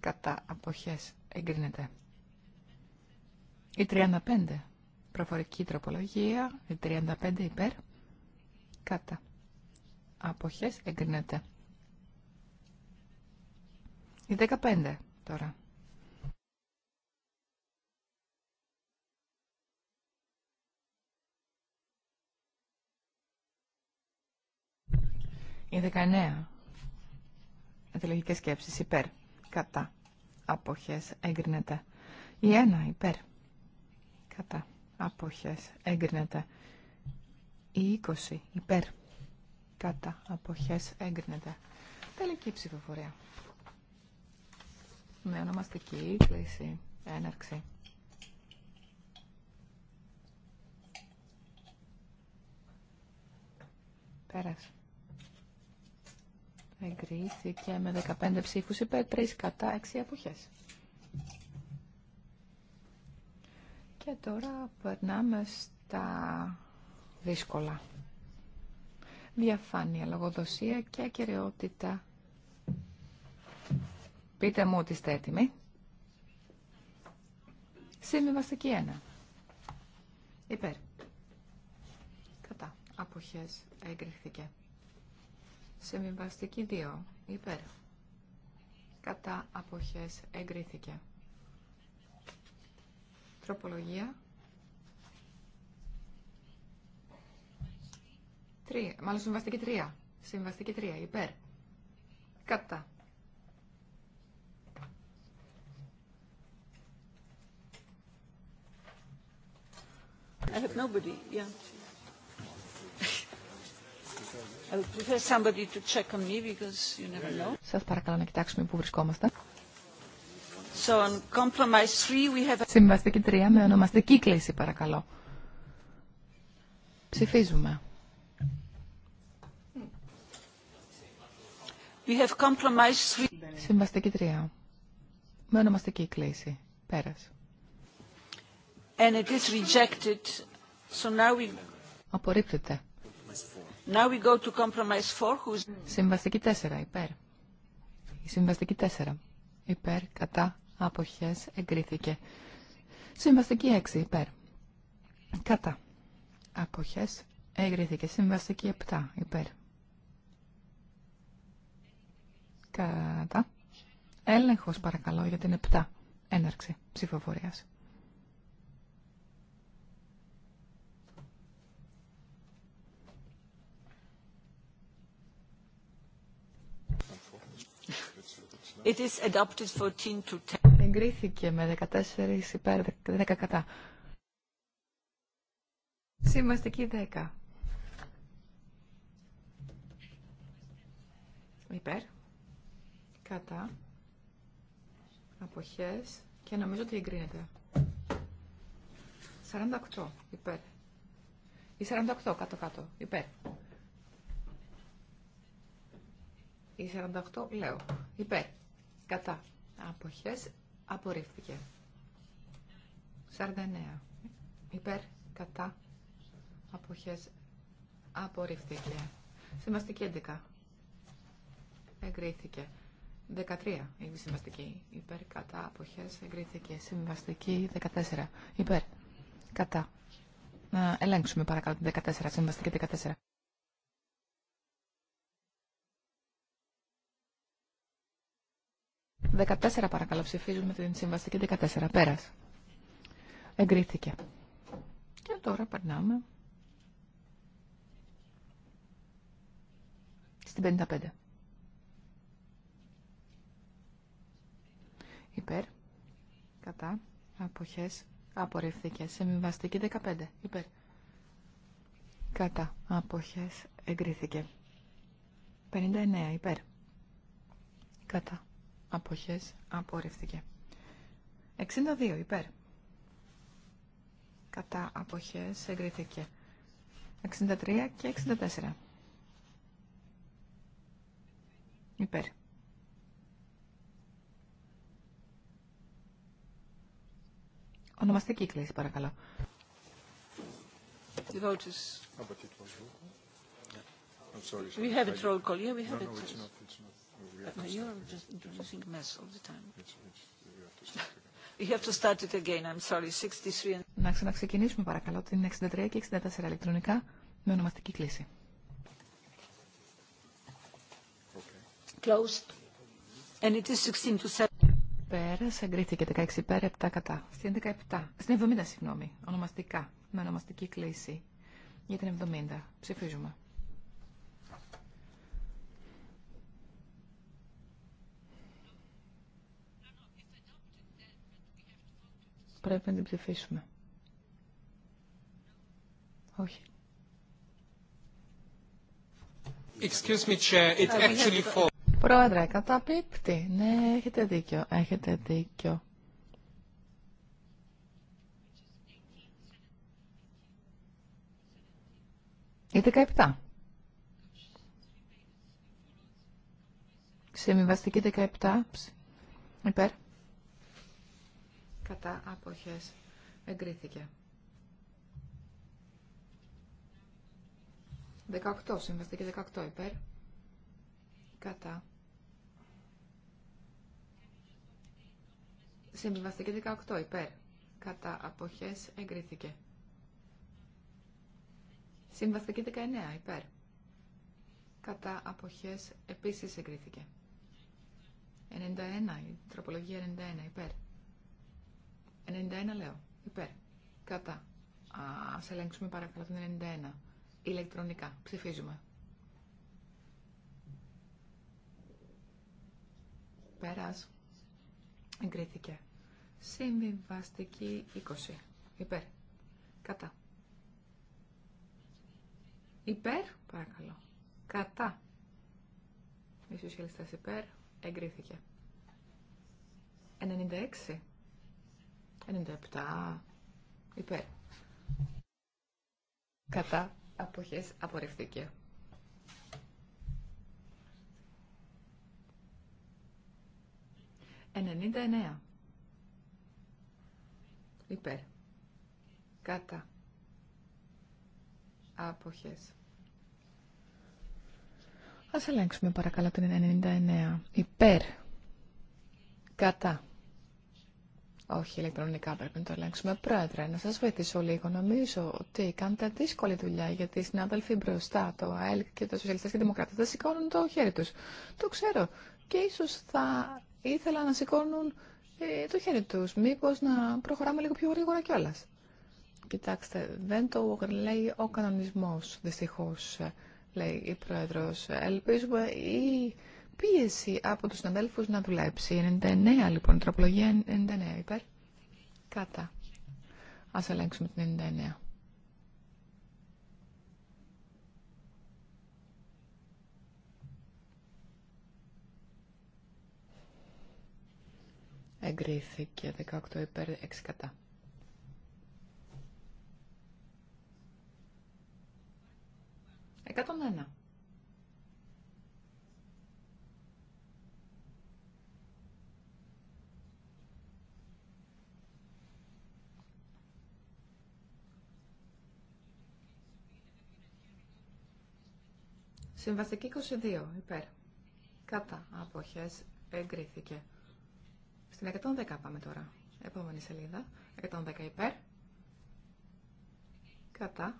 Κατά αποχές εγκρίνεται. Η 35 προφορική τροπολογία. Η 35 υπέρ. Κατά αποχές εγκρίνεται. Η 15 τώρα. Η 19. Αντιλογικές σκέψεις. Υπέρ. Κατά. Αποχές. Εγκρίνεται. Η 1. Υπέρ. Κατά. Αποχές. Εγκρίνεται. Η 20. Υπέρ. Κατά. Αποχές. Εγκρίνεται. Τελική ψηφοφορία. Με ονομαστική κλίση. Έναρξη. Πέρασε. Εγκρίθηκε με 15 ψήφους υπέρ, 3 κατά, 6 αποχές. Και τώρα περνάμε στα δύσκολα. Διαφάνεια, λογοδοσία και ακεραιότητα. Πείτε μου ότι είστε έτοιμοι. Συμβιβαστική 1. Υπέρ. Κατά. Αποχές εγκρίθηκε. Σεμιβαστική 2. Υπέρ. Κατά αποχές εγκρίθηκε. Τροπολογία. 3. Μάλλον συμβαστική 3. Συμβαστική 3. Υπέρ. Κατά. I have nobody. Yeah. Σας παρακαλώ να κοιτάξουμε πού βρισκόμαστε. So on compromise three we have... Συμβαστική 3 με ονομαστική κλίση παρακαλώ. Ψηφίζουμε. We have compromise 3. Συμβαστική 3 με ονομαστική κλίση. Πέρας. And it is rejected. So now we... Απορρίπτεται. Συμβαστική 4, υπέρ. Η συμβαστική 4, υπέρ, κατά, αποχές, εγκρίθηκε. Συμβαστική 6, υπέρ. Κατά. Αποχές, εγκρίθηκε. Συμβαστική 7, υπέρ. Κατά. Έλεγχος παρακαλώ για την 7. Έναρξη ψηφοφορίας. It Εγκρίθηκε με 14 υπέρ 10 κατά. Συμβαστική 10. Υπέρ. Κατά. Αποχέ Και νομίζω ότι εγκρίνεται. 48. Υπέρ. Ή 48 κάτω-κάτω. Υπέρ. Ή 48 λέω. Υπέρ. Κατά. Αποχές. Απορρίφθηκε. 49. Υπέρ. Κατά. Αποχές. Απορρίφθηκε. Συμβαστική 11. Εγκρίθηκε. 13. Η συμβαστική. Υπέρ. Κατά. Αποχές. Εγκρίθηκε. Συμβαστική 14. Υπέρ. Κατά. Να ελέγξουμε παρακαλώ την 14. Συμβαστική 14. 14 παρακαλώ ψηφίζουμε την συμβαστική 14. Πέρας. Εγκρίθηκε. Και τώρα περνάμε στην 55. Υπέρ. Κατά. Αποχές. Απορρίφθηκε. Συμβαστική 15. Υπέρ. Κατά. Αποχές. Εγκρίθηκε. 59. Υπέρ. Κατά αποχές απορρίφθηκε. 62 υπέρ. Κατά αποχές εγκρίθηκε. 63 και 64. Υπέρ. Ονομαστική κλίση, παρακαλώ. The We have a roll call. Yeah, we have να ξαναξεκινήσουμε παρακαλώ την 63 και 64 ηλεκτρονικά με ονομαστική κλίση. Closed. And it is 16 to 7. εγκρίθηκε 16 πέρα, 7 κατά. Στην 17, στην 70, συγγνώμη, ονομαστικά, με ονομαστική κλίση. Για την 70, ψηφίζουμε. πρέπει να την ψηφίσουμε. Όχι. Excuse me, Chair. It actually for... Πρόεδρε, καταπίπτει. Ναι, έχετε δίκιο. Έχετε δίκιο. Η 17. Ξεμιβαστική 17. Υπέρ κατά αποχές εγκρίθηκε. 18, συμβαστική 18 υπέρ, κατά. συμβαστική 18 υπέρ, κατά αποχές εγκρίθηκε. Συμβαστική 19 υπέρ, κατά αποχές επίσης εγκρίθηκε. 91, η τροπολογία 91 υπέρ, 91 λέω. Υπέρ. Κατά. Α ας ελέγξουμε παρακαλώ την 91. Ηλεκτρονικά. Ψηφίζουμε. Πέρας. Εγκρίθηκε. Συμβιβαστική 20. Υπέρ. Κατά. Υπέρ. Παρακαλώ. Κατά. Οι σοσιαλιστές υπέρ. Εγκρίθηκε. 96. 97 υπέρ. Κατά αποχές απορριφθήκε. Ενενήντα εννέα. Υπέρ. Κατά. Άποχες. Ας ελέγξουμε παρακαλώ την 99. Υπέρ. Κατά. Όχι ηλεκτρονικά πρέπει να το ελέγξουμε. Πρόεδρε, να σα βοηθήσω λίγο. Νομίζω ότι κάνετε δύσκολη δουλειά γιατί οι συνάδελφοι μπροστά, το ΑΕΛ και το Σοσιαλιστέ και Δημοκράτες δεν σηκώνουν το χέρι του. Το ξέρω. Και ίσω θα ήθελα να σηκώνουν ε, το χέρι του, μήπω να προχωράμε λίγο πιο γρήγορα κιόλα. Κοιτάξτε, δεν το λέει ο κανονισμό, δυστυχώ, ε, λέει η πρόεδρο, Ελπίζουμε ή πίεση από τους συναδέλφους να δουλέψει. 99 λοιπόν, τροπολογία 99 υπέρ. Κάτα. Ας ελέγξουμε την 99. Εγκρίθηκε 18 υπέρ 6 κατά. 101. Συμβαστική 22 υπέρ. Κατά αποχές εγκρίθηκε. Στην 110 πάμε τώρα. Επόμενη σελίδα. 110 υπέρ. Κατά.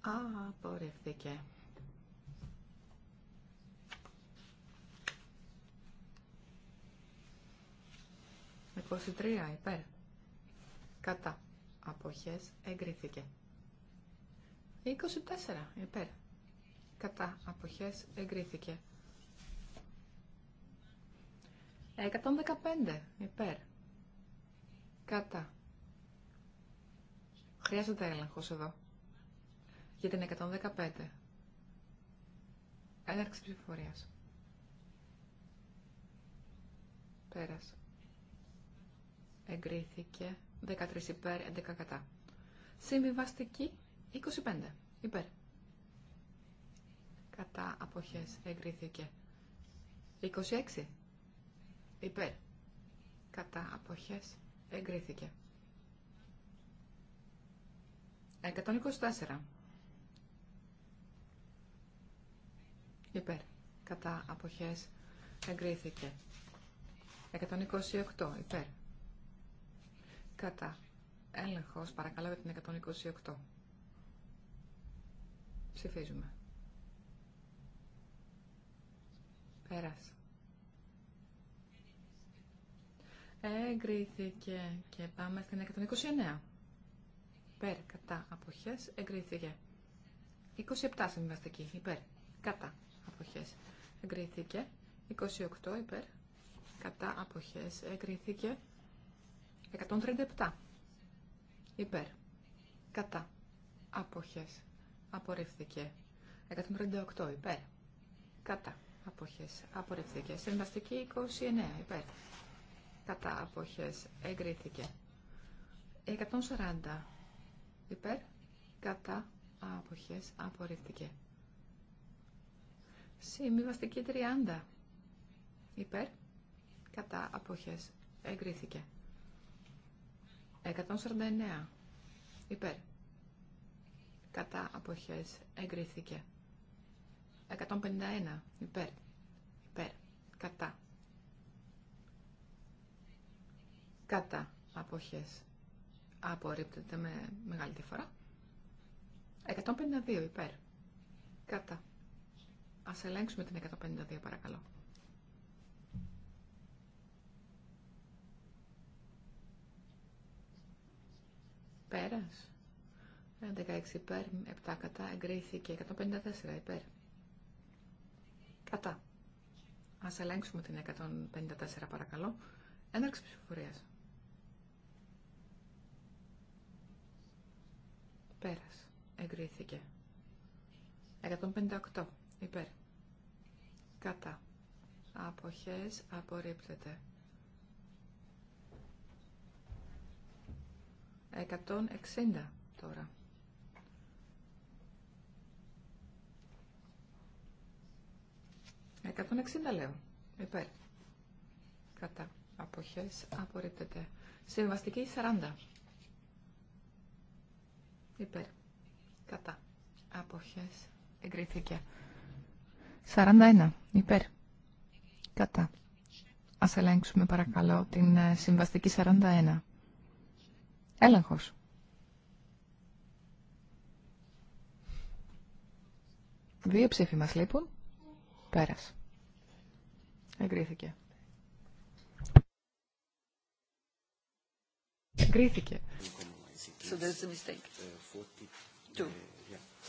Απορρίφθηκε. 23 υπέρ. Κατά. Αποχές εγκρίθηκε. 24 υπέρ. Κατά αποχές εγκρίθηκε. 115 υπέρ. Κατά. Χρειάζεται έλεγχος εδώ. Για την 115. Έναρξη ψηφοφορίας. Πέρασε. Εγκρίθηκε. 13 υπέρ, 11 κατά. Συμβιβαστική 25. Υπέρ. Κατά αποχές εγκρίθηκε. 26. Υπέρ. Κατά αποχές εγκρίθηκε. 124. Υπέρ. Κατά αποχές εγκρίθηκε. 128. Υπέρ. Κατά. Έλεγχος παρακαλώ για την 128. Ψηφίζουμε. Πέρασε. Εγκρίθηκε και πάμε στην 129. Υπέρ, κατά, αποχές, εγκρίθηκε. 27 συμβαστική, υπέρ, κατά, αποχές, εγκρίθηκε. 28 υπέρ, κατά, αποχές, εγκρίθηκε. 137 υπέρ, κατά, αποχές, απορρίφθηκε. 138 υπέρ. Κατά. Αποχές. Απορρίφθηκε. Συμβαστική 29 υπέρ. Κατά. Αποχές. Εγκρίθηκε. 140 υπέρ. Κατά. Αποχές. Απορρίφθηκε. Συμβαστική 30 υπέρ. Κατά. Αποχές. Εγκρίθηκε. 149 υπέρ κατά αποχές εγκρίθηκε. 151 υπέρ, υπέρ, κατά. Κατά αποχές απορρίπτεται με μεγάλη διαφορά. 152 υπέρ, κατά. Ας ελέγξουμε την 152 παρακαλώ. Πέρας. 16 υπέρ, 7 κατά, εγκρίθηκε. 154 υπέρ. Κατά. Ας ελέγξουμε την 154 παρακαλώ. Έναρξη ψηφοφορίας. Πέρας. Εγκρίθηκε. 158 υπέρ. Κατά. Αποχές απορρίπτεται. 160 τώρα. 160 λέω. Υπέρ. Κατά. Αποχές απορρίπτεται. Συμβαστική 40. Υπέρ. Κατά. Αποχές εγκρίθηκε. 41. Υπέρ. Κατά. Ας ελέγξουμε παρακαλώ την ε, συμβαστική 41. Έλεγχος. Δύο ψήφοι μας λείπουν. Πέρας. Εγκρίθηκε. Εγκρίθηκε. So there's a mistake. Two.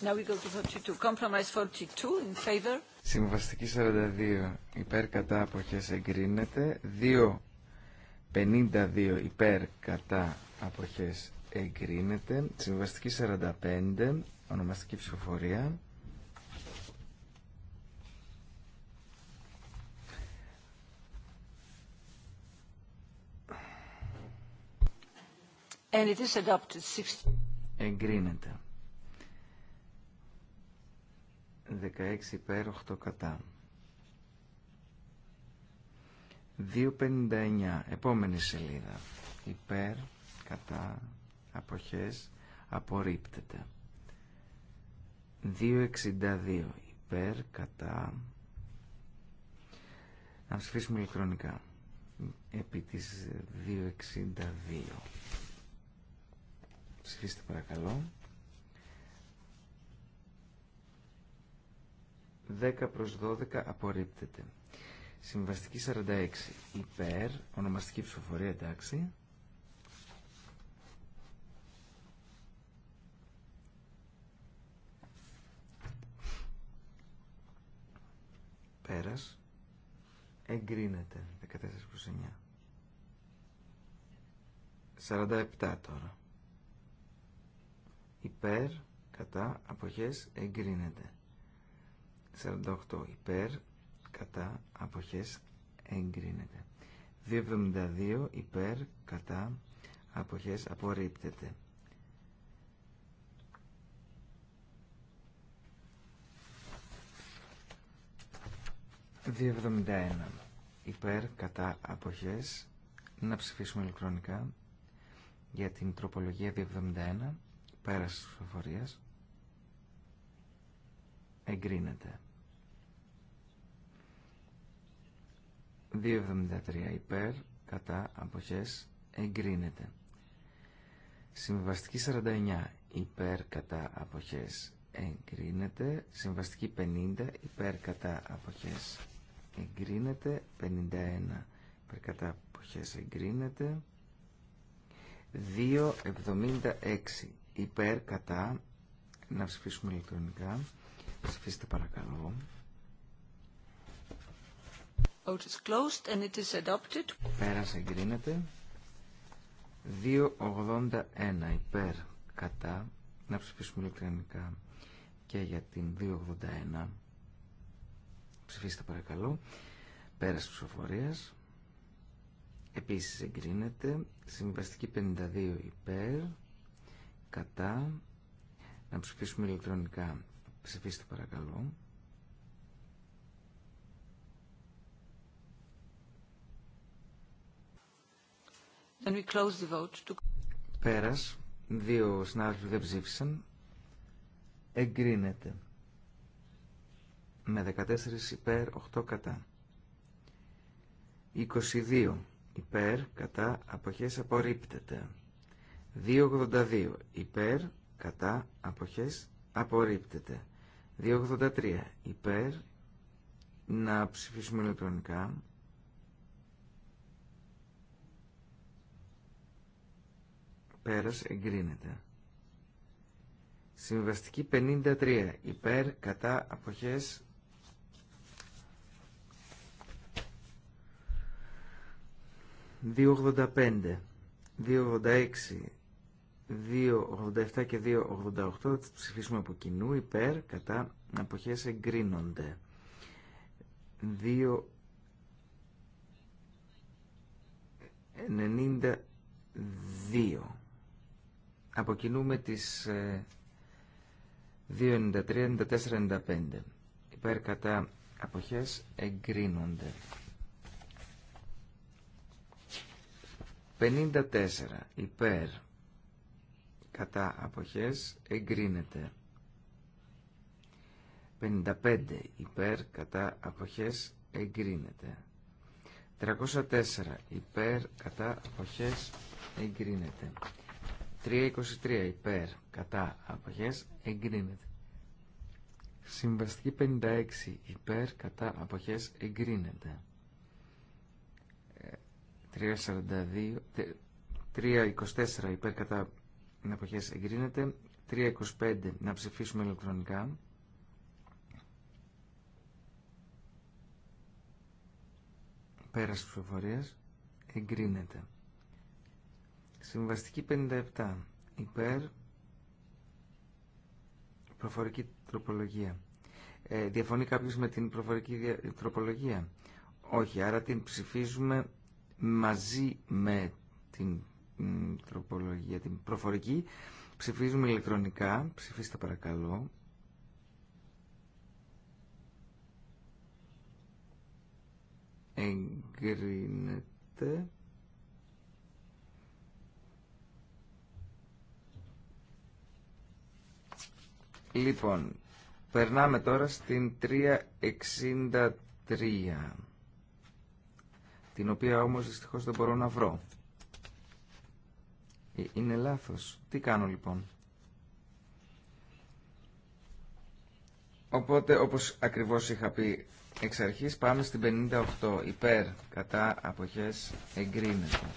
Now we go to 42. Compromise 42 in favor. Συμβαστική 42 υπέρ κατά αποχές εγκρίνεται. 2 52 υπέρ κατά αποχές εγκρίνεται. Συμβαστική 45 ονομαστική ψηφοφορία. Εγκρίνεται. 16 υπέρ 8 κατά. 2.59. Επόμενη σελίδα. Υπέρ, κατά, αποχές, απορρίπτεται. 2.62. Υπέρ, κατά. Να σφίσουμε ηλεκτρονικά. Επί της 2.62. Ψηφίστε παρακαλώ. 10 προς 12 απορρίπτεται. Συμβαστική 46 υπέρ, ονομαστική ψηφοφορία εντάξει. Πέρας. Εγκρίνεται 14 προς 9. 47 τώρα υπέρ κατά αποχές εγκρίνεται 48 υπέρ κατά αποχές εγκρίνεται 272 υπέρ κατά αποχές απορρίπτεται ...271 υπέρ κατά αποχές να ψηφίσουμε ηλεκτρονικά για την τροπολογία 271 περαση της ψηφοφορίας εγκρίνεται 2.73 υπέρ κατά αποχές εγκρίνεται συμβαστική 49 υπέρ κατά αποχές εγκρίνεται συμβαστική 50 υπέρ κατά αποχές εγκρίνεται 51 υπέρ κατά αποχές εγκρίνεται 2.76 υπέρ, κατά, να ψηφίσουμε ηλεκτρονικά. Ψηφίστε παρακαλώ. Vote Πέρασε, εγκρίνεται. 281 υπέρ, κατά, να ψηφίσουμε ηλεκτρονικά και για την 281. Ψηφίστε παρακαλώ. Πέρασε ψηφοφορίας. Επίσης εγκρίνεται. Συμβαστική 52 υπέρ κατά. Να ψηφίσουμε ηλεκτρονικά. Ψηφίστε παρακαλώ. Then we Πέρας. Δύο συνάδελφοι δεν ψήφισαν. Εγκρίνεται. Με 14 υπέρ, 8 κατά. 22 υπέρ, κατά, αποχές απορρίπτεται. 282 υπέρ κατά αποχές απορρίπτεται 283 υπέρ να ψηφίσουμε ηλεκτρονικά πέρας εγκρίνεται συμβαστική 53 υπέρ κατά αποχές ...285, 286, 2.87 και 2.88 τις ψηφίσουμε από κοινού υπέρ κατά αποχές εγκρίνονται 2.92 από κοινού με τις 2.93, 94, 95 υπέρ κατά αποχές εγκρίνονται 54 υπέρ κατά αποχές εγκρίνεται 55 υπέρ κατά αποχές εγκρίνεται 304 υπέρ κατά αποχές εγκρίνεται 323 υπέρ κατά αποχές εγκρίνεται Συμβαστική 56 υπέρ κατά αποχές εγκρίνεται 342 ε, 324 υπέρ κατά εγκρίνεται 325 να ψηφίσουμε ηλεκτρονικά πέρας ψηφοφορίας εγκρίνεται συμβαστική 57 υπέρ προφορική τροπολογία ε, διαφωνεί κάποιος με την προφορική τροπολογία όχι άρα την ψηφίζουμε μαζί με την τροπολογία, την προφορική. Ψηφίζουμε ηλεκτρονικά. Ψηφίστε παρακαλώ. Εγκρίνεται. Λοιπόν, περνάμε τώρα στην 363, την οποία όμως δυστυχώς δεν μπορώ να βρω. Ε, είναι λάθος. Τι κάνω λοιπόν. Οπότε, όπως ακριβώς είχα πει εξ αρχής, πάμε στην 58. Υπέρ, κατά, αποχές, εγκρίνεται.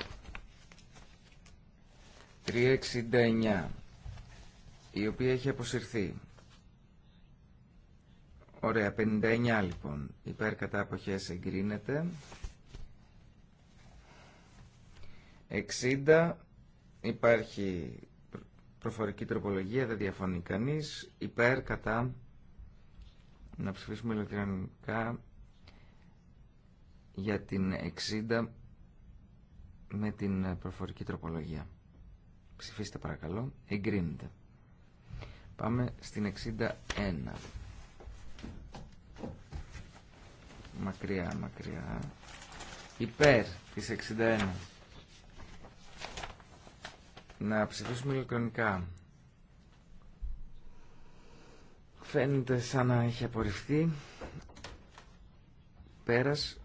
369, η οποία έχει αποσυρθεί. Ωραία, 59 λοιπόν. Υπέρ, κατά, αποχές, εγκρίνεται. 60 Υπάρχει προφορική τροπολογία, δεν διαφωνεί κανεί Υπέρ, κατά, να ψηφίσουμε ηλεκτρονικά για την 60 με την προφορική τροπολογία. Ψηφίστε παρακαλώ. Εγκρίνεται. Πάμε στην 61. Μακριά, μακριά. Υπέρ της 61 να ψηφίσουμε ηλεκτρονικά. Φαίνεται σαν να έχει απορριφθεί. Πέρας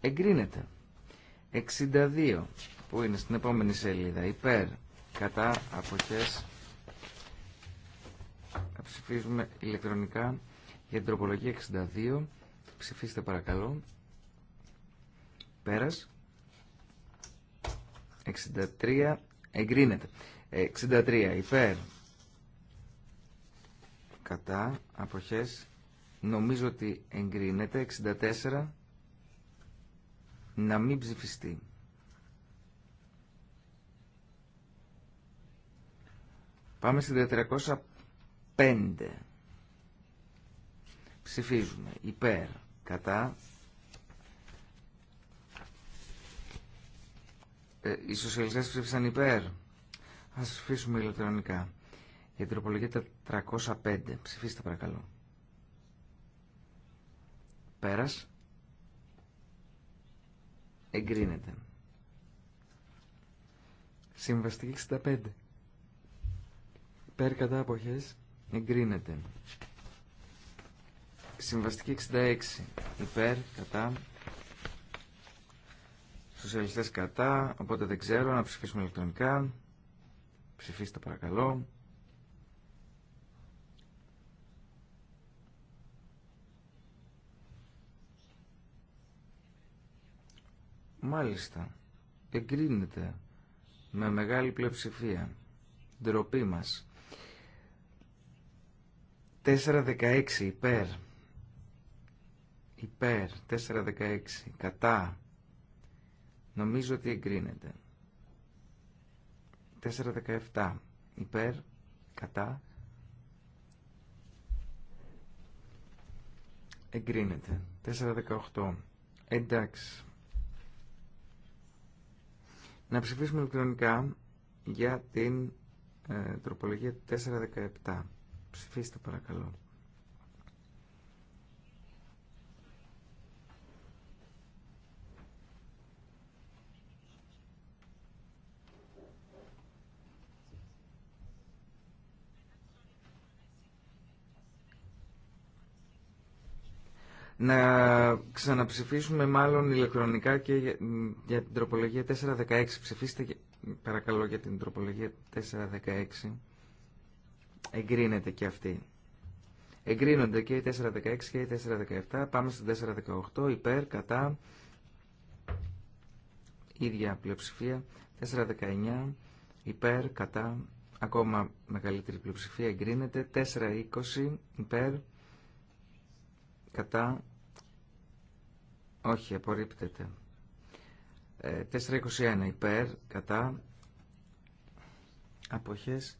εγκρίνεται. 62 που είναι στην επόμενη σελίδα. Υπέρ κατά αποχές ψηφίζουμε ηλεκτρονικά για την τροπολογία 62. Ψηφίστε παρακαλώ. Πέρας. 63 εγκρίνεται. 63 υπέρ κατά αποχές νομίζω ότι εγκρίνεται. 64 να μην ψηφιστεί. Πάμε στην 405. Ψηφίζουμε υπέρ κατά ε, οι σοσιαλιστέ ψήφισαν υπέρ. Ας ψηφίσουμε ηλεκτρονικά. Η την τροπολογία 305. Ψηφίστε παρακαλώ. Πέρας. Εγκρίνεται. Συμβαστική 65. Υπέρ κατά αποχές. Εγκρίνεται. Συμβαστική 66. Υπέρ κατά Σοσιαλιστές κατά, οπότε δεν ξέρω να ψηφίσουμε ηλεκτρονικά. Ψηφίστε παρακαλώ. Μάλιστα, εγκρίνεται με μεγάλη πλειοψηφία. Ντροπή μας. 4-16 υπέρ. Υπέρ. 4-16. Κατά. Νομίζω ότι εγκρίνεται. 417 υπέρ, κατά, εγκρίνεται. 418 εντάξει. Να ψηφίσουμε ηλεκτρονικά για την ε, τροπολογία 417. Ψηφίστε παρακαλώ. να ξαναψηφίσουμε μάλλον ηλεκτρονικά και για, για την τροπολογία 416. Ψηφίστε παρακαλώ για την τροπολογία 416. Εγκρίνεται και αυτή. Εγκρίνονται και οι 416 και οι 417. Πάμε στην 418. Υπέρ, κατά. Ίδια πλειοψηφία. 419. Υπέρ, κατά. Ακόμα μεγαλύτερη πλειοψηφία εγκρίνεται. 420. Υπέρ κατά όχι απορρίπτεται 421 ε, υπέρ κατά αποχές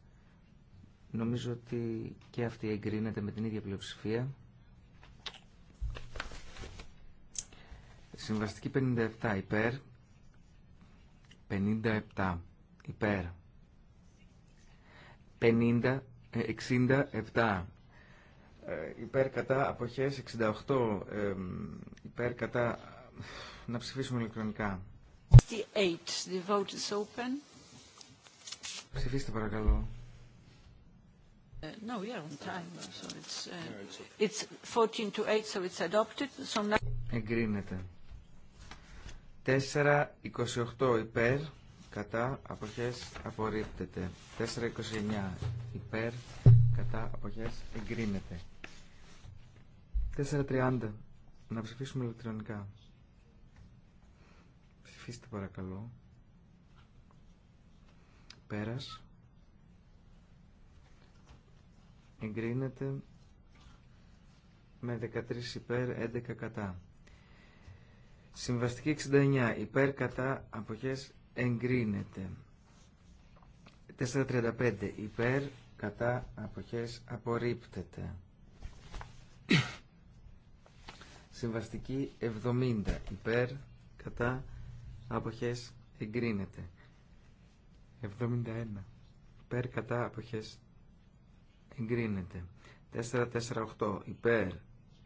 νομίζω ότι και αυτή εγκρίνεται με την ίδια πλειοψηφία συμβαστική 57 υπέρ 57 υπέρ 50 67 ε, ε, υπέρ κατά αποχές 68 ε, υπέρ κατά να ψηφίσουμε ηλεκτρονικά 68 the vote is open ψηφίστε παρακαλώ uh, no, we are on time, so it's, ε, it's 14 to 8, so it's adopted. So now... Εγκρίνεται. 4.28 υπέρ, κατά, αποχές, απορρίπτεται. 4.29 υπέρ, κατά, αποχές, εγκρίνεται. 4.30. Να ψηφίσουμε ηλεκτρονικά. Ψηφίστε παρακαλώ. Πέρας. Εγκρίνεται με 13 υπέρ, 11 κατά. Συμβαστική 69. Υπέρ κατά αποχές εγκρίνεται. 4.35. Υπέρ κατά αποχές απορρίπτεται. Συμβαστική 70 υπέρ κατά αποχές εγκρίνεται. 71 υπέρ κατά αποχές εγκρίνεται. 448 υπέρ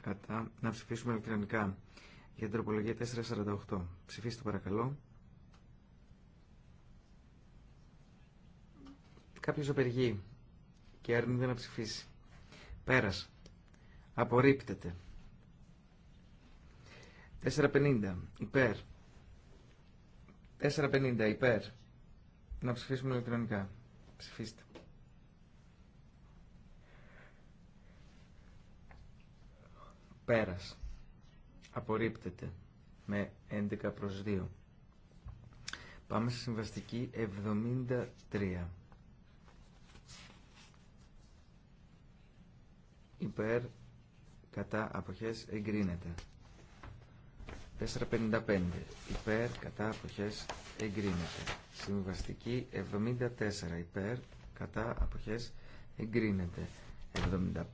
κατά να ψηφίσουμε ηλεκτρονικά για την τροπολογία 448. Ψηφίστε παρακαλώ. Κάποιος απεργεί και αρνείται να ψηφίσει. Πέρασε. Απορρίπτεται. 450 υπέρ. 450 υπέρ. Να ψηφίσουμε ηλεκτρονικά. Ψηφίστε. Πέρας. Απορρίπτεται με 11 προς 2. Πάμε στη συμβαστική 73. Υπέρ κατά αποχές εγκρίνεται. 455 υπέρ κατά αποχές εγκρίνεται. Συμβαστική 74 υπέρ κατά αποχές εγκρίνεται.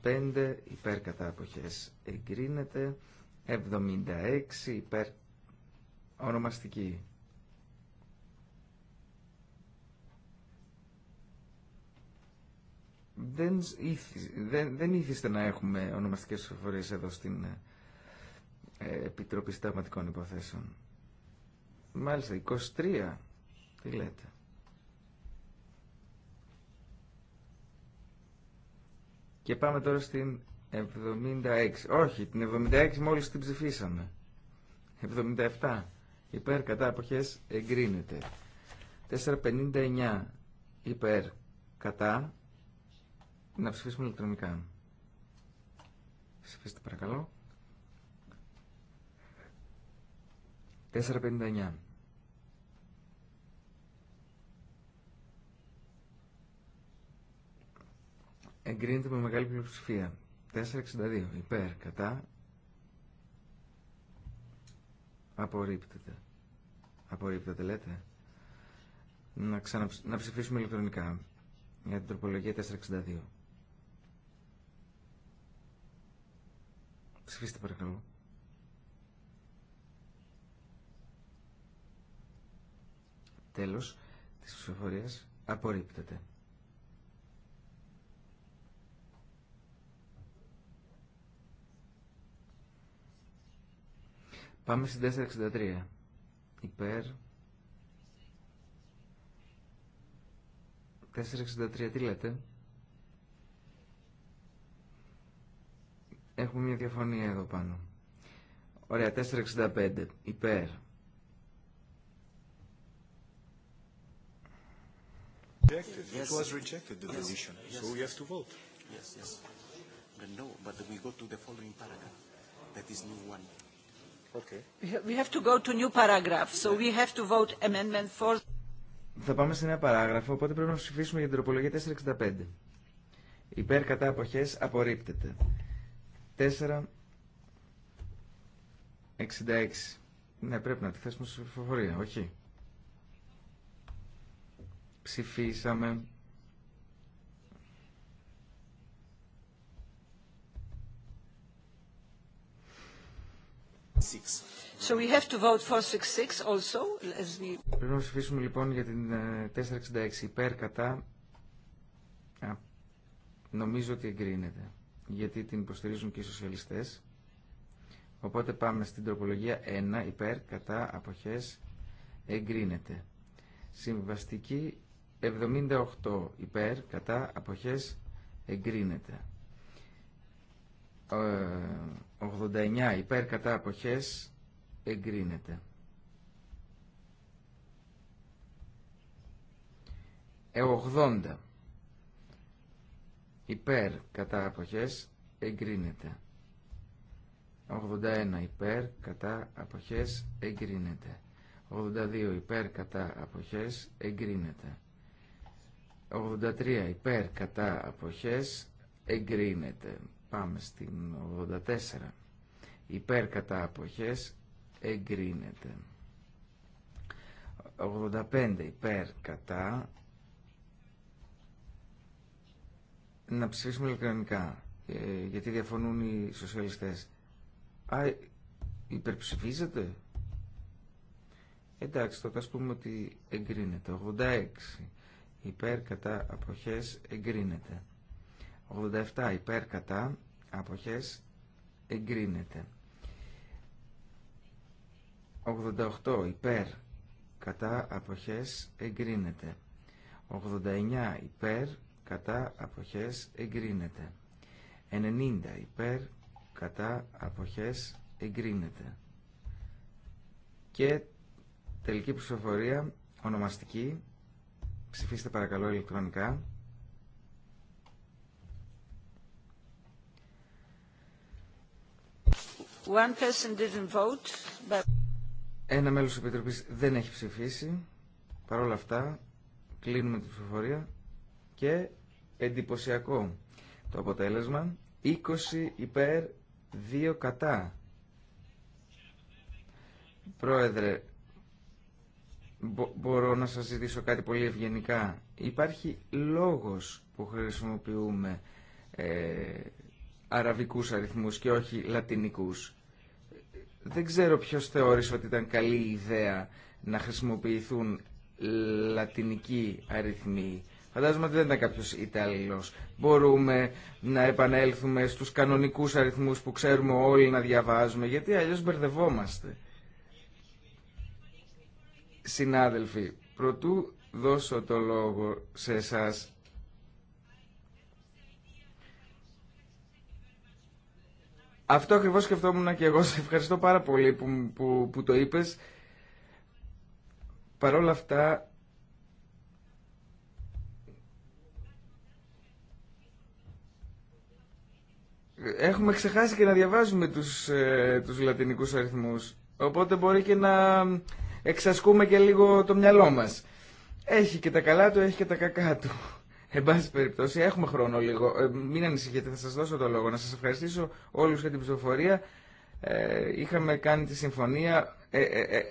75 υπέρ κατά αποχές εγκρίνεται. 76 υπέρ ονομαστική. Δεν, ήθι, δεν, δεν ήθιστε να έχουμε ονομαστικές ψηφοφορίες εδώ στην Επιτροπής Συνταγματικών Υποθέσεων. Μάλιστα, 23. Τι λέτε. Και πάμε τώρα στην 76. Όχι, την 76 μόλις την ψηφίσαμε. 77. Υπέρ κατά αποχές εγκρίνεται. 459. Υπέρ κατά. Να ψηφίσουμε ηλεκτρονικά. Ψηφίστε παρακαλώ. 459. Εγκρίνεται με μεγάλη πλειοψηφία. 462. Υπέρ. Κατά. Απορρίπτεται. Απορρίπτεται λέτε. Να, ξαναψ... να ψηφίσουμε ηλεκτρονικά για την τροπολογία 462. Ψηφίστε παρακαλώ. Τέλος της ψηφοφορίας. Απορρίπτεται. Πάμε στην 463. Υπέρ. 463 τι λέτε. Έχουμε μια διαφωνία εδώ πάνω. Ωραία, 465. Υπέρ. Rejected. It was rejected, the deletion. So we have to vote. Yes, yes. But no, but we go to the following paragraph. That is new one. Okay. We have to go to new paragraph, so we have to vote amendment for... Θα πάμε σε νέα παράγραφο, οπότε πρέπει να ψηφίσουμε για την τροπολογία 465. Υπέρ κατά αποχές απορρίπτεται. 466. Ναι, πρέπει να τη θέσουμε σε ψηφοφορία, όχι. Ψηφίσαμε. So we have to vote for also, as Πρέπει να ψηφίσουμε λοιπόν για την 466 ε, υπέρ κατά. νομίζω ότι εγκρίνεται, γιατί την υποστηρίζουν και οι σοσιαλιστές. Οπότε πάμε στην τροπολογία 1 υπέρ κατά αποχές εγκρίνεται. Συμβαστική 78 υπέρ κατά αποχές εγκρίνεται 89 ε, υπέρ κατά αποχές εγκρίνεται 80 ε, υπέρ κατά αποχές εγκρίνεται 81 υπέρ κατά αποχές εγκρίνεται 82 υπέρ κατά αποχές εγκρίνεται 83 υπέρ κατά αποχές εγκρίνεται. Πάμε στην 84. Υπέρ κατά αποχές εγκρίνεται. 85 υπέρ κατά. Να ψηφίσουμε ηλεκτρονικά. Ε, γιατί διαφωνούν οι σοσιαλιστές. Α, υπερψηφίζεται. Εντάξει, τότε ας πούμε ότι εγκρίνεται. 86 υπέρ κατά αποχές εγκρίνεται. 87 υπέρ κατά αποχές εγκρίνεται. 88 υπέρ κατά αποχές εγκρίνεται. 89 υπέρ κατά αποχές εγκρίνεται. 90 υπέρ κατά αποχές εγκρίνεται. Και τελική ψηφοφορία ονομαστική Ψηφίστε παρακαλώ ηλεκτρονικά. Ένα μέλος της Επιτροπής δεν έχει ψηφίσει. Παρ' όλα αυτά, κλείνουμε την ψηφοφορία και εντυπωσιακό το αποτέλεσμα. 20 υπέρ, 2 κατά. Πρόεδρε, μπορώ να σας ζητήσω κάτι πολύ ευγενικά. Υπάρχει λόγος που χρησιμοποιούμε ε, αραβικούς αριθμούς και όχι λατινικούς. Δεν ξέρω ποιος θεώρησε ότι ήταν καλή ιδέα να χρησιμοποιηθούν λατινικοί αριθμοί. Φαντάζομαι ότι δεν ήταν κάποιος Ιταλός. Μπορούμε να επανέλθουμε στους κανονικούς αριθμούς που ξέρουμε όλοι να διαβάζουμε, γιατί αλλιώς μπερδευόμαστε. Συνάδελφοι, προτού δώσω το λόγο σε εσάς, Αυτό ακριβώς σκεφτόμουν και εγώ. Σε ευχαριστώ πάρα πολύ που, που, που το είπες. Παρ' όλα αυτά... Έχουμε ξεχάσει και να διαβάζουμε τους, ε, τους λατινικούς αριθμούς. Οπότε μπορεί και να εξασκούμε και λίγο το μυαλό μα. Έχει και τα καλά του, έχει και τα κακά του. [laughs] Εν πάση περιπτώσει, έχουμε χρόνο λίγο. Ε, μην ανησυχείτε, θα σα δώσω το λόγο. Να σα ευχαριστήσω όλου για την ψηφοφορία. Ε, είχαμε κάνει τη συμφωνία ε, ε, ε,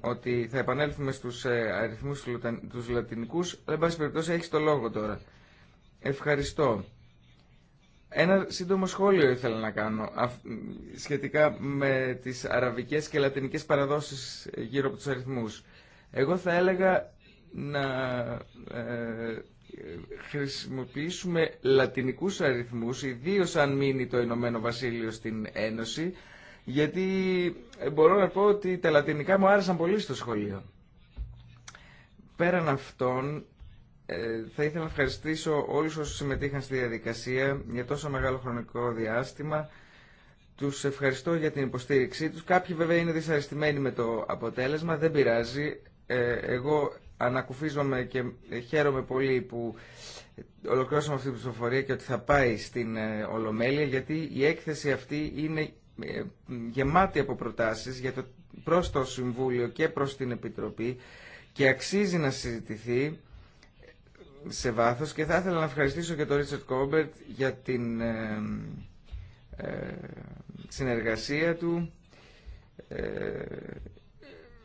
ότι θα επανέλθουμε στους αριθμούς του λατινικούς. Εν πάση περιπτώσει, έχεις το λόγο τώρα. Ευχαριστώ. Ένα σύντομο σχόλιο ήθελα να κάνω σχετικά με τις αραβικές και λατινικές παραδόσεις γύρω από τους αριθμούς. Εγώ θα έλεγα να ε, χρησιμοποιήσουμε λατινικούς αριθμούς, ιδίως αν μείνει το Ηνωμένο Βασίλειο στην Ένωση, γιατί μπορώ να πω ότι τα λατινικά μου άρεσαν πολύ στο σχολείο. Πέραν αυτών, ε, θα ήθελα να ευχαριστήσω όλους όσους συμμετείχαν στη διαδικασία για τόσο μεγάλο χρονικό διάστημα. Τους ευχαριστώ για την υποστήριξή τους. Κάποιοι βέβαια είναι δυσαρεστημένοι με το αποτέλεσμα, δεν πειράζει. Ε, εγώ ανακουφίζομαι και χαίρομαι πολύ που ολοκληρώσαμε αυτή την πληροφορία και ότι θα πάει στην ε, Ολομέλεια, γιατί η έκθεση αυτή είναι γεμάτη από προτάσεις για το, προς το Συμβούλιο και προς την Επιτροπή και αξίζει να συζητηθεί σε βάθος και θα ήθελα να ευχαριστήσω και τον Ρίτσαρτ Κόμπερτ για την ε, ε, συνεργασία του ε,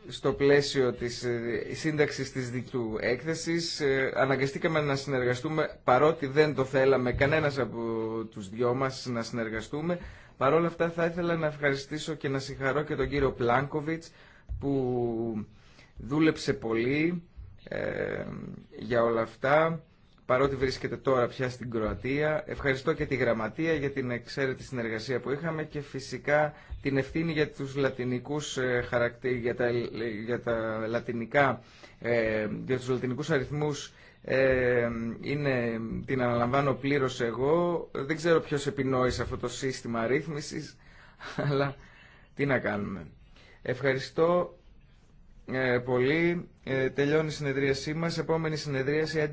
στο πλαίσιο της σύνταξης της δικτύου έκθεσης. Αναγκαστήκαμε να συνεργαστούμε παρότι δεν το θέλαμε κανένας από τους δυο μας να συνεργαστούμε. Παρ' όλα αυτά θα ήθελα να ευχαριστήσω και να συγχαρώ και τον κύριο Πλάνκοβιτς που δούλεψε πολύ ε, για όλα αυτά, παρότι βρίσκεται τώρα πια στην Κροατία. Ευχαριστώ και τη Γραμματεία για την εξαίρετη συνεργασία που είχαμε και φυσικά την ευθύνη για τους λατινικούς ε, χαρακτή, για, τα, για τα λατινικά, ε, για τους λατινικούς αριθμούς είναι, την αναλαμβάνω πλήρως εγώ. Δεν ξέρω ποιος επινόησε αυτό το σύστημα ρύθμισης, [laughs] αλλά τι να κάνουμε. Ευχαριστώ ε, πολύ. Ε, τελειώνει η συνεδρίασή μας. Επόμενη συνεδρίαση